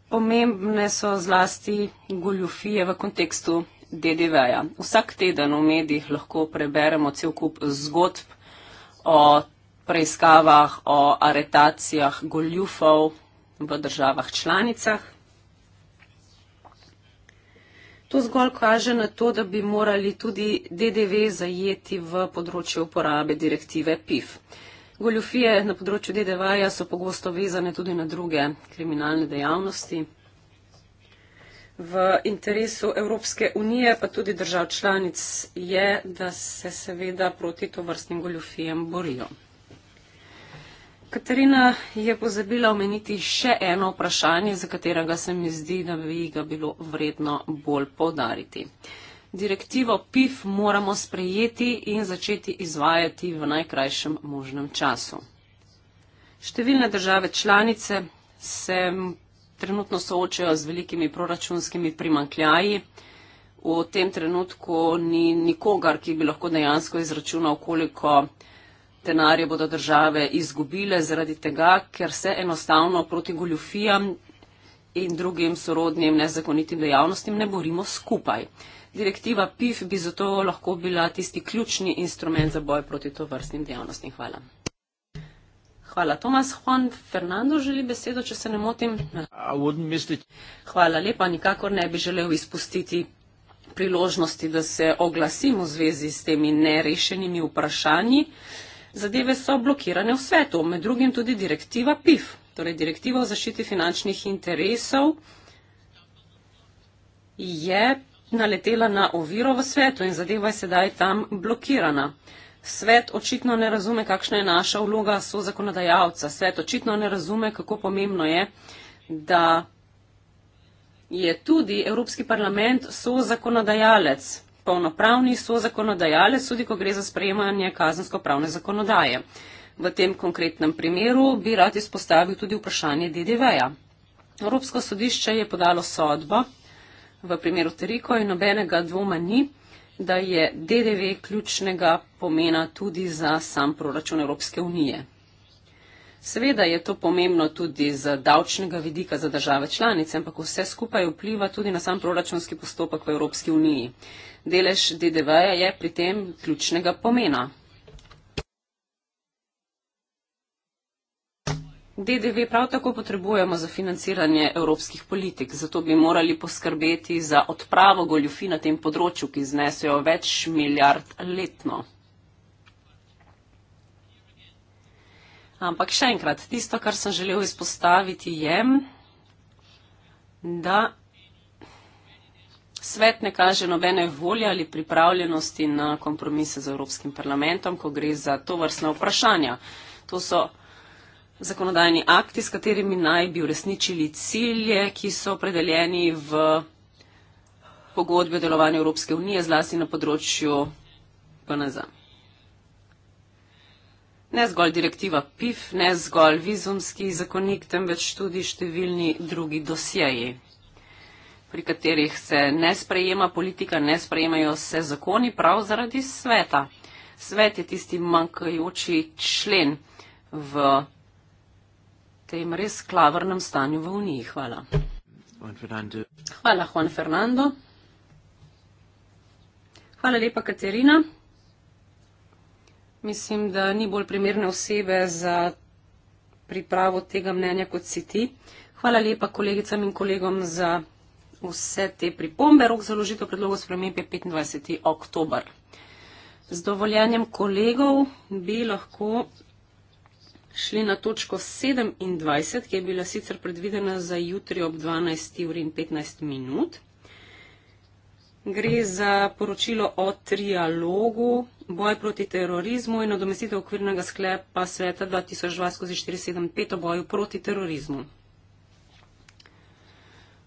pomembne so zlasti goljufije v kontekstu DDV-ja. Vsak teden v medijih lahko preberemo cel kup zgodb o preiskavah, o aretacijah goljufov, v državah članicah. To zgolj kaže na to, da bi morali tudi DDV zajeti v področju uporabe direktive PIF. Goljufije na področju DDV-ja so pogosto vezane tudi na druge kriminalne dejavnosti. V interesu Evropske unije pa tudi držav članic je, da se seveda proti tovrstnim goljufijem borijo. Katarina je pozabila omeniti še eno vprašanje, za katerega se mi zdi, da bi ga bilo vredno bolj povdariti. Direktivo PIF moramo sprejeti in začeti izvajati v najkrajšem možnem času. Številne države članice se trenutno soočajo z velikimi proračunskimi primankljaji. V tem trenutku ni nikogar, ki bi lahko dejansko izračunal, koliko denarje bodo države izgubile zaradi tega, ker se enostavno proti goljufijam in drugim sorodnim nezakonitim dejavnostim ne borimo skupaj. Direktiva PIF bi zato lahko bila tisti ključni instrument za boj proti to vrstnim dejavnostim. Hvala. Hvala. Tomas Juan Fernando želi besedo, če se ne motim. Hvala lepa. Nikakor ne bi želel izpustiti priložnosti, da se oglasim v zvezi s temi nerešenimi vprašanji. Uh, zadeve so blokirane v svetu, med drugim tudi direktiva PIF, torej direktiva o zaščiti finančnih interesov je naletela na oviro v svetu in zadeva je sedaj tam blokirana. Svet očitno ne razume, kakšna je naša vloga so zakonodajalca. Svet očitno ne razume, kako pomembno je, da je tudi Evropski parlament so zakonodajalec polnopravni so zakonodajale, tudi ko gre za sprejemanje kazensko-pravne zakonodaje. V tem konkretnem primeru bi rad izpostavil tudi vprašanje DDV-ja. Evropsko sodišče je podalo sodbo v primeru Teriko in nobenega dvoma ni, da je DDV ključnega pomena tudi za sam proračun Evropske unije. Seveda je to pomembno tudi z davčnega vidika za države članice, ampak vse skupaj vpliva tudi na sam proračunski postopek v Evropski uniji. Delež DDV-ja je pri tem ključnega pomena. DDV prav tako potrebujemo za financiranje evropskih politik, zato bi morali poskrbeti za odpravo goljufi na tem področju, ki znesejo več milijard letno. Ampak še enkrat, tisto, kar sem želel izpostaviti, je, da Svet ne kaže nobene volje ali pripravljenosti na kompromise z Evropskim parlamentom, ko gre za to vrstna vprašanja. To so zakonodajni akti, s katerimi naj bi uresničili cilje, ki so opredeljeni v pogodbi o delovanju Evropske unije, zlasti na področju PNZ. Ne zgolj direktiva PIF, ne zgolj vizumski zakonik, temveč tudi številni drugi dosjeji pri katerih se ne sprejema politika, ne sprejemajo se zakoni prav zaradi sveta. Svet je tisti manjkajoči člen v tem res klavrnem stanju v Uniji. Hvala. Hvala, Juan Fernando. Hvala lepa, Katerina. Mislim, da ni bolj primerne osebe za pripravo tega mnenja kot si ti. Hvala lepa kolegicam in kolegom za vse te pripombe. Rok za ložitev predlogov sprememb je 25. oktober. Z dovoljenjem kolegov bi lahko šli na točko 27, ki je bila sicer predvidena za jutri ob 12. uri in 15 minut. Gre za poročilo o trialogu, boj proti terorizmu in nadomestitev okvirnega sklepa sveta 2002-475 o boju proti terorizmu.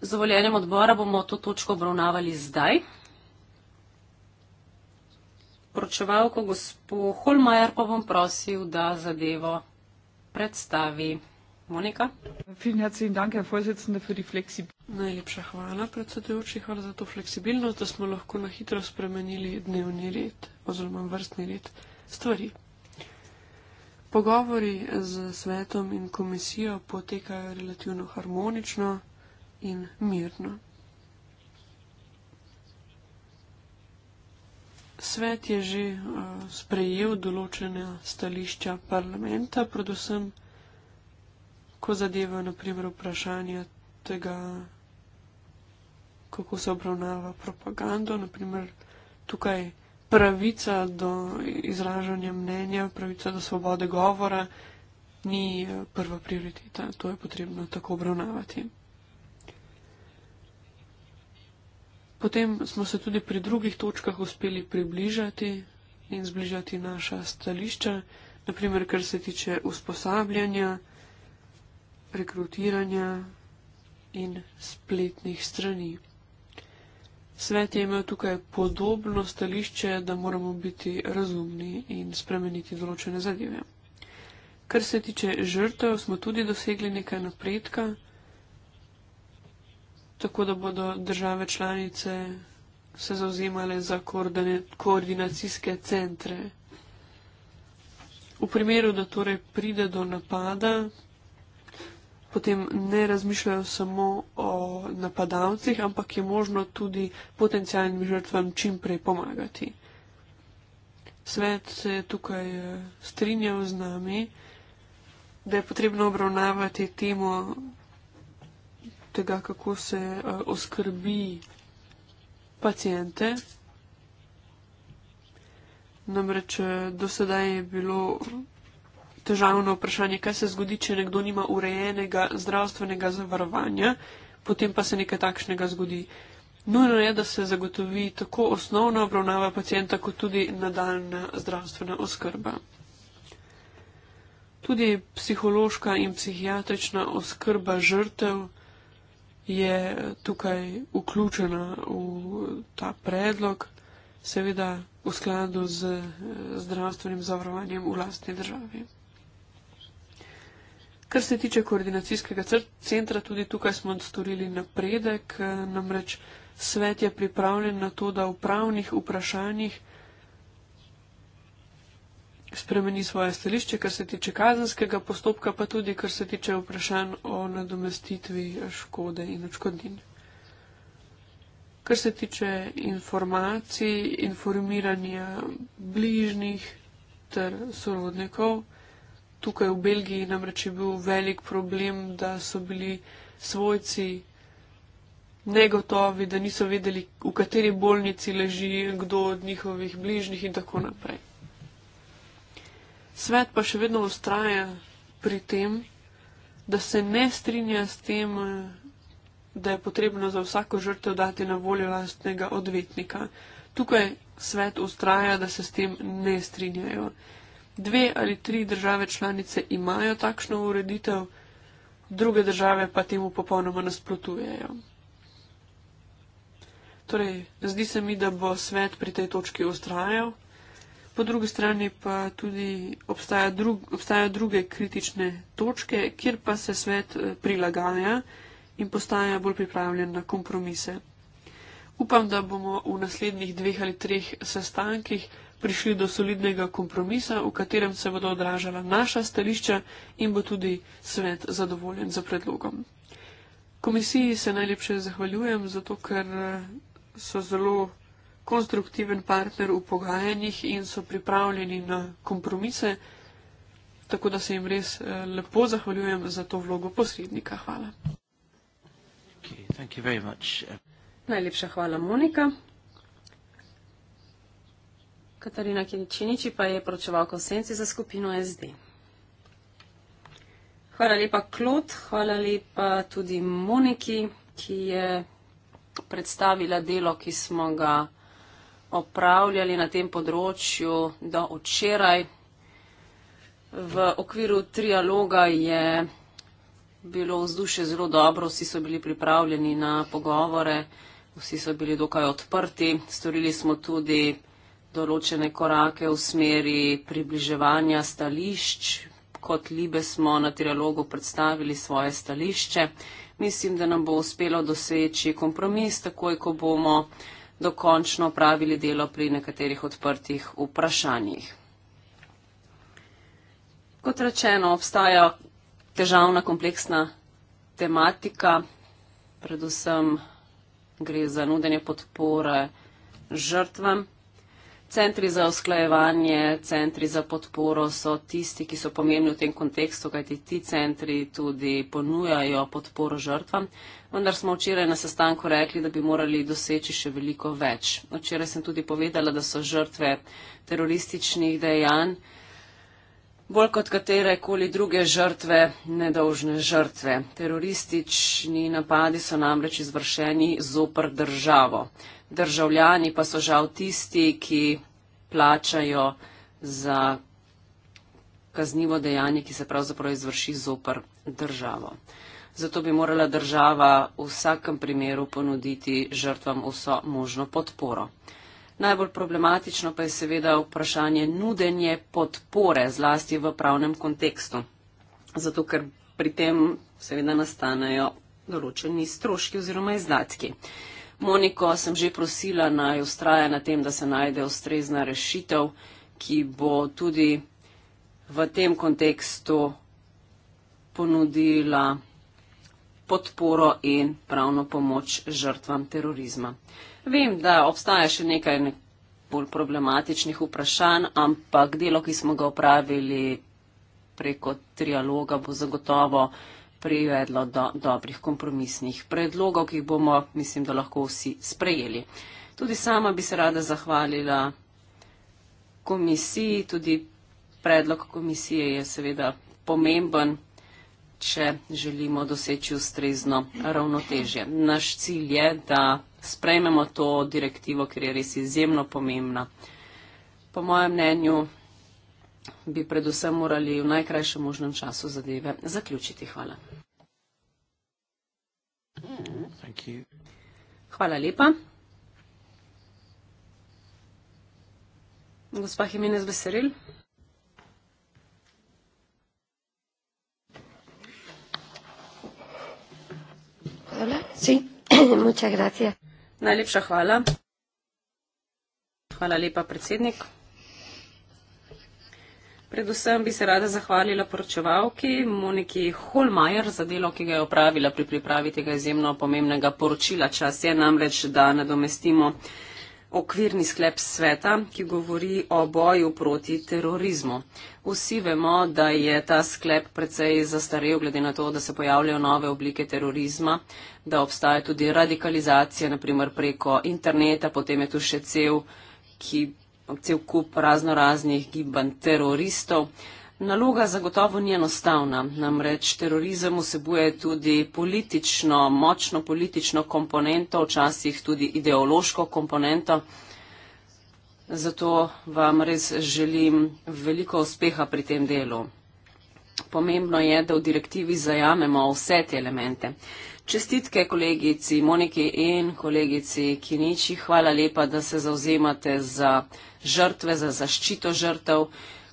Z dovoljenjem odbora bomo to točko obravnavali zdaj. Poročevalko gospo Holmajer pa bom prosil, da zadevo predstavi. Monika. Najlepša hvala, predsedujoči, hvala za to fleksibilnost, da smo lahko na hitro spremenili dnevni red oziroma vrstni red stvari. Pogovori z svetom in komisijo potekajo relativno harmonično, in mirno. Svet je že uh, sprejel določene stališča parlamenta, predvsem, ko zadeva naprimer vprašanje tega, kako se obravnava propagando, naprimer tukaj pravica do izražanja mnenja, pravica do svobode govora ni eh, prva prioriteta, to je potrebno tako obravnavati. Potem smo se tudi pri drugih točkah uspeli približati in zbližati naša stališča, naprimer, kar se tiče usposabljanja, rekrutiranja in spletnih strani. Svet je imel tukaj podobno stališče, da moramo biti razumni in spremeniti določene zadeve. Kar se tiče žrtev, smo tudi dosegli nekaj napredka tako da bodo države članice se zauzemale za koordinacijske centre. V primeru, da torej pride do napada, potem ne razmišljajo samo o napadalcih, ampak je možno tudi potencijalnim žrtvam čim prej pomagati. Svet se je tukaj eh, strinjal z nami, da je potrebno obravnavati temo tega, kako se uh, oskrbi pacijente. Namreč eh, do sedaj je bilo težavno vprašanje, kaj se zgodi, če nekdo nima urejenega zdravstvenega zavarovanja, potem pa se nekaj takšnega zgodi. Nujno je, da se zagotovi tako osnovna obravnava pacijenta, kot tudi nadaljna zdravstvena oskrba. Tudi psihološka in psihiatrična oskrba žrtev je tukaj vključena v ta predlog, seveda v skladu z eh, zdravstvenim zavarovanjem v lastni državi. Kar se tiče koordinacijskega centra, tudi tukaj smo storili napredek, eh, namreč svet je pripravljen na to, da v pravnih vprašanjih spremeni svoje stališče, kar se tiče kazenskega postopka, pa tudi kar se tiče vprašanj o nadomestitvi škode in očkodin. Kar se tiče informacij, informiranja bližnjih ter sorodnikov, tukaj v Belgiji namreč je bil velik problem, da so bili svojci negotovi, da niso vedeli, v kateri bolnici leži kdo od njihovih bližnjih in tako naprej. Svet pa še vedno ustraja pri tem, da se ne strinja s tem, da je potrebno za vsako žrtev dati na voljo lastnega odvetnika. Tukaj svet ustraja, da se s tem ne strinjajo. Dve ali tri države članice imajo takšno ureditev, druge države pa temu popolnoma nasprotujejo. Torej, zdi se mi, da bo svet pri tej točki ustrajal, Po drugi strani pa tudi obstaja drug, obstajajo druge kritične točke, kjer pa se svet eh, prilagaja in postaja bolj pripravljen na kompromise. Upam, da bomo v naslednjih dveh ali treh sestankih prišli do solidnega kompromisa, v katerem se bodo odražala naša stališča in bo tudi svet zadovoljen za predlogom. Komisiji se najlepše zahvaljujem, zato ker eh, so zelo konstruktiven partner v pogajanjih in so pripravljeni na kompromise, tako da se jim res eh, lepo zahvaljujem za to vlogo posrednika. Hvala. Okay, Najlepša hvala, Monika. Katarina Kiničiniči pa je pročevalka v senci za skupino SD. Hvala lepa, Klot, hvala lepa tudi Moniki, ki je predstavila delo, ki smo ga opravljali na tem področju do včeraj. V okviru trialoga je bilo vzdušje zelo dobro, vsi so bili pripravljeni na pogovore, vsi so bili dokaj odprti. Storili smo tudi določene korake v smeri približevanja stališč. Kot libe smo na trialogu predstavili svoje stališče. Mislim, da nam bo uspelo doseči kompromis, takoj ko bomo dokončno opravili delo pri nekaterih odprtih vprašanjih. Kot rečeno, obstaja težavna kompleksna tematika, predvsem gre za nudenje podpore žrtvam. Centri za usklajevanje, centri za podporo so tisti, ki so pomembni v tem kontekstu, kajti ti centri tudi ponujajo podporo žrtvam. Vendar smo včeraj na sestanku rekli, da bi morali doseči še veliko več. Včeraj sem tudi povedala, da so žrtve terorističnih dejanj bolj kot katere koli druge žrtve, nedolžne žrtve. Teroristični napadi so namreč izvršeni zopr državo državljani pa so žal tisti, ki plačajo za kaznivo dejanje, ki se pravzaprav izvrši zopr državo. Zato bi morala država v vsakem primeru ponuditi žrtvam vso možno podporo. Najbolj problematično pa je seveda vprašanje nudenje podpore, zlasti v pravnem kontekstu. Zato, ker pri tem seveda nastanejo določeni stroški oziroma izdatki. Moniko sem že prosila naj ustraja na tem, da se najde ustrezna rešitev, ki bo tudi v tem kontekstu ponudila podporo in pravno pomoč žrtvam terorizma. Vem, da obstaja še nekaj bolj problematičnih vprašanj, ampak delo, ki smo ga upravili preko trialoga, bo zagotovo privedlo do dobrih kompromisnih predlogov, ki jih bomo, mislim, da lahko vsi sprejeli. Tudi sama bi se rada zahvalila komisiji, tudi predlog komisije je seveda pomemben, če želimo doseči ustrezno ravnotežje. Naš cilj je, da sprejmemo to direktivo, ker je res izjemno pomembna. Po mojem mnenju bi predvsem morali v najkrajšem možnem času zadeve zaključiti. Hvala. Hvala lepa. Gospa Jimenez Beseril. Najlepša hvala. Hvala lepa, predsednik. Predvsem bi se rada zahvalila poročevalki Moniki Holmajer za delo, ki ga je opravila pri pripravi tega izjemno pomembnega poročila. Čas je namreč, da nadomestimo okvirni sklep sveta, ki govori o boju proti terorizmu. Vsi vemo, da je ta sklep precej zastarel, glede na to, da se pojavljajo nove oblike terorizma, da obstaja tudi radikalizacija, naprimer preko interneta, potem je tu še cel, ki cel kup razno raznih gibanj teroristov. Naloga zagotovo ni enostavna, namreč terorizem vsebuje tudi politično, močno politično komponento, včasih tudi ideološko komponento. Zato vam res želim veliko uspeha pri tem delu. Pomembno je, da v direktivi zajamemo vse te elemente. Čestitke kolegici Moniki in kolegici Kiniči. Hvala lepa, da se zauzemate za žrtve, za zaščito žrtev.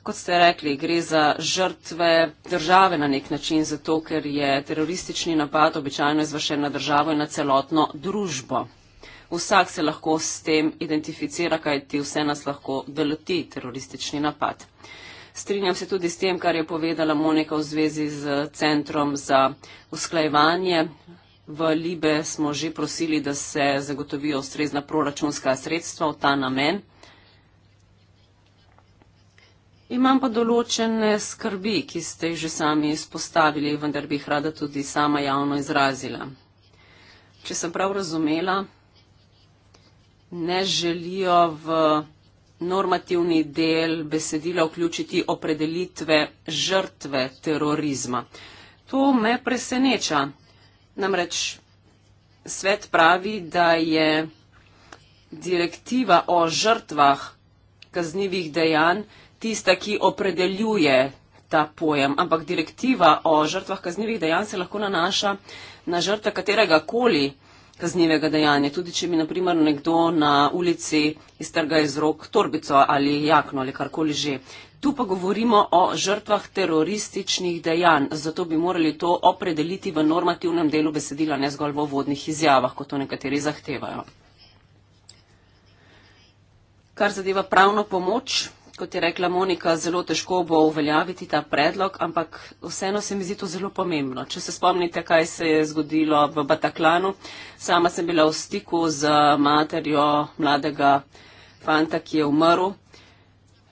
Kot ste rekli, gre za žrtve države na nek način, zato ker je teroristični napad običajno izvršen na državo in na celotno družbo. Vsak se lahko s tem identificira, kaj ti vse nas lahko deleti teroristični napad. Strinjam se tudi s tem, kar je povedala Monika v zvezi z centrom za usklajevanje. V Libe smo že prosili, da se zagotovijo ustrezna proračunska sredstva v ta namen. Imam pa določene skrbi, ki ste jih že sami izpostavili, vendar bi jih rada tudi sama javno izrazila. Če sem prav razumela, ne želijo v normativni del besedila vključiti opredelitve žrtve terorizma. To me preseneča. Namreč svet pravi, da je direktiva o žrtvah kaznivih dejanj tista, ki opredeljuje ta pojem. Ampak direktiva o žrtvah kaznivih dejanj se lahko nanaša na žrtve katerega koli kaznivega dejanja. Tudi če bi naprimer nekdo na ulici iztrga iz rok torbico ali jakno ali karkoli že. Tu pa govorimo o žrtvah terorističnih dejanj, zato bi morali to opredeliti v normativnem delu besedila, ne zgolj v vodnih izjavah, kot to nekateri zahtevajo. Kar zadeva pravno pomoč, kot je rekla Monika, zelo težko bo uveljaviti ta predlog, ampak vseeno se mi zdi to zelo pomembno. Če se spomnite, kaj se je zgodilo v Bataklanu, sama sem bila v stiku z materjo mladega fanta, ki je umrl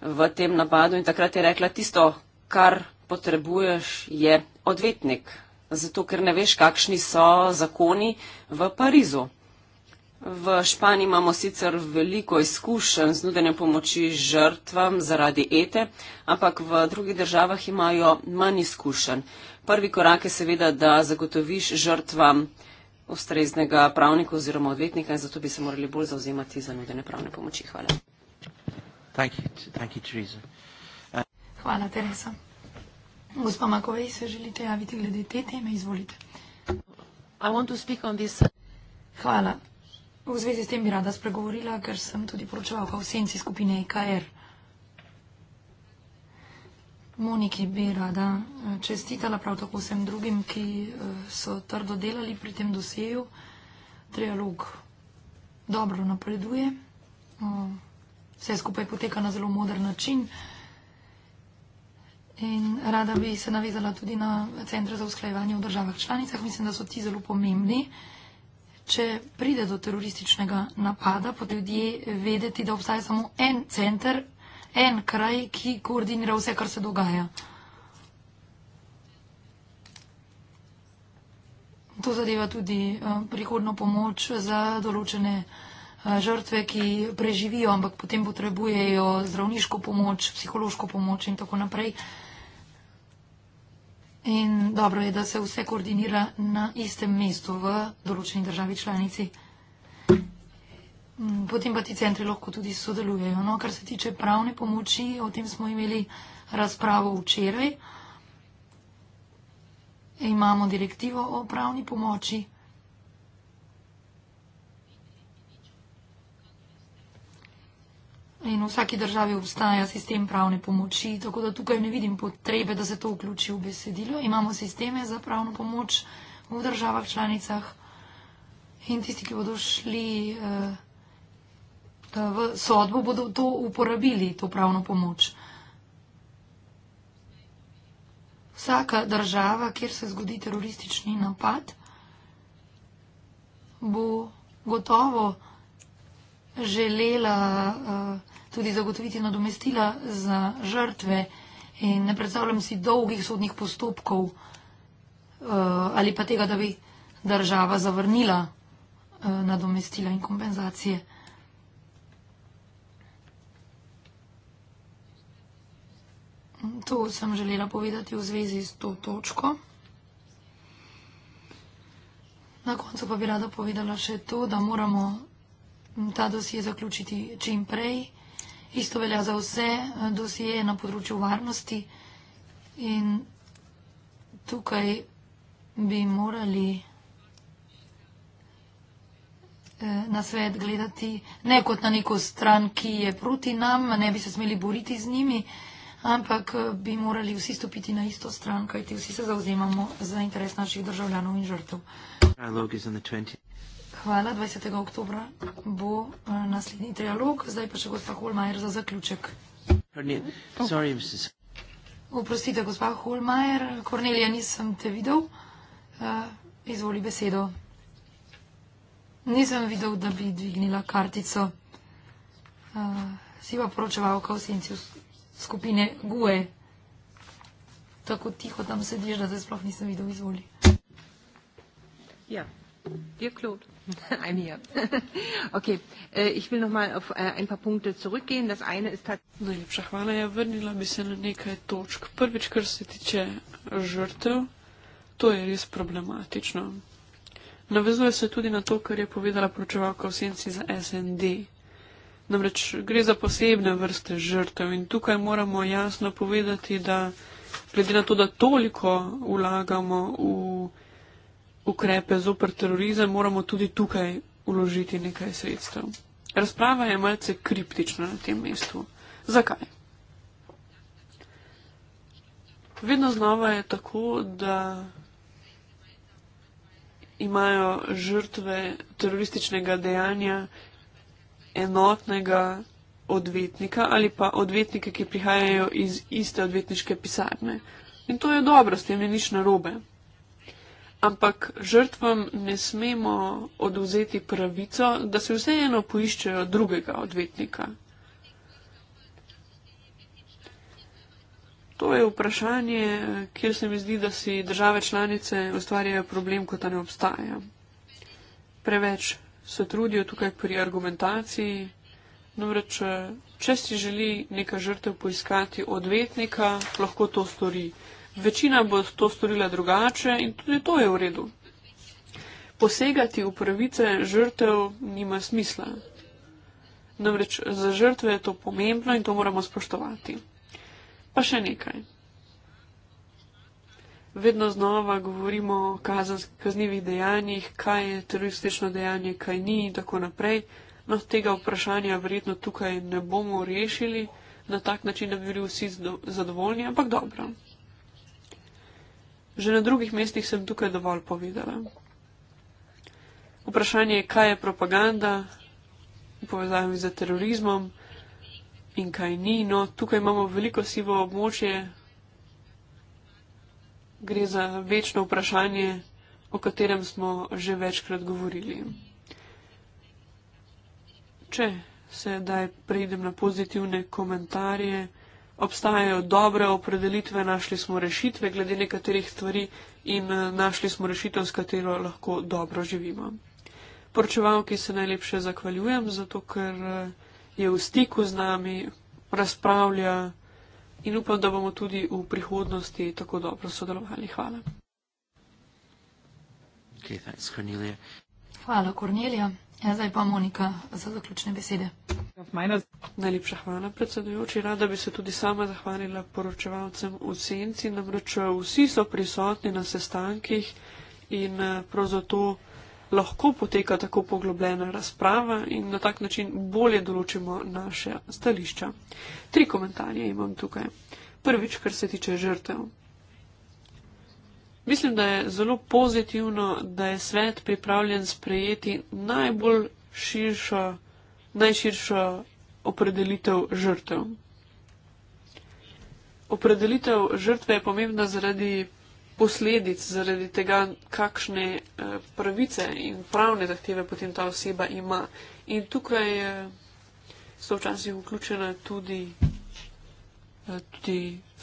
v tem napadu in takrat je rekla, tisto, kar potrebuješ, je odvetnik, zato ker ne veš, kakšni so zakoni v Parizu. V Španiji imamo sicer veliko izkušenj z nudenjem pomoči žrtvam zaradi ete, ampak v drugih državah imajo manj izkušenj. Prvi korak je seveda, da zagotoviš žrtvam ustreznega pravnika oziroma odvetnika in zato bi se morali bolj zauzemati za nudene pravne pomoči. Hvala. Thank you. Thank you, Hvala, Teresa. Gospa Makovej, se želite javiti glede te teme? Izvolite. Hvala. V zvezi s tem bi rada spregovorila, ker sem tudi poročevalka v senci skupine IKR. E Moniki bi rada eh, čestitala prav tako vsem drugim, ki eh, so trdo delali pri tem doseju. Trialog dobro napreduje, vse skupaj poteka na zelo modern način. In rada bi se navezala tudi na centre za usklajevanje v državah članicah. Mislim, da so ti zelo pomembni če pride do terorističnega napada, potem ljudje vedeti, da obstaja samo en center, en kraj, ki koordinira vse, kar se dogaja. To zadeva tudi eh, prihodno pomoč za določene eh, žrtve, ki preživijo, ampak potem potrebujejo zdravniško pomoč, psihološko pomoč in tako naprej. In dobro je, da se vse koordinira na istem mestu v določeni državi članici. Mm, potem pa ti centri lahko tudi sodelujejo. No, kar se tiče pravne pomoči, o tem smo imeli razpravo včeraj. Imamo direktivo o pravni pomoči. In v vsaki državi obstaja sistem pravne pomoči, tako da tukaj ne vidim potrebe, da se to vključi v besedilo. Imamo sisteme za pravno pomoč v državah članicah in tisti, ki bodo šli eh, v sodbo, bodo to uporabili, to pravno pomoč. Vsaka država, kjer se zgodi teroristični napad, bo gotovo želela. Eh, tudi zagotoviti nadomestila za žrtve in ne predstavljam si dolgih sodnih postopkov eh, ali pa tega, da bi država zavrnila eh, nadomestila in kompenzacije. To sem želela povedati v zvezi s to točko. Na koncu pa bi rada povedala še to, da moramo ta dosje zaključiti čim prej. Isto velja za vse eh, dosije na področju varnosti in tukaj bi morali eh, na svet gledati ne kot na neko stran, ki je proti nam, ne bi se smeli boriti z njimi, ampak eh, bi morali vsi stopiti na isto stran, kajti vsi se zauzemamo za interes naših državljanov in žrtev. Hvala. 20. oktober bo eh, naslednji trialog, zdaj pa še gospa Holmajer za zaključek. Oprostite, gospa Holmajer, Kornelija, nisem te videl. Eh, izvoli besedo. Nisem videl, da bi dvignila kartico. Eh, si pa poročevalka v senci skupine GUE. Tako tiho tam sediš, da te sploh nisem videl. Izvoli. Ja, je klod. Ein hier. Okay, äh, ich will noch mal auf äh, ein paar Punkte zurückgehen. Das eine ist tatsächlich... Najlepša hvala, ja vrnila bi se na nekaj točk. Prvič, kar se tiče žrtev, to je res problematično. Navezuje se tudi na to, kar je povedala pročevalka v senci za SND. Namreč gre za posebne vrste žrtev in tukaj moramo jasno povedati, da glede na to, da toliko vlagamo v ukrepe zoper terorizem, moramo tudi tukaj uložiti nekaj sredstev. Razprava je malce kriptična na tem mestu. Zakaj? Vedno znova je tako, da imajo žrtve terorističnega dejanja enotnega odvetnika ali pa odvetnike, ki prihajajo iz iste odvetniške pisarne. In to je dobro, s tem ni nič narobe ampak žrtvam ne smemo oduzeti pravico, da se vseeno poiščejo drugega odvetnika. To je vprašanje, kjer se mi zdi, da si države članice ustvarjajo problem, kot da ne obstaja. Preveč se trudijo tukaj pri argumentaciji, namreč, če si želi neka žrtev poiskati odvetnika, lahko to stori. Večina bo to storila drugače in tudi to je v redu. Posegati v pravice žrtev nima smisla. Namreč za žrtve je to pomembno in to moramo spoštovati. Pa še nekaj. Vedno znova govorimo o kaznivih dejanjih, kaj je teroristično dejanje, kaj ni in tako naprej. No, tega vprašanja verjetno tukaj ne bomo rešili na tak način, da bi bili vsi zadovoljni, ampak dobro. Že na drugih mestih sem tukaj dovolj povedala. Vprašanje je, kaj je propaganda v povezavi z terorizmom in kaj ni. No, tukaj imamo veliko sivo območje, gre za večno vprašanje, o katerem smo že večkrat govorili. Če sedaj prejdem na pozitivne komentarje obstajajo dobre opredelitve, našli smo rešitve glede nekaterih stvari in eh, našli smo rešitev, s katero lahko dobro živimo. Poročevalki se najlepše zahvaljujem, zato ker eh, je v stiku z nami, razpravlja in upam, da bomo tudi v prihodnosti tako dobro sodelovali. Hvala. Okay, thanks, Hvala, Kornelija. Ja, zdaj pa Monika za zaključne besede. Najlepša hvala, predsedujoči. Rada bi se tudi sama zahvalila poročevalcem v senci. Namreč eh, vsi so prisotni na sestankih in eh, prav zato lahko poteka tako poglobljena razprava in na tak način bolje določimo naše stališča. Tri komentarje imam tukaj. Prvič, kar se tiče žrtev. Mislim, da je zelo pozitivno, da je svet pripravljen sprejeti najbolj širšo, najširšo opredelitev žrtev. Opredelitev žrtve je pomembna zaradi posledic, zaradi tega, kakšne eh, pravice in pravne zahteve potem ta oseba ima. In tukaj eh, so včasih vključena tudi, eh, tudi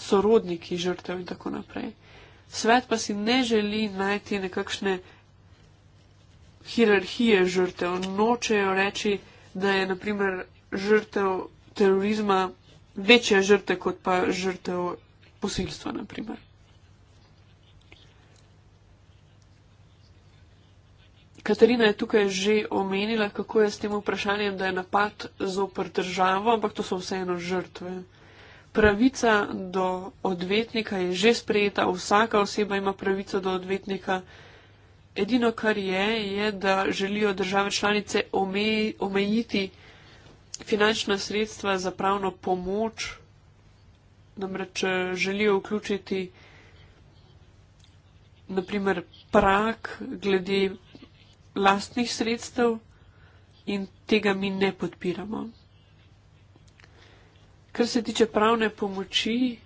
sorodniki žrtev in tako naprej svet pa si ne želi najti nekakšne hierarhije žrtev. Nočejo reči, da je naprimer žrtev terorizma večja žrtev kot pa žrtev posilstva. Naprimer. Katarina je tukaj že omenila, kako je s tem vprašanjem, da je napad zopr državo, ampak to so vseeno žrtve pravica do odvetnika je že sprejeta, vsaka oseba ima pravico do odvetnika. Edino, kar je, je, da želijo države članice omejiti finančna sredstva za pravno pomoč, namreč eh, želijo vključiti naprimer prak glede lastnih sredstev in tega mi ne podpiramo. Kar se tiče pravne pomoči,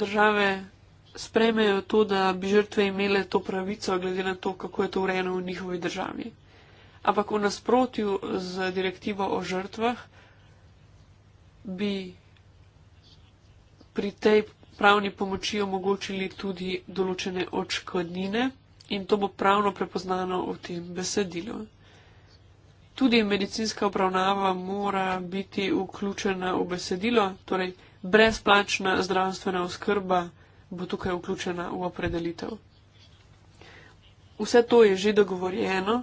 države spremejo to, da bi žrtve imele to pravico, glede na to, kako je to urejeno v njihovi državi. Ampak v nasprotju z direktivo o žrtvah bi pri tej pravni pomoči omogočili tudi določene očkodnine in to bo pravno prepoznano v tem besedilu. Tudi medicinska obravnava mora biti vključena v besedilo, torej brezplačna zdravstvena oskrba bo tukaj vključena v opredelitev. Vse to je že dogovorjeno,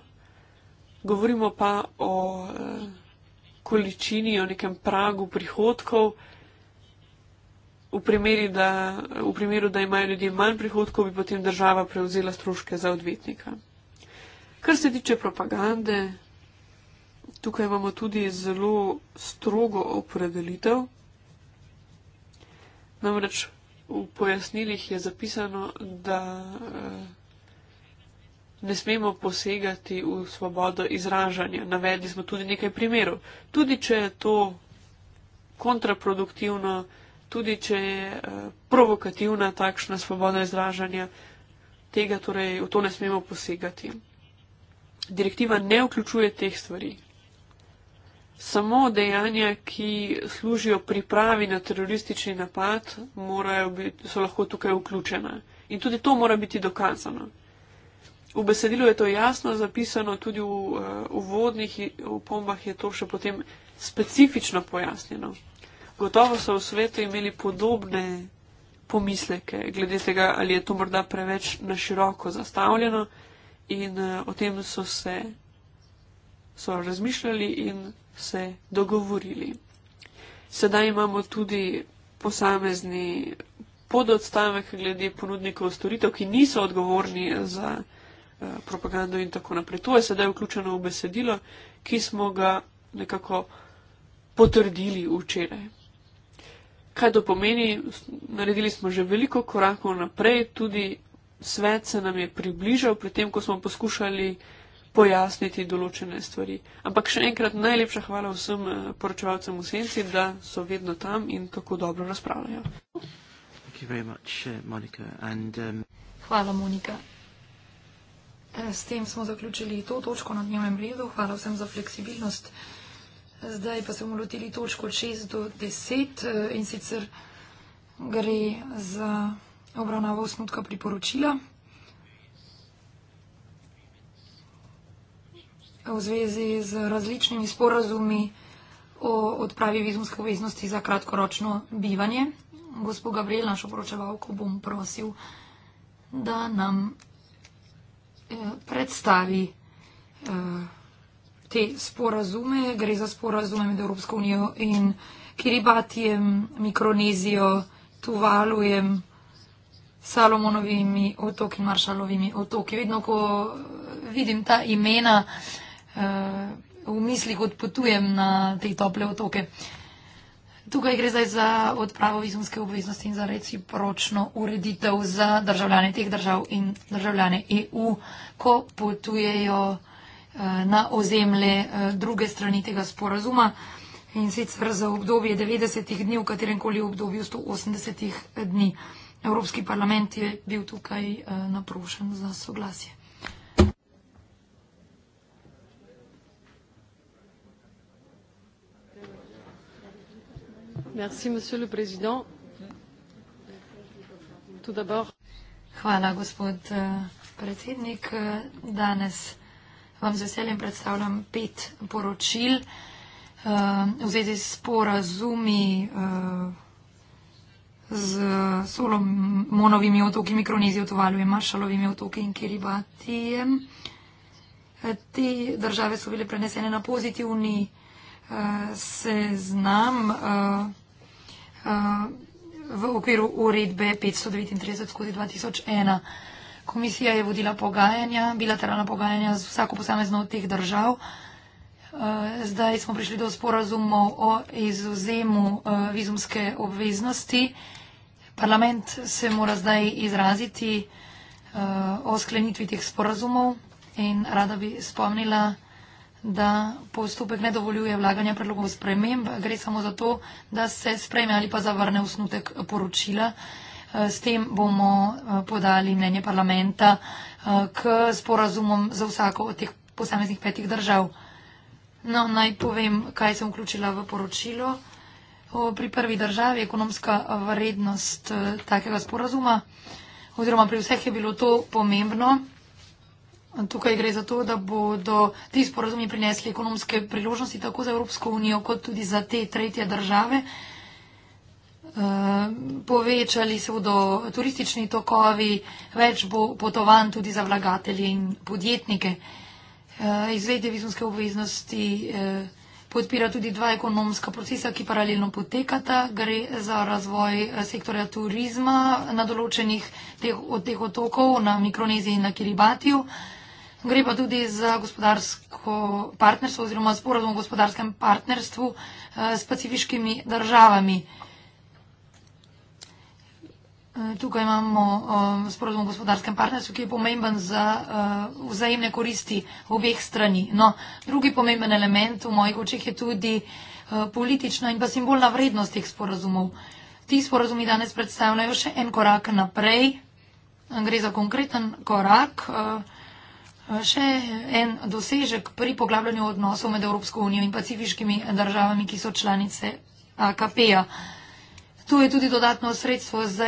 govorimo pa o eh, količini, o nekem pragu prihodkov. V, da, v primeru, da imajo ljudje manj prihodkov, bi potem država prevzela stroške za odvetnika. Kar se tiče propagande, Tukaj imamo tudi zelo strogo opredelitev. Namreč v pojasnilih je zapisano, da eh, ne smemo posegati v svobodo izražanja. Navedli smo tudi nekaj primerov. Tudi če je to kontraproduktivno, tudi če je eh, provokativna takšna svoboda izražanja, tega torej v to ne smemo posegati. Direktiva ne vključuje teh stvari, Samo dejanja, ki služijo pripravi na teroristični napad, biti, so lahko tukaj vključena. In tudi to mora biti dokazano. V besedilu je to jasno zapisano, tudi v eh, uvodnih opombah je to še potem specifično pojasnjeno. Gotovo so v svetu imeli podobne pomisleke glede tega, ali je to morda preveč naširoko zastavljeno in eh, o tem so se so razmišljali in se dogovorili. Sedaj imamo tudi posamezni pododstavek glede ponudnikov storitev, ki niso odgovorni za eh, propagando in tako naprej. To je sedaj vključeno v besedilo, ki smo ga nekako potrdili včeraj. Kaj to pomeni? Naredili smo že veliko korakov naprej, tudi svet se nam je približal, pri tem, ko smo poskušali pojasniti določene stvari. Ampak še enkrat najlepša hvala vsem eh, poročevalcem v senci, da so vedno tam in tako dobro razpravljajo. Much, uh, Monica. And, um... Hvala, Monika. Eh, s tem smo zaključili to točko na dnevnem redu. Hvala vsem za fleksibilnost. Zdaj pa se bomo lotili točko 6 do 10 eh, in sicer gre za obravnavo osnutka priporočila. v zvezi z različnimi sporazumi o odpravi vizumske obveznosti za kratkoročno bivanje. Gospod Gabriel, našo poročevalko, bom prosil, da nam eh, predstavi eh, te sporazume. Gre za sporazume med Evropsko unijo in Kiribatijem, Mikronezijo, Tuvalujem, Salomonovimi otoki, Maršalovimi otoki. Vidno, ko eh, vidim ta imena, Eh, v mislih odpotujem na te tople otoke. Tukaj gre zdaj za odpravo vizumske obveznosti in za recipročno ureditev za državljane teh držav in državljane EU, ko potujejo eh, na ozemlje eh, druge strani tega sporazuma in sicer za obdobje 90 dni, v katerem koli obdobju 180 dni. Evropski parlament je bil tukaj naprošen za soglasje. monsieur le président tout d'abord hvala gospod eh, predsednik danes vam z veseljem predstavljam pet poročil eh, v zvezi s sporazumi eh, z Solomonovimi otoki, Mikronezijo, Tovalujem, Maršalovimi otoki in Kiribatijem. Te države so bile prenesene na pozitivni se znam eh, eh, v okviru uredbe 539 skozi 2001. Komisija je vodila pogajanja, bilateralna pogajanja z vsako posamezno od teh držav. Eh, zdaj smo prišli do sporazumov o izuzemu vizumske obveznosti. Parlament se mora zdaj izraziti o sklenitvi teh sporazumov in rada bi spomnila, da postopek ne dovoljuje vlaganja predlogov sprememb, gre samo za to, da se sprejme ali pa zavrne usnutek poročila. Eh, s tem bomo eh, podali mnenje parlamenta eh, k sporazumom za vsako od teh posameznih petih držav. No, naj povem, kaj sem vključila v poročilo. Pri prvi državi ekonomska vrednost takega sporazuma oziroma pri vseh je bilo to pomembno. Tukaj gre za to, da bodo ti sporozumi prinesli ekonomske priložnosti tako za Evropsko unijo, kot tudi za te tretje države. Eh, povečali se bodo turistični tokovi, več bo potovanj tudi za vlagatelje in podjetnike. Eh, Izvedje vizumske obveznosti eh, podpira tudi dva ekonomska procesa, ki paralelno potekata. Gre za razvoj sektorja turizma na določenih teh, od teh otokov na Mikroneziji in na Kiribatiju. Gre pa tudi za gospodarsko partnerstvo oziroma sporozum o gospodarskem partnerstvu eh, s pacifiškimi državami. Eh, tukaj imamo eh, sporozum o gospodarskem partnerstvu, ki je pomemben za vzajemne koristi obeh strani. No, drugi pomemben element v mojih očeh je tudi politična in pa simbolna vrednost teh sporozumov. Ti sporozumi danes predstavljajo še en korak naprej. Gre za konkreten korak še en dosežek pri poglabljanju odnosov med Evropsko unijo in pacifiškimi državami, ki so članice AKP-ja. Tu je tudi dodatno sredstvo za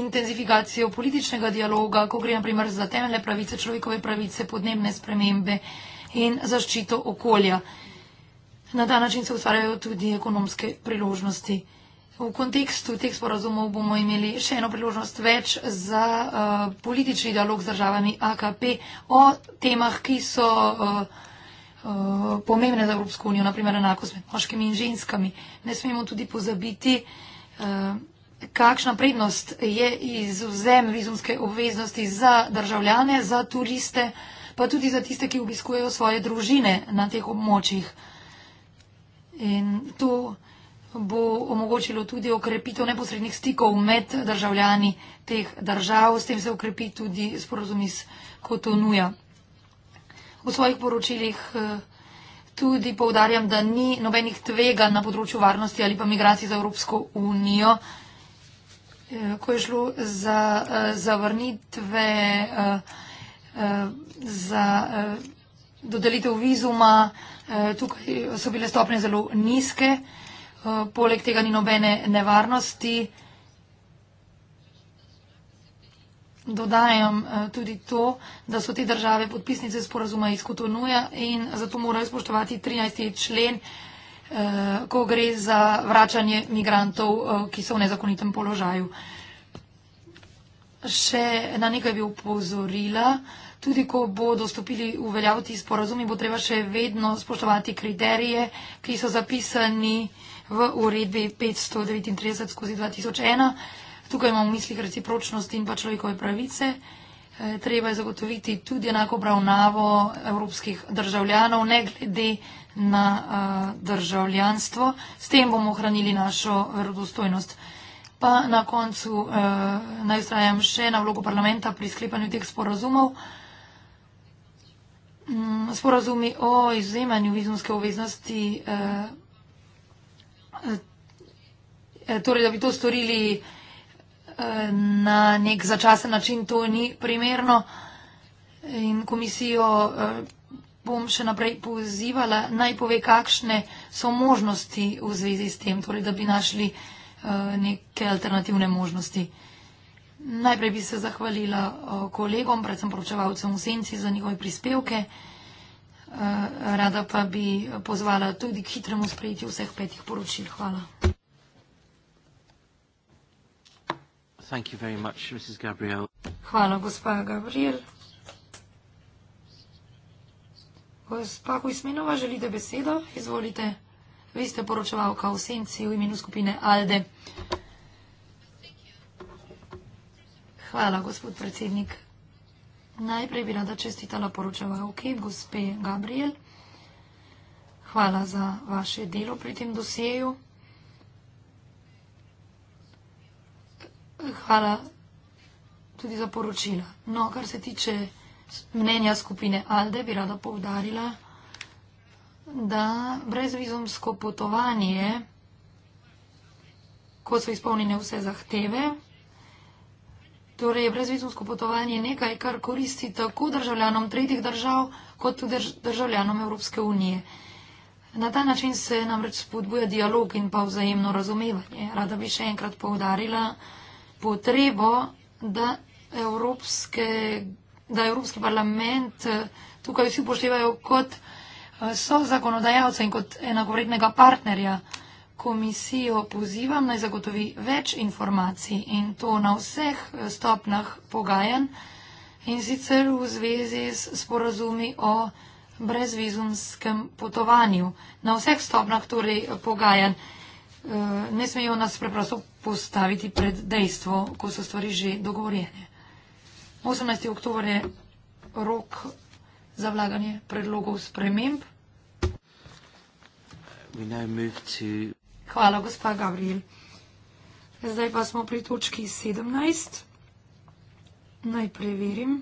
intenzifikacijo političnega dialoga, ko gre naprimer za temeljne pravice, človekove pravice, podnebne spremembe in zaščito okolja. Na ta način se ustvarjajo tudi ekonomske priložnosti. V kontekstu teh sporazumov bomo imeli še eno priložnost več za uh, politični dialog z državami AKP o temah, ki so uh, uh, pomembne za Evropsko unijo, naprimer enakost med moškimi in ženskami. Ne smemo tudi pozabiti, uh, kakšna prednost je izvzem vizumske obveznosti za državljane, za turiste, pa tudi za tiste, ki obiskujejo svoje družine na teh območjih. In to bo omogočilo tudi okrepitev neposrednih stikov med državljani teh držav, s tem se okrepi tudi sporozum iz Kotonuja. V svojih poročilih eh, tudi povdarjam, da ni nobenih tvega na področju varnosti ali pa migracij za Evropsko unijo, eh, ko je šlo za eh, zavrnitve, za dodelitev vizuma, tukaj so bile stopne zelo nizke. Eh, poleg tega ni nobene nevarnosti. Dodajam eh, tudi to, da so te države podpisnice sporazuma iz Kotonuja in zato morajo spoštovati 13. člen, eh, ko gre za vračanje migrantov, ki so v nezakonitem položaju. Še na nekaj bi upozorila. Tudi ko bodo stopili v veljavo ti sporazumi, bo treba še vedno spoštovati kriterije, ki so zapisani v uredbi 539 skozi 2001. Tukaj imamo v mislih recipročnost in pa človekove pravice. E, treba je zagotoviti tudi enako obravnavo evropskih državljanov, ne glede na e, državljanstvo. S tem bomo ohranili našo verodostojnost. Pa na koncu e, naj ustrajam še na vlogo parlamenta pri sklepanju teh sporazumov. Mm, sporazumi o izvzemanju vizumske obveznosti Eh, eh, torej, da bi to storili eh, na nek začasen način, to ni primerno. In komisijo bom še naprej pozivala, naj pove, kakšne so možnosti v zvezi s tem, torej, da bi našli neke alternativne možnosti. Najprej bi se zahvalila kolegom, predvsem poročevalcem v senci za njihove prispevke. Eh, rada pa bi pozvala tudi k hitremu sprejetju vseh petih poročil. Hvala. Thank you very much, Mrs. Gabriel. Hvala, gospa Gabriel. Gospa Kujsminova, želite besedo? Izvolite. Vi ste poročevalka v senci v imenu skupine ALDE. Hvala, gospod predsednik. Najprej bi rada čestitala poročevalki, gospe Gabriel. Hvala za vaše delo pri tem dosjeju. Hvala tudi za poročila. No, kar se tiče mnenja skupine ALDE, bi rada povdarila, da brezvizumsko potovanje, ko so izpolnjene vse zahteve, Torej je brezvizumsko potovanje nekaj, kar koristi tako državljanom tretjih držav, kot tudi državljanom Evropske unije. Na ta način se namreč spodbuja dialog in pa vzajemno razumevanje. Rada bi še enkrat povdarila potrebo, da, Evropske, da Evropski parlament eh, tukaj vsi upoštevajo kot eh, so zakonodajalce in kot enakovrednega partnerja komisijo pozivam, naj zagotovi več informacij in to na vseh eh, stopnah pogajanj in sicer v zvezi s sporazumi o brezvizumskem potovanju. Na vseh stopnah torej eh, pogajanj eh, ne smejo nas preprosto postaviti pred dejstvo, ko so stvari že dogovorjene. 18. oktober je rok za vlaganje predlogov sprememb. We now move to Hvala, gospa Gabriel. Zdaj pa smo pri točki 17. Naj preverim.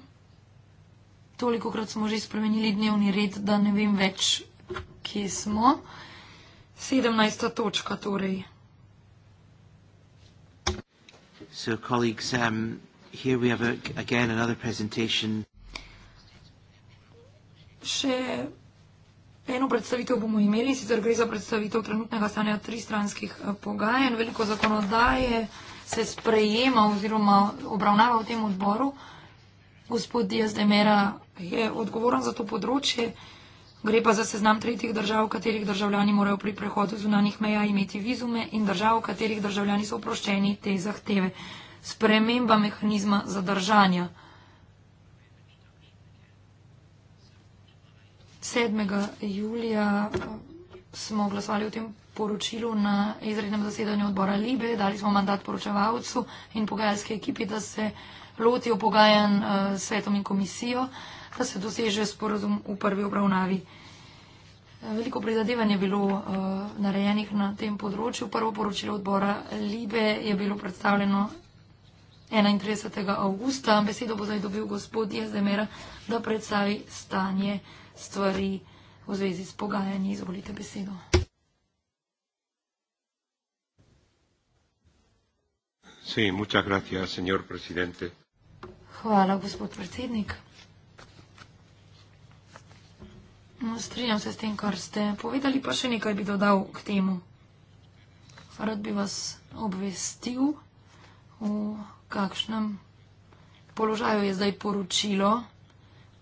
Toliko krat smo že spremenili dnevni red, da ne vem več, kje smo. 17. točka torej. So, colleagues, um, here we have a, again another presentation. Še Eno predstavitev bomo imeli, sicer gre za predstavitev trenutnega stanja tristranskih eh, pogajanj. Veliko zakonodaje se sprejema oziroma obravnava v tem odboru. Gospod Dias de Mera je odgovoren za to področje. Gre pa za seznam tretjih držav, katerih državljani morajo pri prehodu zunanih meja imeti vizume in držav, katerih državljani so oproščeni te zahteve. Sprememba mehanizma zadržanja. 7. julija eh, smo glasovali o tem poročilu na izrednem zasedanju odbora Libe, dali smo mandat poročevalcu in pogajalske ekipi, da se lotijo pogajan eh, s svetom in komisijo, da se doseže sporozum v prvi obravnavi. Eh, veliko prizadevanj je bilo narejenih na tem področju. Prvo poročilo odbora Libe je bilo predstavljeno 31. avgusta. Besedo bo zdaj dobil gospod Jezdemera, da predstavi stanje stvari v zvezi s pogajanji. Izvolite besedo. Hvala, gospod predsednik. No, strinjam se s tem, kar ste povedali, pa še nekaj bi dodal k temu. Rad bi vas obvestil, v kakšnem položaju je zdaj poročilo,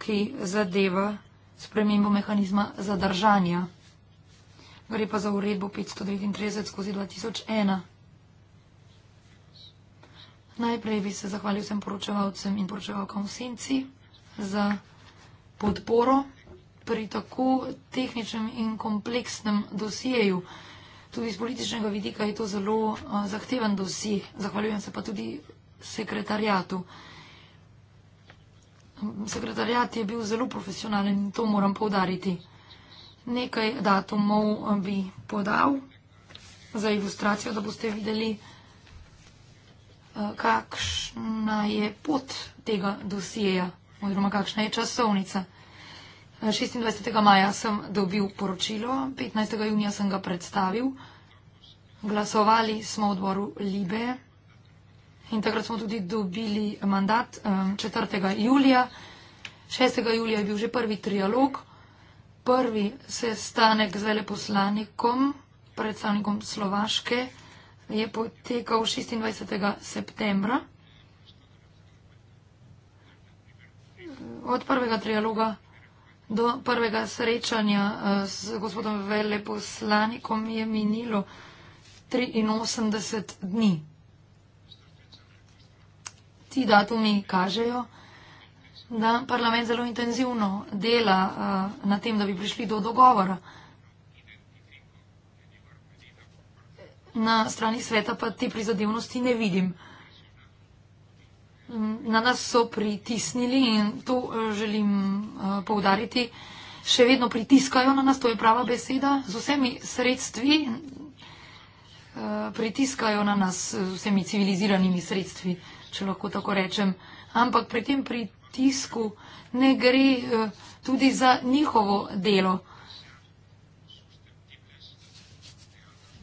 ki zadeva spremembo mehanizma zadržanja. Gre pa za uredbo 539 skozi 2001. Najprej bi se zahvalil vsem poročevalcem in poročevalkam v senci za podporo pri tako tehničnem in kompleksnem dosijeju. Tudi z političnega vidika je to zelo eh, zahteven dosij. Zahvaljujem se pa tudi sekretarjatu. Sekretarjat je bil zelo profesionalen, to moram povdariti. Nekaj datumov eh, bi podal za ilustracijo, da boste videli, eh, kakšna je pot tega dosijeja oziroma kakšna je časovnica. 26. Eh, maja sem dobil poročilo, 15. junija sem ga predstavil. Glasovali smo v odboru Libe, In takrat smo tudi dobili mandat 4. julija. 6. julija je bil že prvi trialog, prvi sestanek z veleposlanikom, predstavnikom Slovaške, je potekal 26. septembra. Od prvega trialoga do prvega srečanja e, z gospodom veleposlanikom je minilo 83 dni ti datumi kažejo, da parlament zelo intenzivno dela uh, na tem, da bi prišli do dogovora. Na strani sveta pa te prizadevnosti ne vidim. Mm, na nas so pritisnili in to eh, želim uh, poudariti. Še vedno pritiskajo na nas, to je prava beseda, z vsemi sredstvi uh, pritiskajo na nas, z vsemi civiliziranimi sredstvi če lahko tako rečem. Ampak pri tem pritisku ne gre eh, tudi za njihovo delo.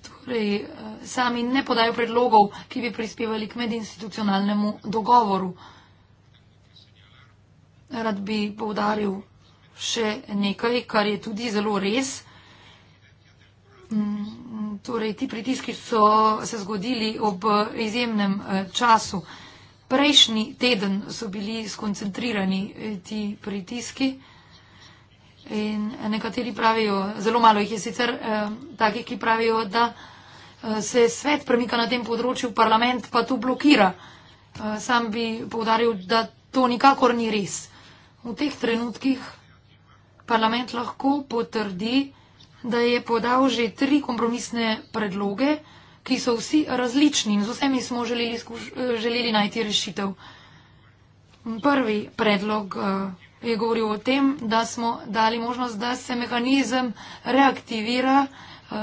Torej, eh, sami ne podajo predlogov, ki bi prispevali k medinstitucionalnemu dogovoru. Rad bi povdaril še nekaj, kar je tudi zelo res. Mm, torej, ti pritiski so se zgodili ob izjemnem eh, času prejšnji teden so bili skoncentrirani eh, ti pritiski in nekateri pravijo, zelo malo jih je sicer eh, takih, ki pravijo, da eh, se svet premika na tem področju, parlament pa tu blokira. Eh, sam bi povdaril, da to nikakor ni res. V teh trenutkih parlament lahko potrdi, da je podal že tri kompromisne predloge, ki so vsi različni in z vsemi smo želeli, skuš, želeli najti rešitev. Prvi predlog eh, je govoril o tem, da smo dali možnost, da se mehanizem reaktivira eh,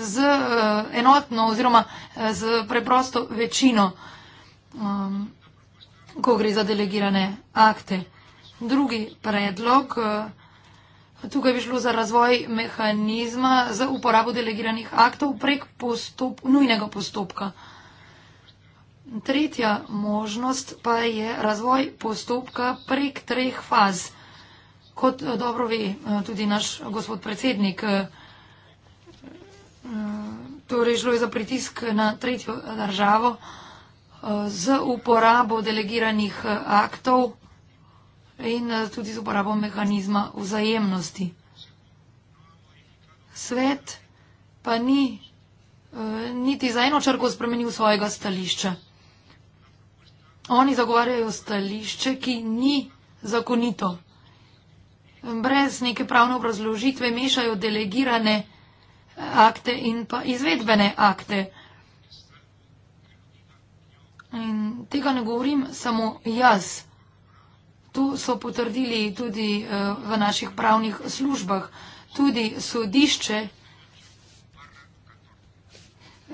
z eh, enotno oziroma z preprosto večino, um, ko gre za delegirane akte. Drugi predlog Tukaj bi šlo za razvoj mehanizma za uporabo delegiranih aktov prek postop, nujnega postopka. Tretja možnost pa je razvoj postopka prek treh faz. Kot eh, dobro ve eh, tudi naš gospod predsednik, eh, torej šlo je za pritisk na tretjo državo z uporabo delegiranih aktov in eh, tudi z uporabo mehanizma vzajemnosti. Svet pa ni eh, niti za eno črko spremenil svojega stališča. Oni zagovarjajo stališče, ki ni zakonito. Brez neke pravne obrazložitve mešajo delegirane akte in pa izvedbene akte. In tega ne govorim samo jaz. To so potrdili tudi eh, v naših pravnih službah. Tudi sodišče eh,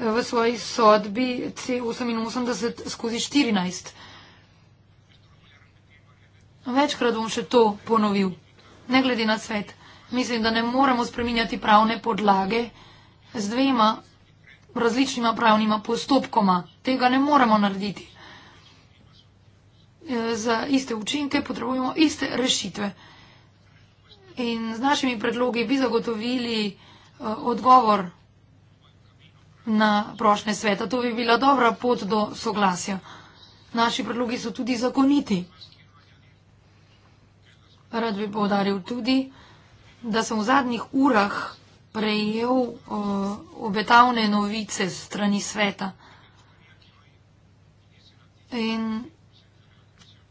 v svoji sodbi C88 skozi 14. Večkrat bom še to ponovil, ne glede na svet. Mislim, da ne moremo spreminjati pravne podlage z dvema različnima pravnima postopkoma. Tega ne moremo narediti. Eh, za iste učinke potrebujemo iste rešitve. In z našimi predlogi bi zagotovili eh, odgovor na prošnje sveta. To bi bila dobra pot do soglasja. Naši predlogi so tudi zakoniti. Rad bi povdaril tudi, da sem v zadnjih urah prejel uh, obetavne novice strani sveta. In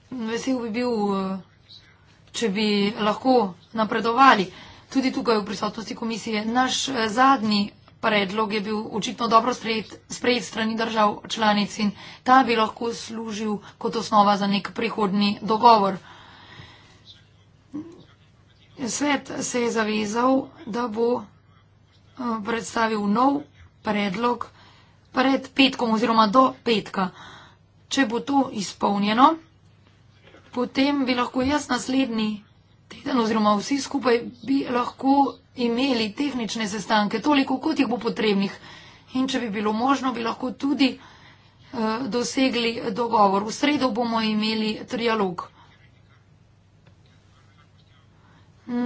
vesel bi bil, eh, če bi lahko napredovali. Tudi tukaj v prisotnosti komisije. Naš eh, zadnji predlog je bil očitno dobro sprejet, sprejet strani držav članic in ta bi lahko služil kot osnova za nek prihodni dogovor. Svet se je zavezal, da bo eh, predstavil nov predlog pred petkom oziroma do petka. Če bo to izpolnjeno, potem bi lahko jaz naslednji teden oziroma vsi skupaj bi lahko imeli tehnične sestanke, toliko kot jih bo potrebnih. In če bi bilo možno, bi lahko tudi eh, dosegli dogovor. V sredo bomo imeli trialog.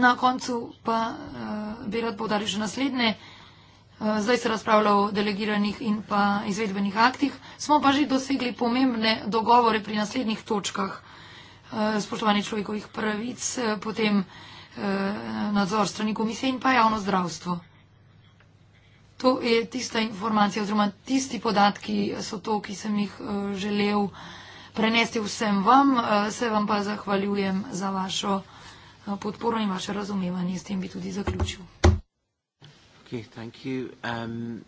Na koncu pa eh, bi rad podaril še naslednje. Eh, zdaj se razpravlja o delegiranih in pa izvedbenih aktih. Smo pa že dosegli pomembne dogovore pri naslednjih točkah. Eh, spoštovanje človekovih pravic, eh, potem eh, nadzor strani komisije in pa javno zdravstvo. To je tista informacija oziroma tisti podatki so to, ki sem jih želel prenesti vsem vam. Se vam pa zahvaljujem za vašo podporo in vaše razumevanje. S tem bi tudi zaključil. Okay, um...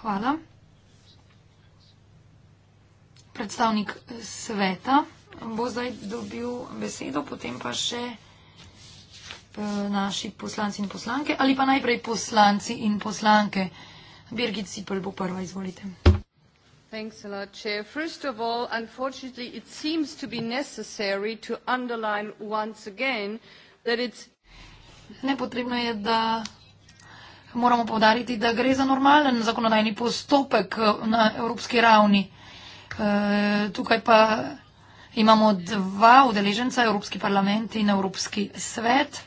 Hvala. Predstavnik sveta bo zdaj dobil besedo, potem pa še eh, naši poslanci in poslanke, ali pa najprej poslanci in poslanke. Birgit Sipel bo prva, izvolite. Thanks a lot, Chair. First of all, unfortunately, it seems to be necessary to underline once again that it's. Nepotrebno je, da moramo povdariti, da gre za normalen zakonodajni postopek eh, na evropski ravni. E, tukaj pa Imamo dva udeleženca, Evropski parlament in Evropski svet.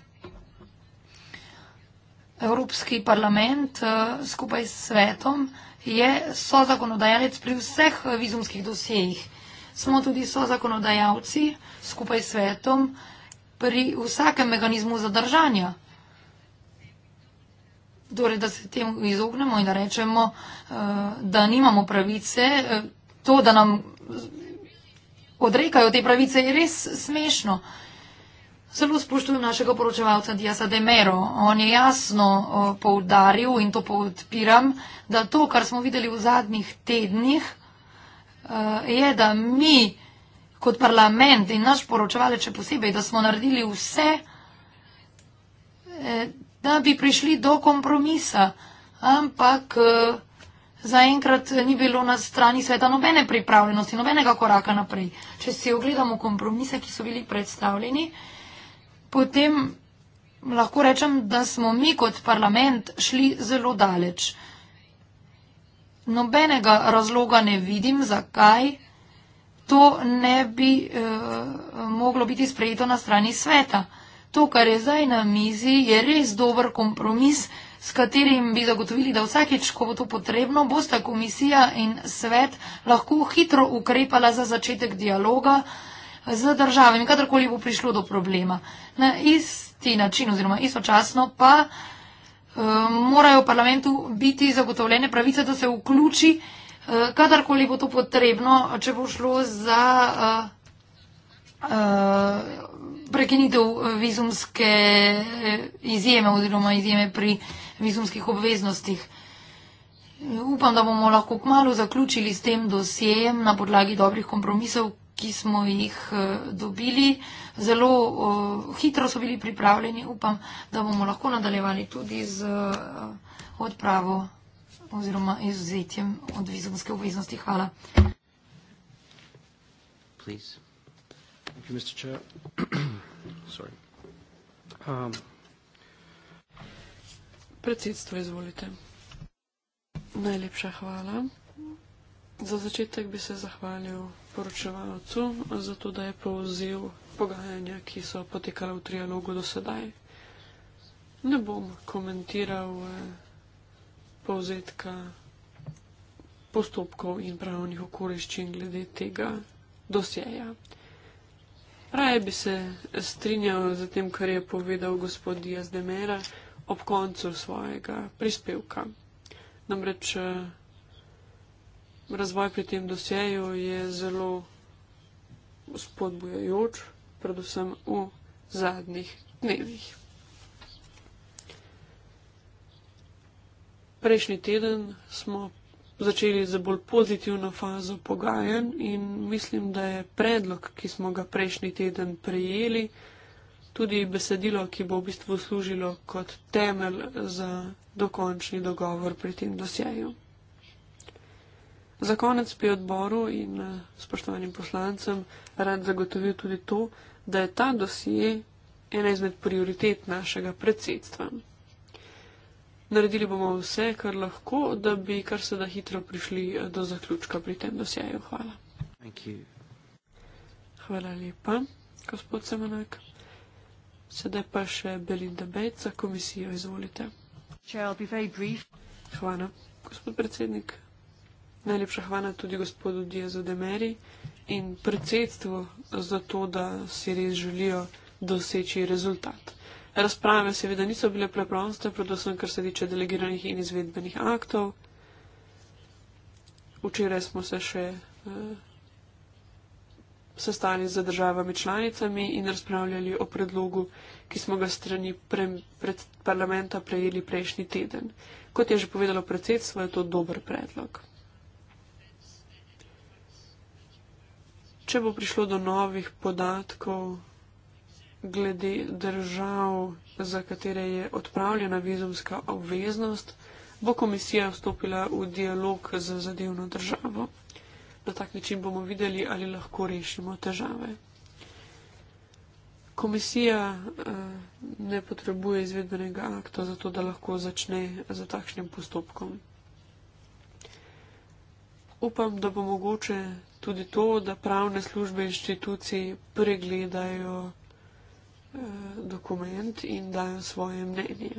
Evropski parlament eh, skupaj s svetom je sozakonodajalec pri vseh eh, vizumskih dosjejih. Smo tudi sozakonodajalci skupaj s svetom pri vsakem mehanizmu zadržanja. Torej, da se temu izognemo in da rečemo, eh, da nimamo pravice, to, da nam odrekajo te pravice, je res smešno. Zelo spoštujem našega poročevalca Diasa Demero. On je jasno poudaril in to podpiram, da to, kar smo videli v zadnjih tednih, e, je, da mi kot parlament in naš poročevalec še posebej, da smo naredili vse, e, da bi prišli do kompromisa. Ampak e, zaenkrat ni bilo na strani sveta nobene pripravljenosti, nobenega koraka naprej. Če si ogledamo kompromise, ki so bili predstavljeni, potem lahko rečem, da smo mi kot parlament šli zelo daleč. Nobenega razloga ne vidim, zakaj to ne bi eh, moglo biti sprejeto na strani sveta. To, kar je zdaj na mizi, je res dober kompromis s katerim bi zagotovili, da vsakeč, ko bo to potrebno, bosta komisija in svet lahko hitro ukrepala za začetek dialoga z državami, kadarkoli bo prišlo do problema. Na isti način oziroma istočasno pa eh, morajo v parlamentu biti zagotovljene pravice, da se vključi, eh, kadarkoli bo to potrebno, če bo šlo za eh, prekinitev vizumske izjeme oziroma izjeme pri vizumskih obveznostih. Upam, da bomo lahko kmalo zaključili s tem dosjejem na podlagi dobrih kompromisov, ki smo jih eh, dobili. Zelo uh, hitro so bili pripravljeni. Upam, da bomo lahko nadaljevali tudi z uh, odpravo oziroma izuzetjem od vizumske obveznosti. Hvala. Prosim. Hvala, gospod predsednik. Predsedstvo, izvolite. Najlepša hvala. Za začetek bi se zahvalil poročevalcu za to, da je povzel pogajanja, ki so potekala v trialogu do sedaj. Ne bom komentiral eh, povzetka postopkov in pravnih okoliščin glede tega dosjeja. Raje bi se strinjal z tem, kar je povedal gospod Diaz de Mera ob koncu svojega prispevka. Namreč eh, razvoj pri tem dosjeju je zelo spodbujajoč, predvsem v zadnjih dnevih. Prejšnji teden smo začeli z bolj pozitivno fazo pogajanj in mislim, da je predlog, ki smo ga prejšnji teden prijeli, tudi besedilo, ki bo v bistvu služilo kot temelj za dokončni dogovor pri tem dosjeju. Za konec bi odboru in eh, spoštovanim poslancem rad zagotovil tudi to, da je ta dosje ena izmed prioritet našega predsedstva. Naredili bomo vse, kar lahko, da bi kar se da hitro prišli eh, do zaključka pri tem dosjeju. Hvala. Hvala lepa, gospod Semanojka. Sedaj pa še Belinda Bejt za komisijo, izvolite. Hvala, gospod predsednik. Najlepša hvala tudi gospodu Diazu Demeri in predsedstvu za to, da si res želijo doseči rezultat. Razprave seveda niso bile preproste, predvsem kar se tiče delegiranih in izvedbenih aktov. Včeraj smo se še. Uh, sestali z državami članicami in razpravljali o predlogu, ki smo ga strani pre, pred parlamenta prejeli prejšnji teden. Kot je že povedalo predsedstvo, je to dober predlog. Če bo prišlo do novih podatkov glede držav, za katere je odpravljena vizumska obveznost, bo komisija vstopila v dialog z zadevno državo. Na tak način bomo videli, ali lahko rešimo težave. Komisija uh, ne potrebuje izvedbenega akta za to, da lahko začne z takšnim postopkom. Upam, da bo mogoče tudi to, da pravne službe inštitucij pregledajo uh, dokument in dajo svoje mnenje.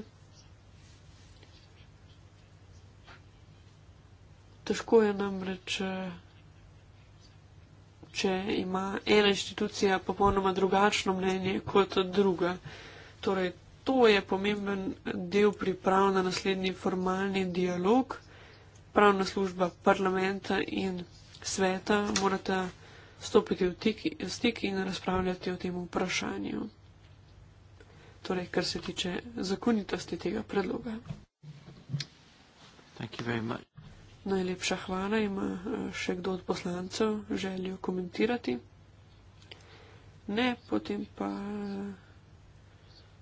Težko je namreč. Uh, če ima ena inštitucija popolnoma drugačno mnenje kot druga. Torej, to je pomemben del priprav na naslednji formalni dialog. Pravna služba parlamenta in sveta morata stopiti v, tik, v stik in razpravljati o tem vprašanju. Torej, kar se tiče zakonitosti tega predloga. Thank you very much. Najlepša hvala. Ima eh, še kdo od poslancev željo komentirati? Ne, potem pa eh,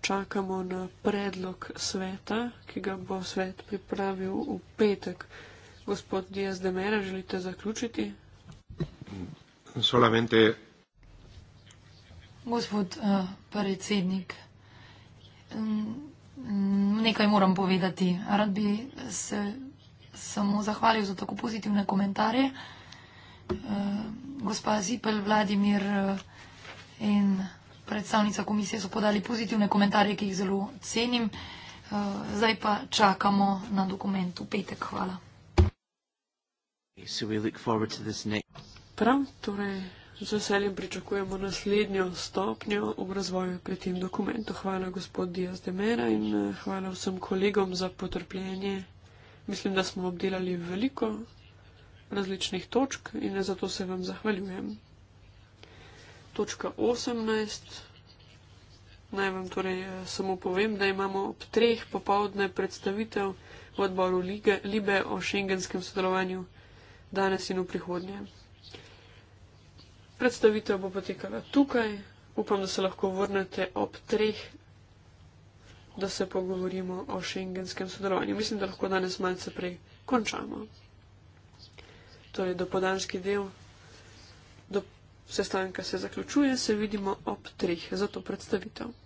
čakamo na predlog sveta, ki ga bo svet pripravil v petek. Gospod Dias de Mera, želite zaključiti? Solamente. Gospod uh, predsednik, mm, nekaj moram povedati. Rad bi se samo zahvalil za tako pozitivne komentarje. E, gospa Zipel, Vladimir e, in predstavnica komisije so podali pozitivne komentarje, ki jih zelo cenim. E, zdaj pa čakamo na dokument v petek. Hvala. Prav, torej z veseljem pričakujemo naslednjo stopnjo v razvoju pri tem dokumentu. Hvala gospod Diaz de Mera in hvala vsem kolegom za potrpljenje. Mislim, da smo obdelali veliko različnih točk in zato se vam zahvaljujem. Točka 18. Naj vam torej eh, samo povem, da imamo ob treh popovdne predstavitev v odboru Lige, Libe o šengenskem sodelovanju danes in v prihodnje. Predstavitev bo potekala tukaj. Upam, da se lahko vrnete ob treh da se pogovorimo o šengenskem sodelovanju. Mislim, da lahko danes malce prej končamo. Torej, dopodanski del do sestanka se zaključuje, se vidimo ob treh za to predstavitev.